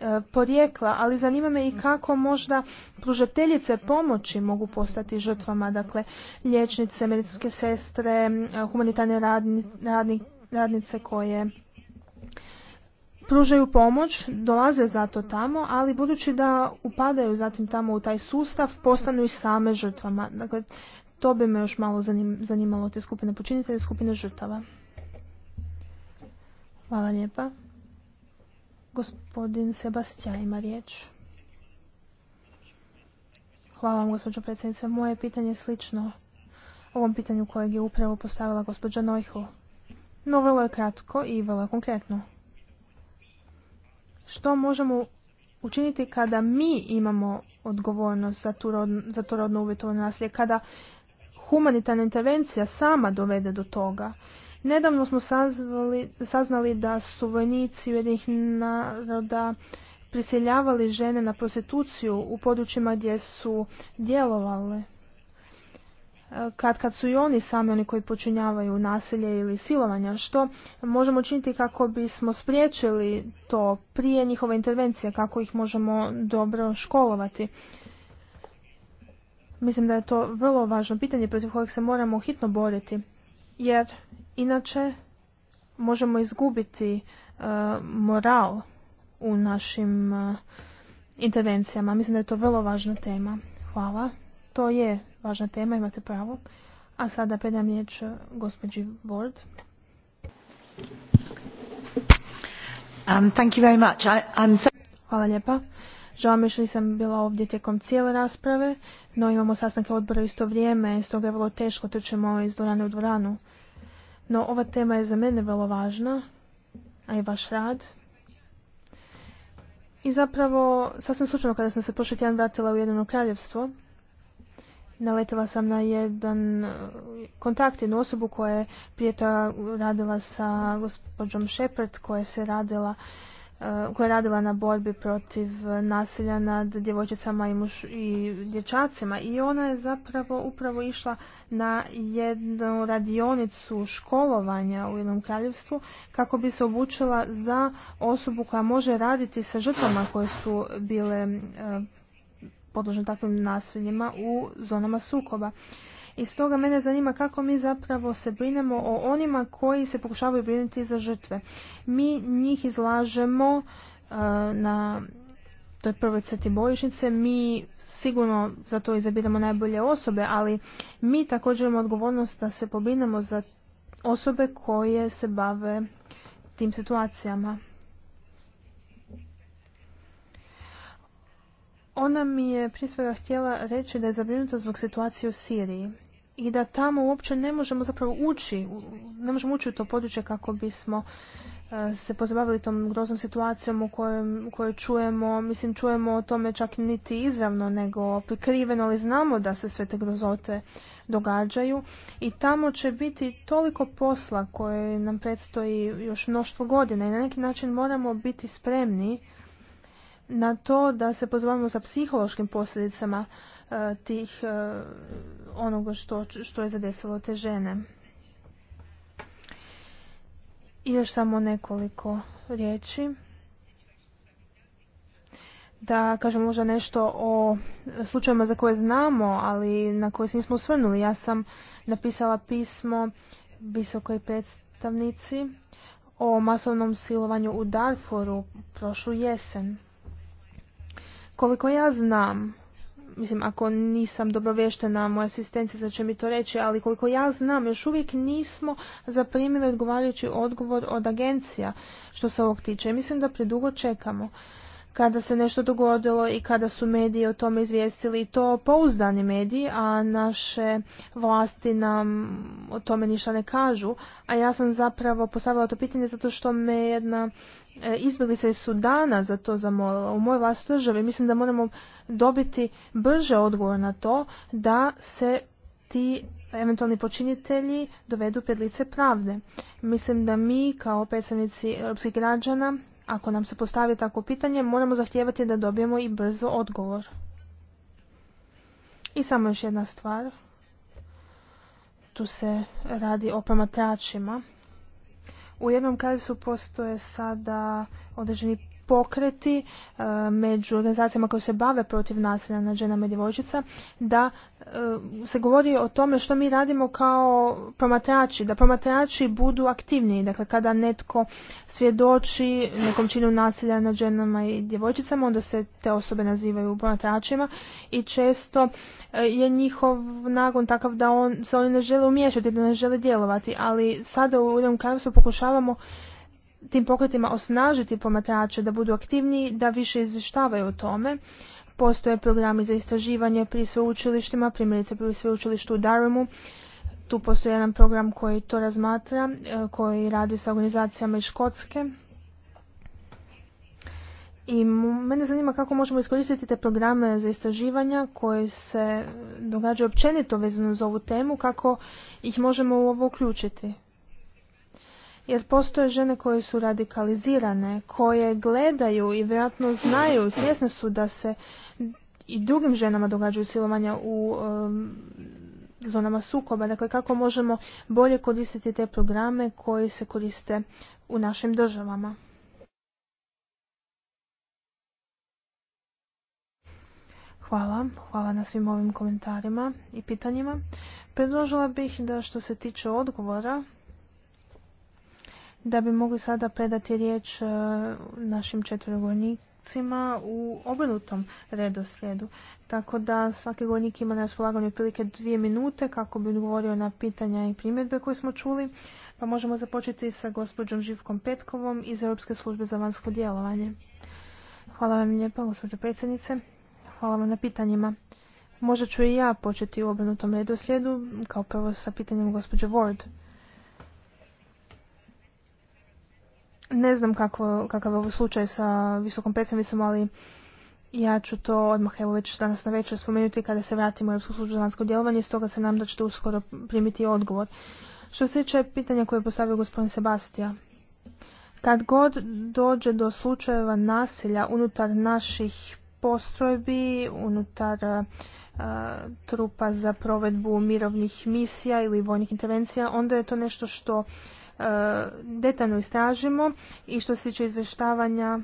e, porijekla, ali zanima me i kako možda pružateljice pomoći mogu postati žrtvama, dakle liječnice, medicinske sestre, humanitarni radni, radnik, radnice koje pružaju pomoć, dolaze zato tamo, ali budući da upadaju zatim tamo u taj sustav, postanu i same žrtvama. Dakle, to bi me još malo zanimalo te skupine počinitelje, skupine žrtava. Hvala lijepa. Gospodin Sebastija ima riječ. Hvala vam, gospođo predsjednice. Moje pitanje je slično ovom pitanju kojeg je upravo postavila gospođa Nojhova. No vrlo je kratko i vrlo je konkretno. Što možemo učiniti kada mi imamo odgovornost za, za to rodno uvjetovano nasilje, kada humanitarna intervencija sama dovede do toga. Nedavno smo saznali da su vojnici Ujedinih naroda prisiljavali žene na prostituciju u područjima gdje su djelovali kad kad su i oni sami oni koji počinjavaju nasilje ili silovanja, što možemo učiniti kako bismo spriječili to prije njihove intervencije, kako ih možemo dobro školovati. Mislim da je to vrlo važno pitanje protiv kojeg se moramo hitno boriti, jer inače možemo izgubiti e, moral u našim e, intervencijama. Mislim da je to vrlo važna tema. Hvala. To je važna tema, imate pravo. A sada predam riječ eh, gospođi Ward. Um, thank you very much. I'm so... Hvala lijepa. Žao mi što nisam bila ovdje tijekom cijele rasprave, no imamo sastanke odbora isto vrijeme, stoga je vrlo teško trčemo ovaj iz dvorane u dvoranu. No ova tema je za mene vrlo važna, a i vaš rad. I zapravo, sasvim slučajno kada sam se prošli tjedan vratila u jedno kraljevstvo, naletila sam na jedan eh, kontakt, jednu osobu koja je prije to radila sa gospođom Shepard koja se radila eh, koja je radila na borbi protiv nasilja nad djevojčicama i, muš, i dječacima i ona je zapravo upravo išla na jednu radionicu školovanja u jednom kraljevstvu kako bi se obučila za osobu koja može raditi sa žrtvama koje su bile eh, podložno takvim nasiljima u zonama sukoba. I stoga mene zanima kako mi zapravo se brinemo o onima koji se pokušavaju brinuti za žrtve. Mi njih izlažemo e, na toj prvoj crti bojišnice, mi sigurno za to izabiramo najbolje osobe, ali mi također imamo odgovornost da se pobrinemo za osobe koje se bave tim situacijama. Ona mi je prije svega htjela reći da je zabrinuta zbog situacije u Siriji i da tamo uopće ne možemo zapravo ući, ne možemo ući u to područje kako bismo e, se pozabavili tom groznom situacijom u kojoj, čujemo, mislim čujemo o tome čak niti izravno nego prikriveno, ali znamo da se sve te grozote događaju i tamo će biti toliko posla koje nam predstoji još mnoštvo godina i na neki način moramo biti spremni na to da se pozvamo sa psihološkim posljedicama e, tih e, onoga što, što je zadesilo te žene. I još samo nekoliko riječi. Da kažem možda nešto o slučajima za koje znamo, ali na koje se nismo osvrnuli. Ja sam napisala pismo visokoj predstavnici o masovnom silovanju u Darforu prošlu jesen. Koliko ja znam, mislim ako nisam dobro vještena, moja da će mi to reći, ali koliko ja znam, još uvijek nismo zaprimili odgovarajući odgovor od agencija što se ovog tiče. Mislim da predugo čekamo kada se nešto dogodilo i kada su mediji o tome izvijestili i to pouzdani mediji, a naše vlasti nam o tome ništa ne kažu. A ja sam zapravo postavila to pitanje zato što me jedna E, izbjeglice su dana za to zamolila u mojoj vlast državi. Mislim da moramo dobiti brže odgovor na to da se ti eventualni počinitelji dovedu pred lice pravde. Mislim da mi kao predstavnici europskih građana, ako nam se postavi tako pitanje, moramo zahtijevati da dobijemo i brzo odgovor. I samo još jedna stvar. Tu se radi o promatračima u jednom kraju su postoje sada određeni pokreti e, među organizacijama koje se bave protiv nasilja nad ženama i djevojčica da e, se govori o tome što mi radimo kao promatrači, da promatrači budu aktivniji. Dakle, kada netko svjedoči nekom činu nasilja nad ženama i djevojčicama, onda se te osobe nazivaju promatračima i često e, je njihov nagon takav da se oni ne žele umiješati, da ne žele djelovati. Ali sada u kraju kraljevstvu pokušavamo tim pokretima osnažiti pomatrače da budu aktivniji, da više izvještavaju o tome. Postoje programi za istraživanje pri sveučilištima, primjerice pri sveučilištu u Darumu, Tu postoji jedan program koji to razmatra, e, koji radi sa organizacijama iz Škotske. I mene zanima kako možemo iskoristiti te programe za istraživanja koje se događaju općenito vezano za ovu temu, kako ih možemo u ovo uključiti jer postoje žene koje su radikalizirane, koje gledaju i vjerojatno znaju svjesne su da se i drugim ženama događaju silovanja u um, zonama sukoba. Dakle, kako možemo bolje koristiti te programe koji se koriste u našim državama. Hvala. Hvala na svim ovim komentarima i pitanjima. Predložila bih da što se tiče odgovora da bi mogli sada predati riječ e, našim četvrgojnicima u obrnutom redoslijedu. Tako da svaki govornik ima na raspolaganju otprilike dvije minute kako bi odgovorio na pitanja i primjedbe koje smo čuli. Pa možemo započeti sa gospođom Živkom Petkovom iz Europske službe za vanjsko djelovanje. Hvala vam lijepa, gospođo predsjednice. Hvala vam na pitanjima. Možda ću i ja početi u obrnutom redoslijedu, kao prvo sa pitanjem gospođe Ward. Ne znam kako, kakav je ovo slučaj sa visokom predstavnicom, ali ja ću to odmah evo već danas na večer spomenuti kada se vratimo u Europsku službu za vanjsko djelovanje, stoga se nam da ćete uskoro primiti odgovor. Što se tiče pitanja koje je postavio gospodin Sebastija, kad god dođe do slučajeva nasilja unutar naših postrojbi, unutar trupa za provedbu mirovnih misija ili vojnih intervencija, onda je to nešto što E, detaljno istražimo i što se tiče izvještavanja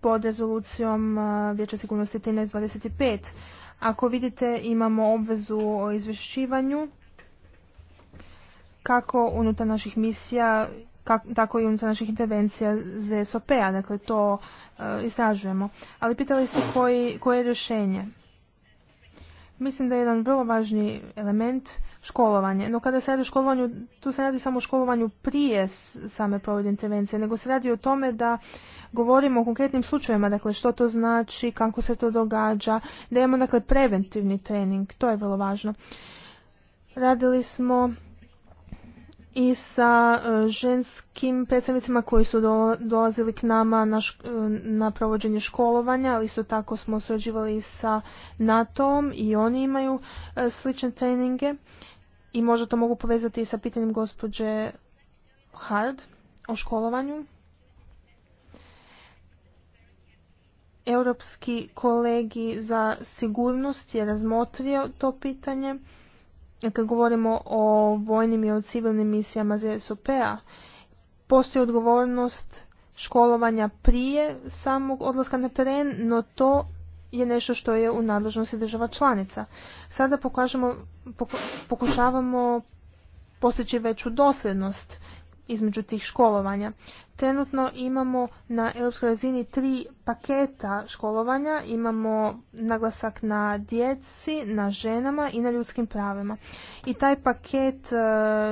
pod rezolucijom e, Vijeća sigurnosti 1325. Ako vidite imamo obvezu o izvješćivanju kako unutar naših misija tako i unutar naših intervencija sop a dakle to e, istražujemo. Ali pitali ste koje je rješenje? Mislim da je jedan vrlo važni element školovanje. No kada se radi o školovanju, tu se radi samo o školovanju prije same provode intervencije, nego se radi o tome da govorimo o konkretnim slučajevima, dakle što to znači, kako se to događa, da imamo dakle preventivni trening, to je vrlo važno. Radili smo i sa e, ženskim predstavnicima koji su dolazili k nama e, na, provođenje školovanja, ali isto tako smo surađivali i sa NATO-om i oni imaju e, slične treninge i možda to mogu povezati i sa pitanjem gospođe Hard o školovanju. Europski kolegi za sigurnost je razmotrio to pitanje kad govorimo o vojnim i o civilnim misijama ZSOP-a, postoji odgovornost školovanja prije samog odlaska na teren, no to je nešto što je u nadležnosti država članica. Sada pokažemo, pokušavamo postići veću dosljednost između tih školovanja. Trenutno imamo na europskoj razini tri paketa školovanja. Imamo naglasak na djeci, na ženama i na ljudskim pravima. I taj paket e,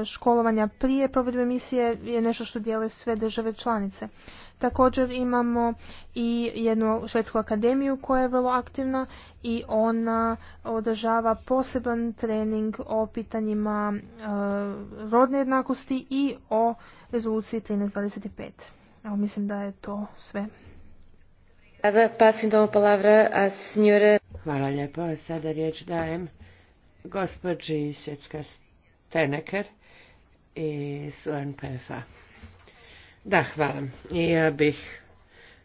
školovanja prije provedbe misije je nešto što dijele sve države članice. Također imamo i jednu švedsku akademiju koja je vrlo aktivna i ona održava poseban trening o pitanjima e, rodne jednakosti i o rezoluciji 1325. Evo mislim da je to sve. Hvala lijepo. Sada riječ dajem gospođi svjetska Teneker i unpf da, hvala. I ja bih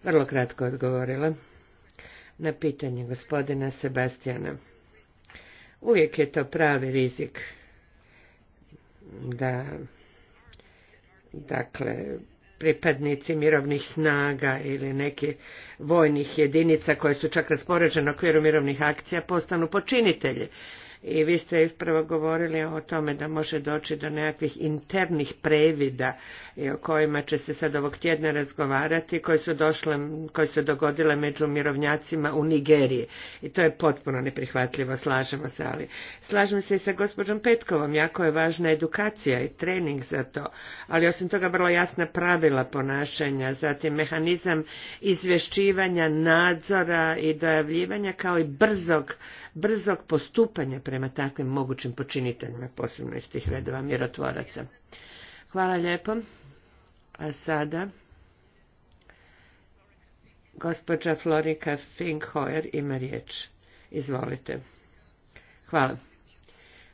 vrlo kratko odgovorila na pitanje gospodina Sebastijana. Uvijek je to pravi rizik da dakle pripadnici mirovnih snaga ili neke vojnih jedinica koje su čak raspoređene u okviru mirovnih akcija postanu počinitelji i vi ste ispravo govorili o tome da može doći do nekakvih internih previda i o kojima će se sad ovog tjedna razgovarati koje su došle, koje su dogodile među mirovnjacima u Nigeriji i to je potpuno neprihvatljivo, slažemo se, ali slažem se i sa gospođom Petkovom, jako je važna edukacija i trening za to, ali osim toga vrlo jasna pravila ponašanja, zatim mehanizam izvješćivanja, nadzora i dojavljivanja kao i brzog brzog postupanja prema takvim mogućim počiniteljima, posebno iz tih redova mirotvoraca. Hvala lijepo. A sada gospođa Florika Finkhoer ima riječ. Izvolite. Hvala.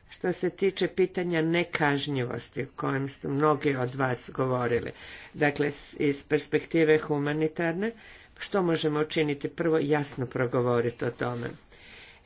Što se tiče pitanja nekažnjivosti o kojem su mnogi od vas govorili, dakle iz perspektive humanitarne, što možemo učiniti? Prvo jasno progovoriti o tome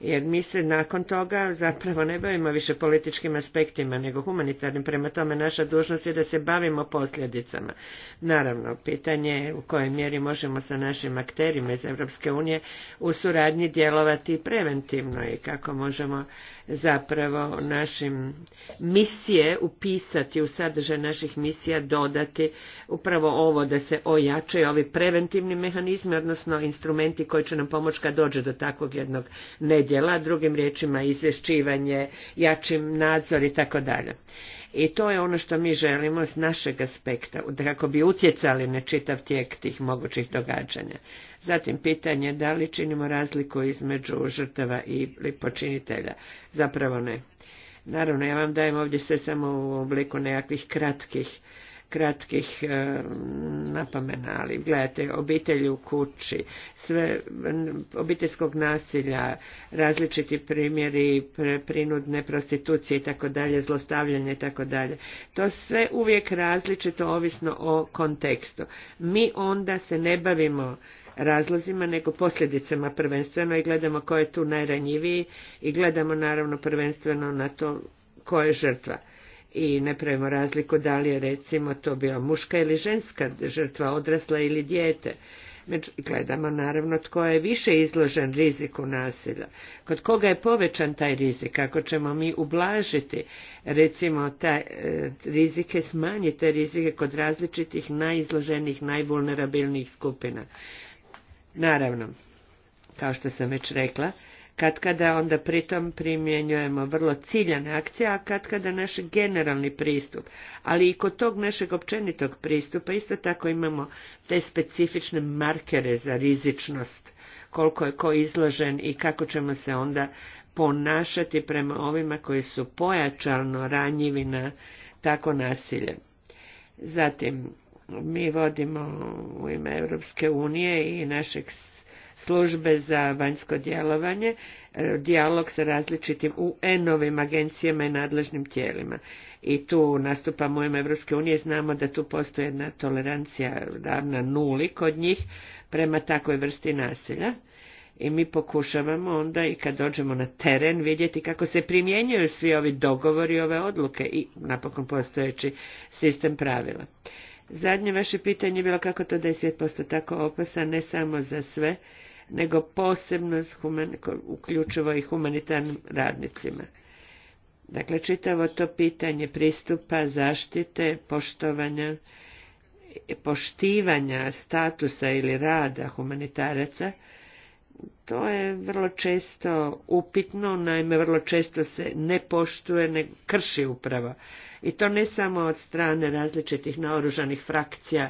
jer mi se nakon toga zapravo ne bavimo više političkim aspektima nego humanitarnim, prema tome naša dužnost je da se bavimo posljedicama. Naravno, pitanje je u kojoj mjeri možemo sa našim akterima iz Europske unije u suradnji djelovati preventivno i kako možemo zapravo našim misije upisati u sadržaj naših misija dodati upravo ovo da se ojačaju ovi preventivni mehanizmi odnosno instrumenti koji će nam pomoći kad dođe do takvog jednog nedjela drugim riječima izvješćivanje jačim nadzor i tako dalje i to je ono što mi želimo s našeg aspekta, kako bi utjecali na čitav tijek tih mogućih događanja. Zatim pitanje da li činimo razliku između žrtava i počinitelja. Zapravo ne. Naravno, ja vam dajem ovdje sve samo u obliku nekakvih kratkih kratkih e, napomena, ali gledajte, obitelji u kući, sve obiteljskog nasilja, različiti primjeri prinudne prostitucije i tako dalje, zlostavljanje i tako dalje. To sve uvijek različito ovisno o kontekstu. Mi onda se ne bavimo razlozima, nego posljedicama prvenstveno i gledamo ko je tu najranjiviji i gledamo naravno prvenstveno na to ko je žrtva i ne pravimo razliku da li je recimo to bila muška ili ženska žrtva, odrasla ili dijete. Među, gledamo naravno tko je više izložen riziku nasilja, kod koga je povećan taj rizik, ako ćemo mi ublažiti recimo taj e, rizike, smanjiti te rizike kod različitih najizloženih, najvulnerabilnijih skupina. Naravno, kao što sam već rekla, kad kada onda pritom primjenjujemo vrlo ciljane akcije, a kad kada naš generalni pristup. Ali i kod tog našeg općenitog pristupa isto tako imamo te specifične markere za rizičnost, koliko je ko izložen i kako ćemo se onda ponašati prema ovima koji su pojačano ranjivi na tako nasilje. Zatim, mi vodimo u ime Europske unije i našeg službe za vanjsko djelovanje, e, dijalog sa različitim UN-ovim agencijama i nadležnim tijelima. I tu nastupamo u Evropske unije, znamo da tu postoji jedna tolerancija ravna nuli kod njih prema takvoj vrsti nasilja. I mi pokušavamo onda i kad dođemo na teren vidjeti kako se primjenjuju svi ovi dogovori, ove odluke i napokon postojeći sistem pravila. Zadnje vaše pitanje je bilo kako to da je svijet postao tako opasan, ne samo za sve, nego posebno uključivo i humanitarnim radnicima. Dakle, čitavo to pitanje pristupa, zaštite, poštovanja, poštivanja statusa ili rada humanitaraca, to je vrlo često upitno, naime vrlo često se ne poštuje, ne krši upravo. I to ne samo od strane različitih naoružanih frakcija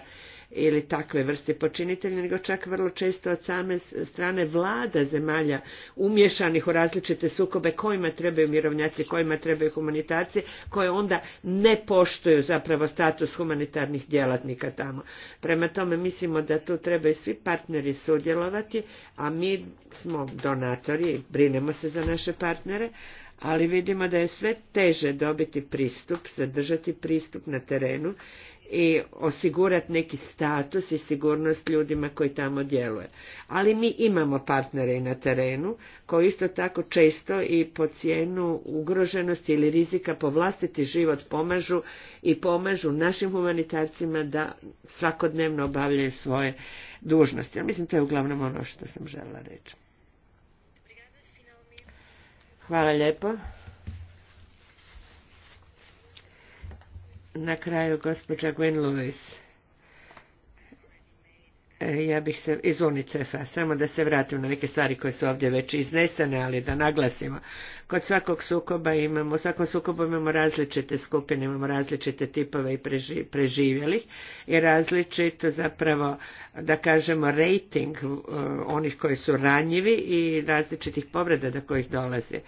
ili takve vrste počinitelja, nego čak vrlo često od same strane vlada zemalja umješanih u različite sukobe kojima trebaju mirovnjaci, kojima trebaju humanitarci, koje onda ne poštuju zapravo status humanitarnih djelatnika tamo. Prema tome mislimo da tu trebaju svi partneri sudjelovati, a mi smo donatori brinemo se za naše partnere, ali vidimo da je sve teže dobiti pristup, zadržati pristup na terenu i osigurati neki status i sigurnost ljudima koji tamo djeluje. Ali mi imamo partnere na terenu koji isto tako često i po cijenu ugroženosti ili rizika po vlastiti život pomažu i pomažu našim humanitarcima da svakodnevno obavljaju svoje dužnosti. Ja mislim to je uglavnom ono što sam željela reći. Hvala lijepo. na kraju gospođa Gwen Lewis. E, ja bih se iz samo da se vratim na neke stvari koje su ovdje već iznesene, ali da naglasimo. Kod svakog sukoba imamo, u svakom sukobu imamo različite skupine, imamo različite tipove i preživjelih i različito zapravo, da kažemo, rating e, onih koji su ranjivi i različitih povreda do kojih dolazi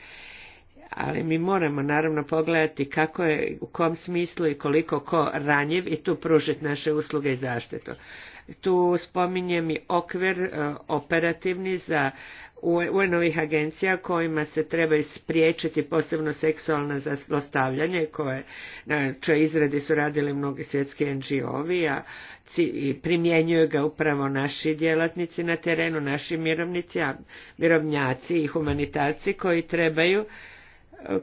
ali mi moramo naravno pogledati kako je, u kom smislu i koliko ko ranjiv i tu pružiti naše usluge i zaštitu. Tu spominjem i okvir e, operativni za UN-ovih e, agencija kojima se treba spriječiti posebno seksualno zlostavljanje koje na čoj izradi su radili mnogi svjetski NGO-vi a primjenjuju ga upravo naši djelatnici na terenu, naši mirovnici, a mirovnjaci i humanitarci koji trebaju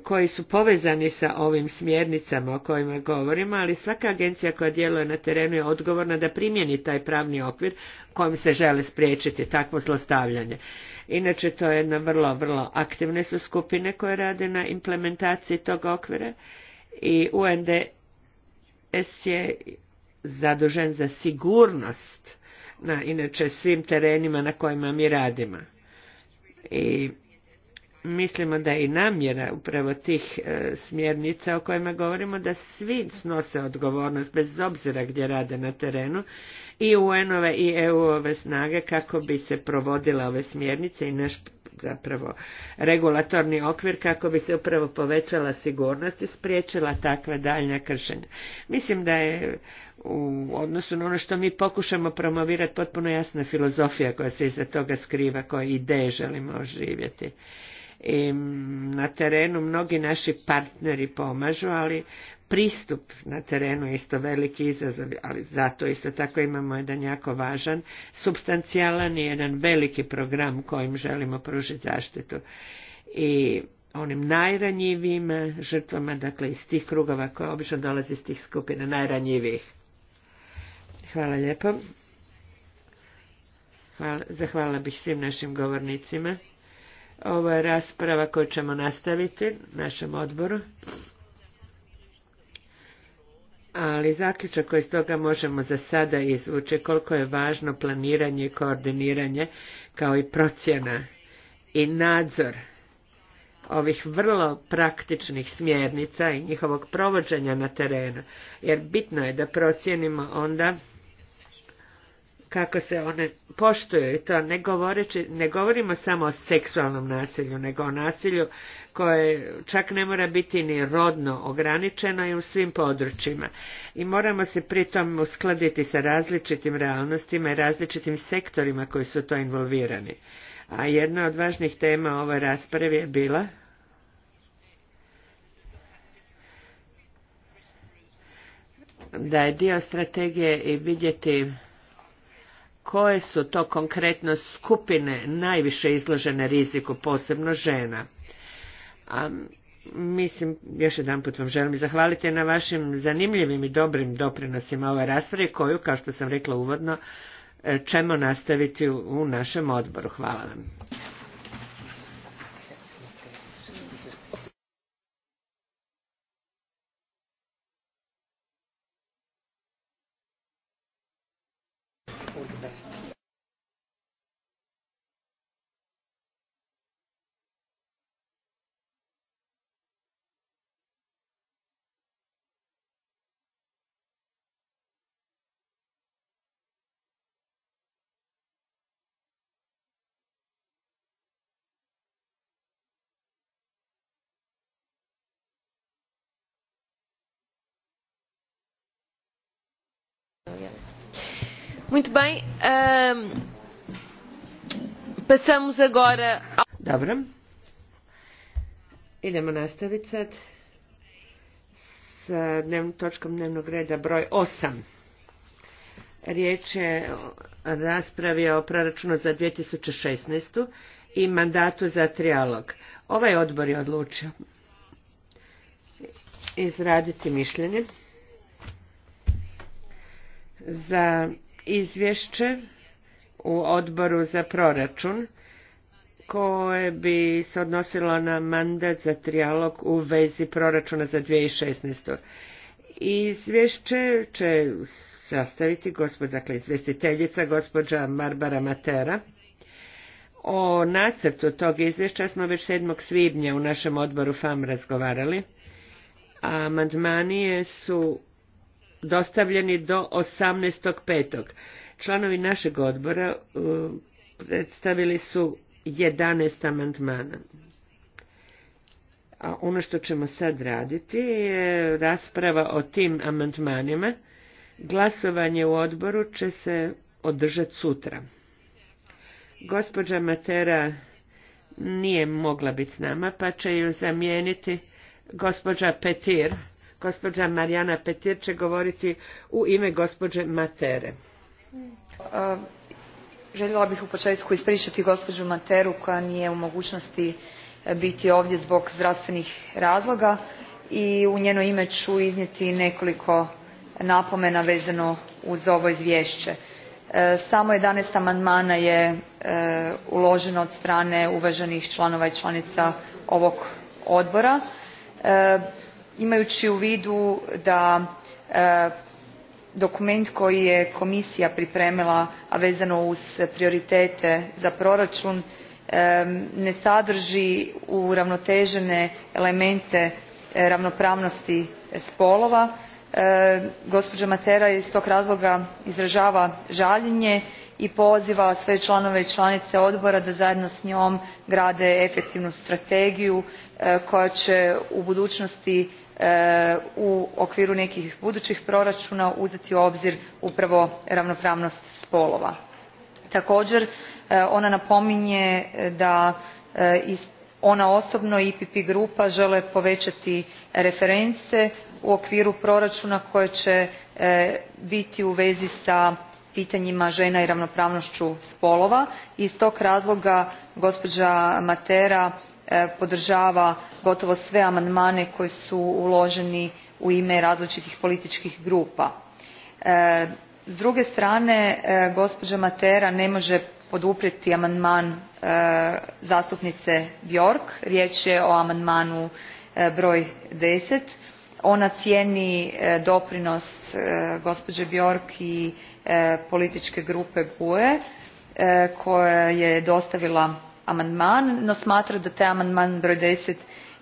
koji su povezani sa ovim smjernicama o kojima govorimo, ali svaka agencija koja djeluje na terenu je odgovorna da primjeni taj pravni okvir kojim se žele spriječiti takvo zlostavljanje. Inače, to je jedna vrlo, vrlo aktivne su skupine koje rade na implementaciji tog okvira i UNDS je zadužen za sigurnost na inače svim terenima na kojima mi radimo. I mislimo da je i namjera upravo tih e, smjernica o kojima govorimo da svi snose odgovornost bez obzira gdje rade na terenu i UN-ove i EU-ove snage kako bi se provodile ove smjernice i naš zapravo regulatorni okvir kako bi se upravo povećala sigurnost i spriječila takva daljnja kršenja. Mislim da je u odnosu na ono što mi pokušamo promovirati potpuno jasna filozofija koja se iza toga skriva, koje ideje želimo oživjeti i na terenu mnogi naši partneri pomažu, ali pristup na terenu je isto veliki izazov, ali zato isto tako imamo jedan jako važan, substancijalan i jedan veliki program kojim želimo pružiti zaštitu. I onim najranjivijim žrtvama, dakle iz tih krugova koje obično dolaze iz tih skupina najranjivijih. Hvala lijepo. Hvala, zahvala bih svim našim govornicima. Ovo je rasprava koju ćemo nastaviti našem odboru. Ali zaključak koji iz toga možemo za sada izvući koliko je važno planiranje i koordiniranje kao i procjena i nadzor ovih vrlo praktičnih smjernica i njihovog provođenja na terenu, jer bitno je da procijenimo onda kako se one poštuju i to ne, govoreći, ne govorimo samo o seksualnom nasilju, nego o nasilju koje čak ne mora biti ni rodno ograničeno i u svim područjima. I moramo se pritom uskladiti sa različitim realnostima i različitim sektorima koji su to involvirani. A jedna od važnih tema ovoj raspravi je bila da je dio strategije i vidjeti koje su to konkretno skupine najviše izložene riziku, posebno žena. A, mislim, još jedan put vam želim zahvaliti na vašim zanimljivim i dobrim doprinosima ovoj raspravi, koju, kao što sam rekla uvodno, e, ćemo nastaviti u našem odboru. Hvala vam. Muito bem. passamos Dobro. Idemo nastaviti sad sa točkom dnevnog reda broj 8. Riječ je o raspravi o proračunu za 2016. i mandatu za trijalog. Ovaj odbor je odlučio izraditi mišljenje za izvješće u odboru za proračun koje bi se odnosilo na mandat za trijalog u vezi proračuna za 2016. Izvješće će sastaviti gospođa, dakle izvjestiteljica gospođa Barbara Matera. O nacrtu tog izvješća smo već 7. svibnja u našem odboru FAM razgovarali. a Amandmanije su dostavljeni do 18.5. Članovi našeg odbora e, predstavili su 11 amandmana. A ono što ćemo sad raditi je rasprava o tim amandmanima. Glasovanje u odboru će se održati sutra. Gospođa Matera nije mogla biti s nama, pa će ju zamijeniti gospođa Petir Gospođa Marijana Petir će govoriti u ime gospođe Matere. Željela bih u početku ispričati gospođu Materu koja nije u mogućnosti e, biti ovdje zbog zdravstvenih razloga i u njeno ime ću iznijeti nekoliko napomena vezano uz ovo izvješće. E, samo 11 amandmana je e, uloženo od strane uvaženih članova i članica ovog odbora imajui u vidu da e, dokument koji je komisija pripremila a vezano uz prioritete za proračun e, ne u uravnoteene elemente e, ravnopravnosti spolova gospoa matera iz tog razloga izražava aljenje i poziva sve lanove i članice odbora da zajedno s njom grade efektivnu strategiju koja e u budunosti u okviru nekih budućih proračuna uzeti u obzir upravo ravnopravnost spolova. također e, ona napominje da e, ona osobno i epp grupa žele povećati reference u okviru proračuna koje će e, biti u vezi sa pitanjima žena i ravnopravnošću spolova i iz tog razloga gospođa matera E, podržava gotovo sve amandmane koji su uloženi u ime različitih političkih grupa. E, s druge strane e, gospođa matera ne može poduprijeti amandman zastupnice bjork riječ je o amandmanu broj deset ona cijeni doprinos gospođe bjork i političke grupe gue koja je dostavila amandman no smatra da taj amandman broj ten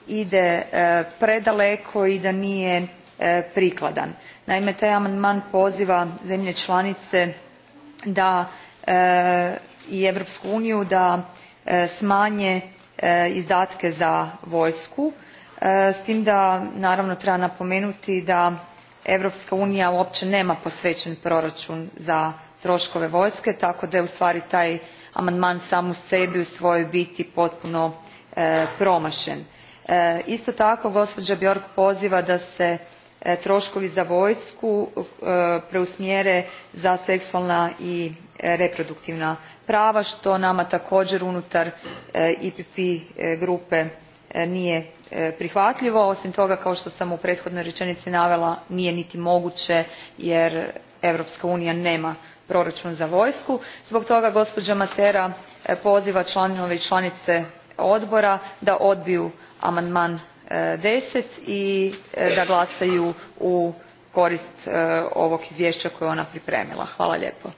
ide e, predaleko i da nije e, prikladan. naime taj amandman poziva zemlje da e, i europsku uniju da smanje izdatke za vojsku s tim da naravno treba napomenuti da europska unija uope nema posvećen proračun za troškove vojske tako da je ustvari taj amandman sam u sebi u svojoj biti potpuno e, promašen. E, isto tako gospođa bjork poziva da se e, troškovi za vojsku preusmjere za seksualna i reproduktivna prava što nama također unutar epp grupe nije prihvatljivo. osim toga kao što sam u prethodnoj rečenici navela nije niti moguće jer europska unija nema proračun za vojsku zbog toga gospođa matera e, poziva članove i članice odbora da odbiju amandman e, ten i e, da glasaju u korist ovog izvješća koje je ona pripremila. hvala lijepo.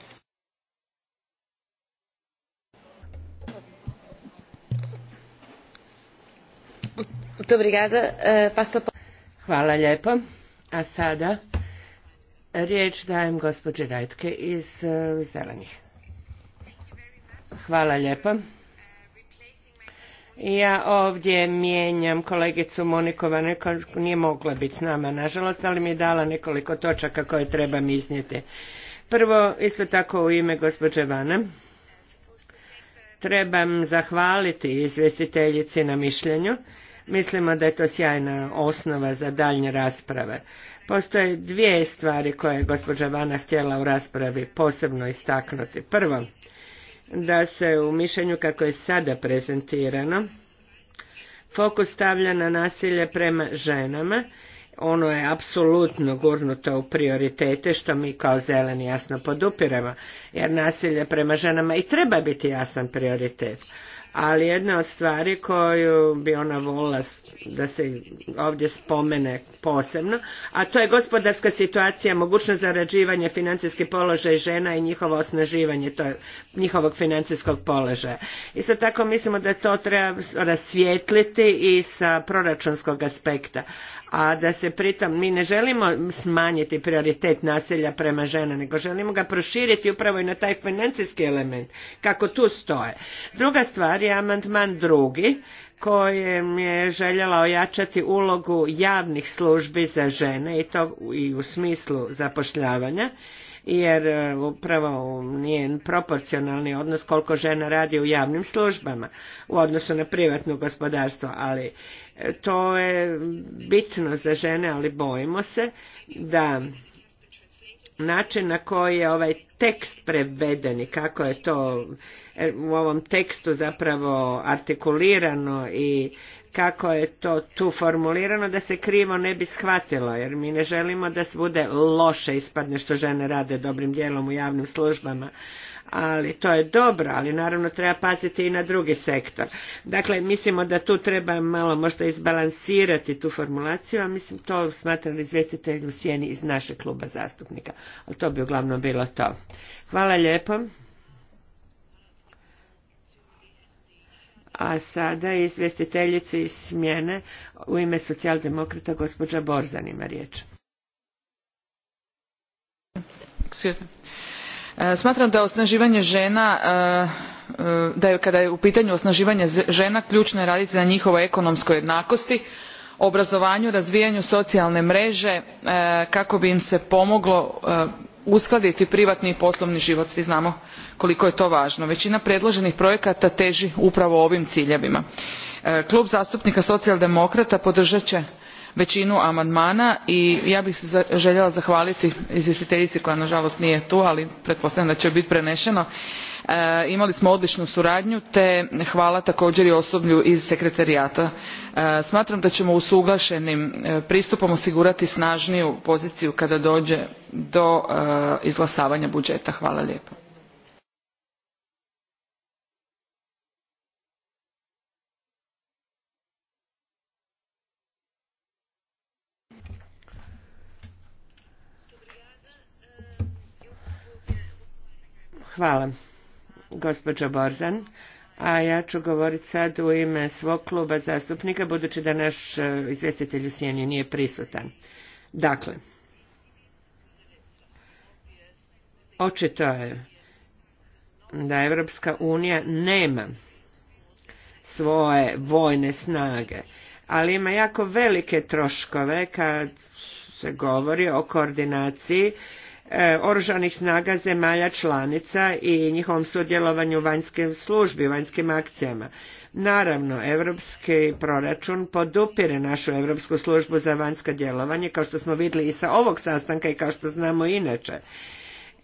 Pa- hvala lijepo. sada Riječ dajem gospođi Rajtke iz e, Zelenih. Hvala lijepa. Ja ovdje mijenjam kolegicu Monikova, neko, nije mogla biti s nama nažalost, ali mi je dala nekoliko točaka koje trebam iznijeti. Prvo, isto tako u ime gospođe Vana, trebam zahvaliti izvjestiteljici na mišljenju. Mislimo da je to sjajna osnova za daljnje rasprave. Postoje dvije stvari koje je gospođa Vana htjela u raspravi posebno istaknuti. Prvo, da se u mišljenju kako je sada prezentirano, fokus stavlja na nasilje prema ženama, ono je apsolutno gurnuto u prioritete što mi kao zeleni jasno podupiremo jer nasilje prema ženama i treba biti jasan prioritet ali jedna od stvari koju bi ona volila da se ovdje spomene posebno, a to je gospodarska situacija, mogućnost zarađivanja, financijskih položaj žena i njihovo osnaživanje to njihovog financijskog položaja. Isto tako mislimo da to treba rasvijetliti i sa proračunskog aspekta, a da se pritom mi ne želimo smanjiti prioritet nasilja prema žena, nego želimo ga proširiti upravo i na taj financijski element, kako tu stoje. Druga stvar je amandman drugi, kojem je željela ojačati ulogu javnih službi za žene i to i u smislu zapošljavanja jer e, upravo nije proporcionalni odnos koliko žena radi u javnim službama u odnosu na privatno gospodarstvo, ali E, to je bitno za žene, ali bojimo se da način na koji je ovaj tekst preveden i kako je to e, u ovom tekstu zapravo artikulirano i kako je to tu formulirano da se krivo ne bi shvatilo jer mi ne želimo da bude loše ispadne što žene rade dobrim dijelom u javnim službama ali to je dobro, ali naravno treba paziti i na drugi sektor. Dakle, mislimo da tu treba malo možda izbalansirati tu formulaciju, a mislim to smatram izvjestitelj u sjeni iz našeg kluba zastupnika. Ali to bi uglavnom bilo to. Hvala lijepo. A sada izvjestiteljici iz smjene u ime socijaldemokrata gospođa Borzan ima riječ. E, smatram da je osnaživanje žena e, e, da je kada je u pitanju osnaživanje žena ključno raditi na njihovoj ekonomskoj jednakosti obrazovanju razvijanju socijalne mreže kako bi im se pomoglo uskladiti privatni i poslovni život svi znamo koliko je to važno. većina predloženih projekata teži upravo ovim ciljevima. klub zastupnika socijaldemokrata podržat će većinu amandmana i ja bih se željela zahvaliti izvjestiteljici koja nažalost nije tu ali pretpostavljam da će biti prenešeno e, imali smo odličnu suradnju te hvala također i osoblju iz sekretarijata. E, smatram da ćemo usuglašenim e, pristupom osigurati snažniju poziciju kada dođe do izglasavanja budžeta. hvala lijepo. Hvala, gospođo Borzan. A ja ću govoriti sad u ime svog kluba zastupnika, budući da naš e, izvjestitelj u Sjeni nije prisutan. Dakle, očito je da Evropska unija nema svoje vojne snage, ali ima jako velike troškove kad se govori o koordinaciji E, oružanih snaga zemalja članica i njihovom sudjelovanju u vanjskim službi, vanjskim akcijama. Naravno, europski proračun podupire našu europsku službu za vanjsko djelovanje, kao što smo vidjeli i sa ovog sastanka i kao što znamo inače.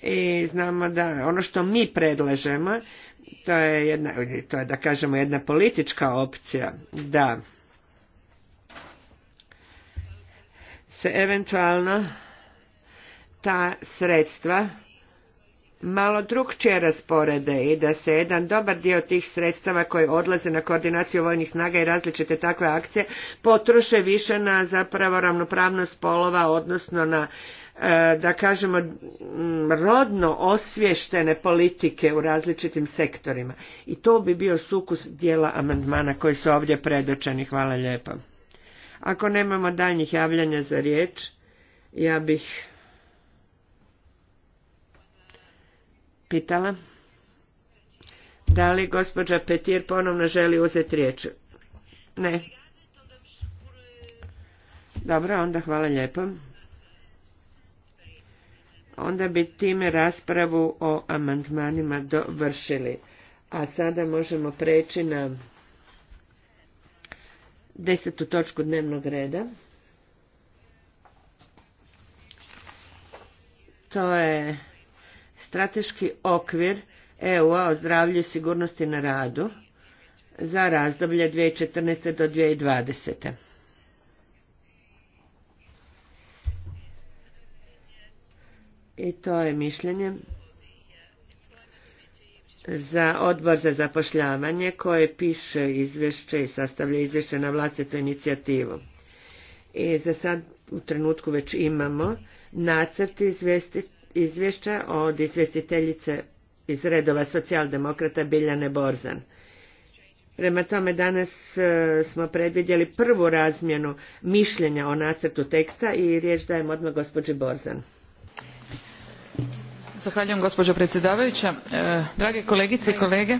I znamo da ono što mi predlažemo, to je, jedna, to je da kažemo jedna politička opcija, da se eventualno ta sredstva malo drugčije rasporede i da se jedan dobar dio tih sredstava koji odlaze na koordinaciju vojnih snaga i različite takve akcije potroše više na zapravo ravnopravnost spolova, odnosno na e, da kažemo rodno osvještene politike u različitim sektorima. I to bi bio sukus dijela amandmana koji su ovdje predočeni. Hvala lijepo. Ako nemamo daljnjih javljanja za riječ, ja bih pitala da li gospođa Petir ponovno želi uzeti riječ. Ne. Dobro, onda hvala lijepo. Onda bi time raspravu o amandmanima dovršili. A sada možemo preći na desetu točku dnevnog reda. To je strateški okvir EU-a o zdravlju i sigurnosti na radu za razdoblje 2014. do 2020. I to je mišljenje za odbor za zapošljavanje koje piše izvješće i sastavlja izvješće na vlastitu inicijativu. I za sad u trenutku već imamo nacrt izvjestiti izvješća od izvjestiteljice iz redova socijaldemokrata Biljane Borzan. Prema tome danas e, smo predvidjeli prvu razmjenu mišljenja o nacrtu teksta i riječ dajem odmah gospođi Borzan. Zahvaljujem gospođo predsjedavajuća. E, drage kolegice i kolege,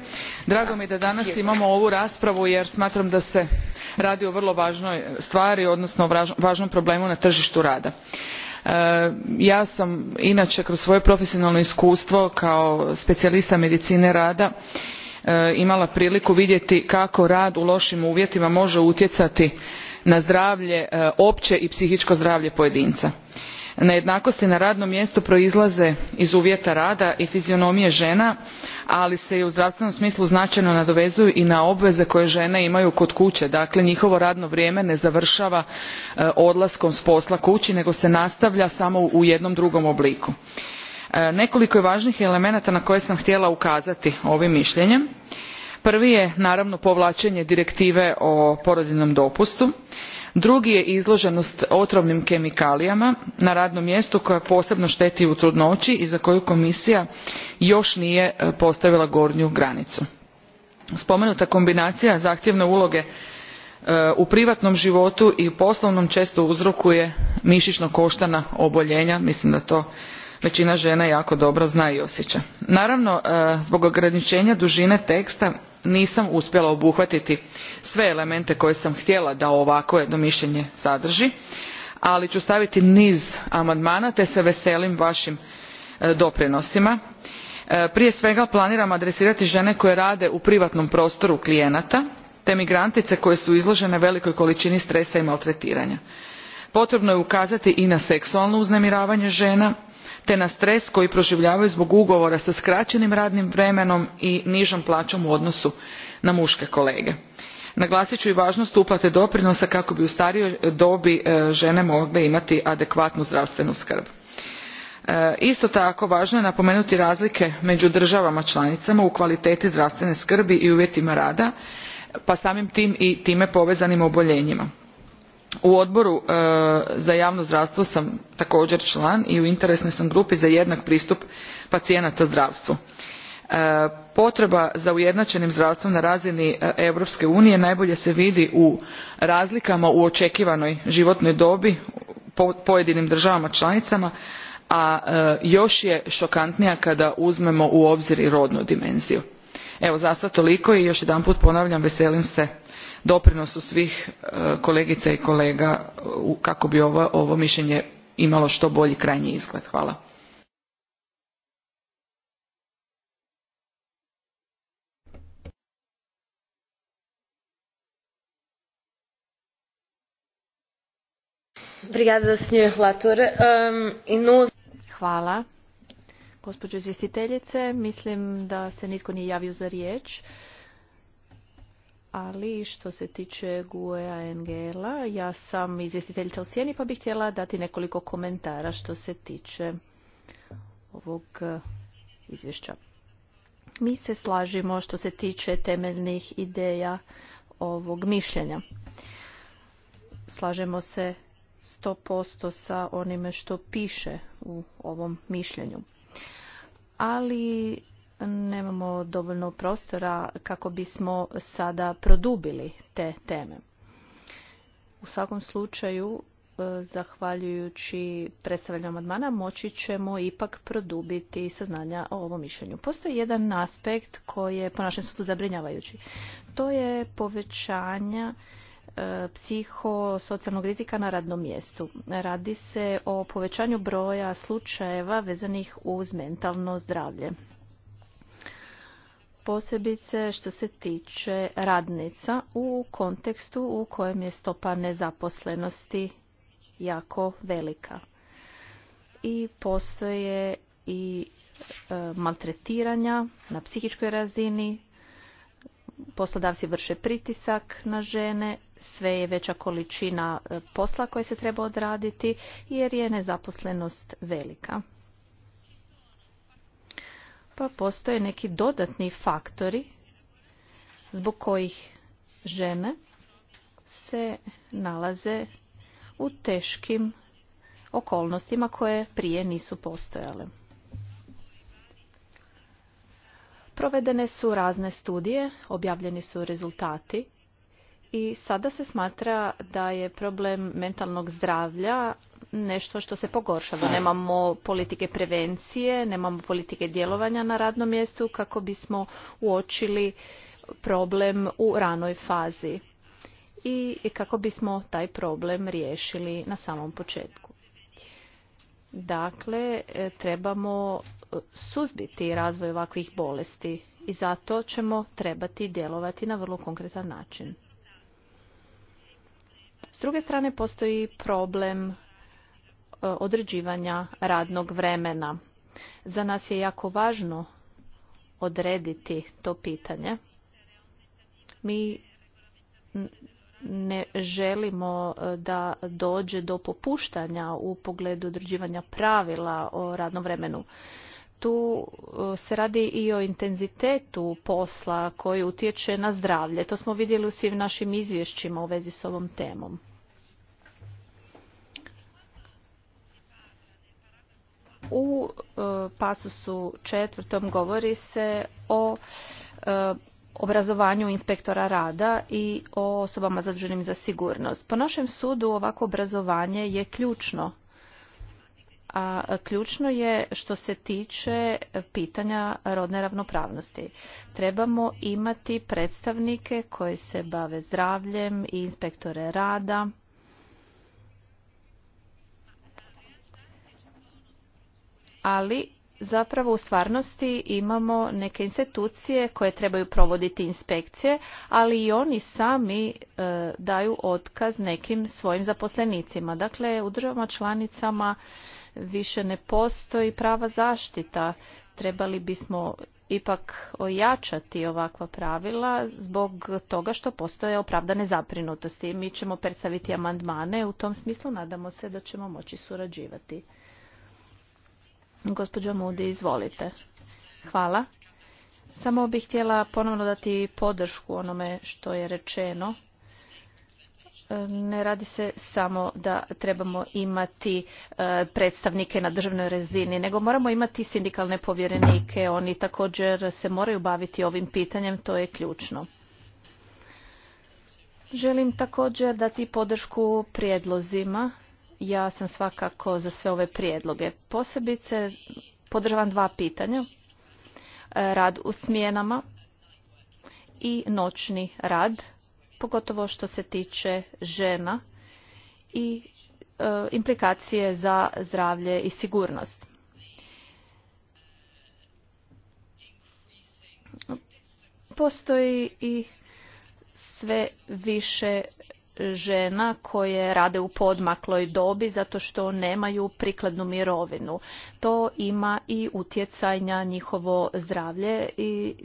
drago mi je da danas imamo ovu raspravu jer smatram da se radi o vrlo važnoj stvari, odnosno važnom problemu na tržištu rada E, ja sam inače kroz svoje profesionalno iskustvo kao specijalista medicine rada e, imala priliku vidjeti kako rad u lošim uvjetima može utjecati na zdravlje e, opće i psihičko zdravlje pojedinca nejednakosti na radnom mjestu proizlaze iz uvjeta rada i fizionomije žena ali se i u zdravstvenom smislu značajno nadovezuju i na obveze koje žene imaju kod kuće dakle njihovo radno vrijeme ne završava e, odlaskom s posla kući nego se nastavlja samo u jednom drugom obliku e, nekoliko je važnih elemenata na koje sam htjela ukazati ovim mišljenjem prvi je naravno povlačenje direktive o porodiljnom dopustu drugi je izloženost otrovnim kemikalijama na radnom mjestu koja posebno šteti u trudnoći i za koju komisija još nije e, postavila gornju granicu. spomenuta kombinacija zahtjevne uloge e, u privatnom životu i u poslovnom često uzrokuje mišićno koštana oboljenja mislim da to većina žena jako dobro zna i osjeća. naravno e, zbog ograničenja dužine teksta nisam uspjela obuhvatiti sve elemente koje sam htjela da ovakvo jedno mišljenje sadrži ali ću staviti niz amandmana te se veselim vašim e, doprinosima. E, prije svega planiram adresirati žene koje rade u privatnom prostoru klijenata te migrantice koje su izložene velikoj količini stresa i maltretiranja. potrebno je ukazati i na seksualno uznemiravanje žena te na stres koji proživljavaju zbog ugovora sa skraćenim radnim vremenom i nižom plaćom u odnosu na muške kolege naglasit ću i važnost uplate doprinosa kako bi u starijoj dobi e, žene mogle imati adekvatnu zdravstvenu skrb e, isto tako važno je napomenuti razlike među državama članicama u kvaliteti zdravstvene skrbi i uvjetima rada pa samim tim i time povezanim oboljenjima u odboru e, za javno zdravstvo sam također član i u interesnoj sam grupi za jednak pristup pacijenata zdravstvu E, potreba za ujednačenim zdravstvom na razini europske unije najbolje se vidi u razlikama u očekivanoj životnoj dobi pojedinim državama članicama a e, još je šokantnija kada uzmemo u obzir i rodnu dimenziju. evo zasad toliko i još jedanput ponavljam veselim se doprinosu svih e, kolegica i kolega kako bi ovo, ovo mišljenje imalo što bolji krajnji izgled. hvala. E Hvala. Gospođo izvjestiteljice, mislim da se nitko nije javio za riječ. Ali što se tiče GUE-a NGL-a, ja sam izvjestiteljica u Sjeni pa bih htjela dati nekoliko komentara što se tiče ovog e, izvješća. Mi se slažimo što se tiče temeljnih ideja ovog mišljenja. Slažemo se 100% sa onime što piše u ovom mišljenju. Ali nemamo dovoljno prostora kako bismo sada produbili te teme. U svakom slučaju, e, zahvaljujući predstavljanju amandmana, moći ćemo ipak produbiti saznanja o ovom mišljenju. Postoji jedan aspekt koji je po našem sudu zabrinjavajući. To je povećanja E, psihosocijalnog rizika na radnom mjestu. Radi se o povećanju broja slučajeva vezanih uz mentalno zdravlje. Posebice što se tiče radnica u kontekstu u kojem je stopa nezaposlenosti jako velika. I postoje i e, maltretiranja na psihičkoj razini, poslodavci vrše pritisak na žene, sve je veća količina e, posla koje se treba odraditi jer je nezaposlenost velika. Pa postoje neki dodatni faktori zbog kojih žene se nalaze u teškim okolnostima koje prije nisu postojale. Provedene su razne studije, objavljeni su rezultati i sada se smatra da je problem mentalnog zdravlja nešto što se pogoršava. Nemamo politike prevencije, nemamo politike djelovanja na radnom mjestu kako bismo uočili problem u ranoj fazi i kako bismo taj problem riješili na samom početku. Dakle, e, trebamo suzbiti razvoj ovakvih bolesti i zato ćemo trebati djelovati na vrlo konkretan način. S druge strane postoji problem e, određivanja radnog vremena. Za nas je jako važno odrediti to pitanje. Mi ne želimo e, da dođe do popuštanja u pogledu određivanja pravila o radnom vremenu tu e, se radi i o intenzitetu posla koji utječe na zdravlje. To smo vidjeli u svim našim izvješćima u vezi s ovom temom. U e, pasusu četvrtom govori se o e, obrazovanju inspektora rada i o osobama zaduženim za sigurnost. Po našem sudu ovako obrazovanje je ključno a ključno je što se tiče pitanja rodne ravnopravnosti. Trebamo imati predstavnike koji se bave zdravljem i inspektore rada. Ali zapravo u stvarnosti imamo neke institucije koje trebaju provoditi inspekcije, ali i oni sami e, daju otkaz nekim svojim zaposlenicima. Dakle, u državama članicama više ne postoji prava zaštita. Trebali bismo ipak ojačati ovakva pravila zbog toga što postoje opravdane zaprinutosti. Mi ćemo predstaviti amandmane u tom smislu nadamo se da ćemo moći surađivati. Gospođo Mudi, izvolite. Hvala. Samo bih htjela ponovno dati podršku onome što je rečeno ne radi se samo da trebamo imati e, predstavnike na državnoj razini, nego moramo imati sindikalne povjerenike. Oni također se moraju baviti ovim pitanjem, to je ključno. Želim također dati podršku prijedlozima. Ja sam svakako za sve ove prijedloge. Posebice podržavam dva pitanja. E, rad u smjenama i noćni rad pogotovo što se tiče žena i e, implikacije za zdravlje i sigurnost. Postoji i sve više žena koje rade u podmakloj dobi zato što nemaju prikladnu mirovinu. To ima i utjecaj na njihovo zdravlje i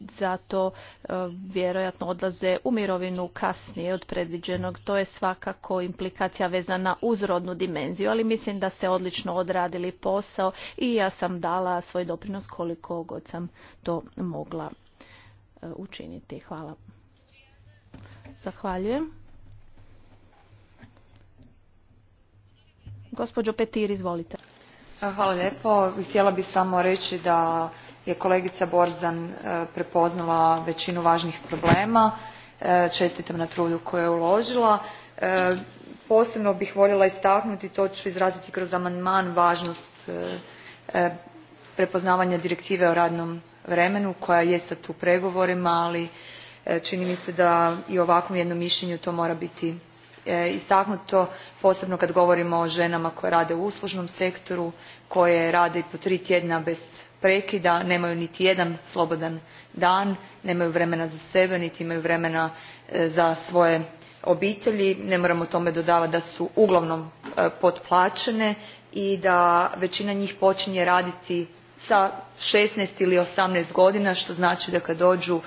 zato e, vjerojatno odlaze u mirovinu kasnije od predviđenog. To je svakako implikacija vezana uz rodnu dimenziju, ali mislim da ste odlično odradili posao i ja sam dala svoj doprinos koliko god sam to mogla e, učiniti. Hvala. Zahvaljujem. Gospođo Petir, izvolite. Hvala lijepo. Htjela bih samo reći da je kolegica Borzan e, prepoznala većinu važnih problema. E, čestitam na trudu koji je uložila. E, posebno bih voljela istaknuti, to ću izraziti kroz amandman, važnost prepoznavanja direktive o radnom vremenu koja je sad u pregovorima, ali čini mi se da i u ovakvom jednom mišljenju to mora biti istaknuto posebno kad govorimo o ženama koje rade u uslužnom sektoru koje rade i po tri tjedna bez prekida nemaju niti jedan slobodan dan nemaju vremena za sebe niti imaju vremena e, za svoje obitelji ne moramo tome dodavati da su uglavnom e, potplaćene i da većina njih počinje raditi sa šesnaest ili osamnaest godina što znači da kad dođu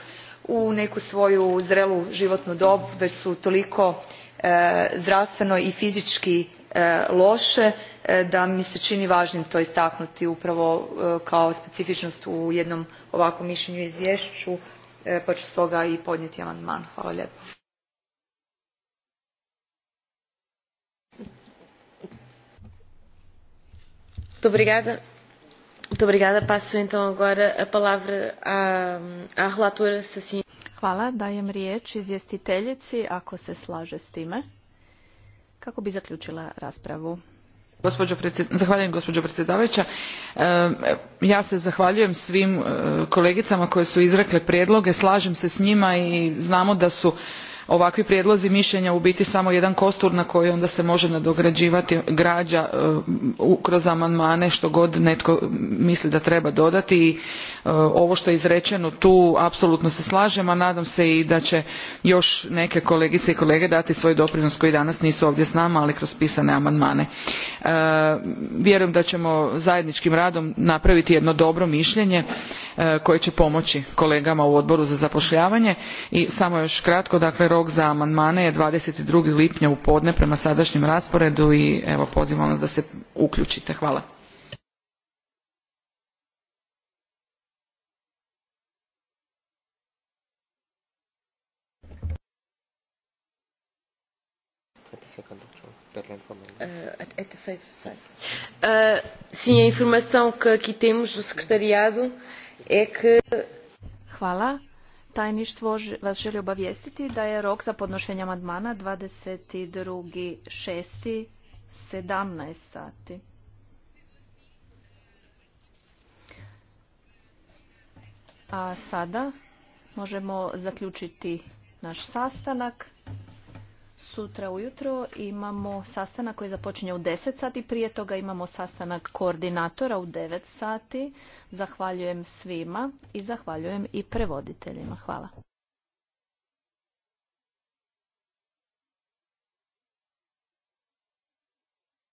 u neku svoju zrelu životnu dob već su toliko e, zdravstveno i fizički E, loše e, da mi se čini važnim to istaknuti upravo e, kao specifičnost u jednom ovakvom mišljenju i izvješću pa ću stoga i podnijeti amandman. Hvala lijepo. Hvala. Dajem riječ izvjestiteljici ako se slaže s time kako bi zaključila raspravu. Zahvaljujem gospođo predsjedavajuća. Ehm, ja se zahvaljujem svim e, kolegicama koje su izrekle prijedloge, slažem se s njima i znamo da su ovakvi prijedlozi mišljenja u biti samo jedan kostur na koji onda se može nadograđivati građa e, kroz amandmane što god netko misli da treba dodati i e, ovo što je izrečeno tu apsolutno se slažem a nadam se i da će još neke kolegice i kolege dati svoj doprinos koji danas nisu ovdje s nama ali kroz pisane amandmane. E, vjerujem da ćemo zajedničkim radom napraviti jedno dobro mišljenje koje će pomoći kolegama u odboru za zapošljavanje i samo još kratko dakle rok za amandmane je 22. lipnja u podne prema sadašnjem rasporedu i evo pozivam vas da se uključite. Hvala. Hvala tajništvo vas želi obavijestiti da je rok za podnošenje amandmana 22.6.17 17 sati. A sada možemo zaključiti naš sastanak. Sutra ujutro imamo sastanak koji započinje u 10 sati, prije toga imamo sastanak koordinatora u 9 sati. Zahvaljujem svima i zahvaljujem i prevoditeljima. Hvala.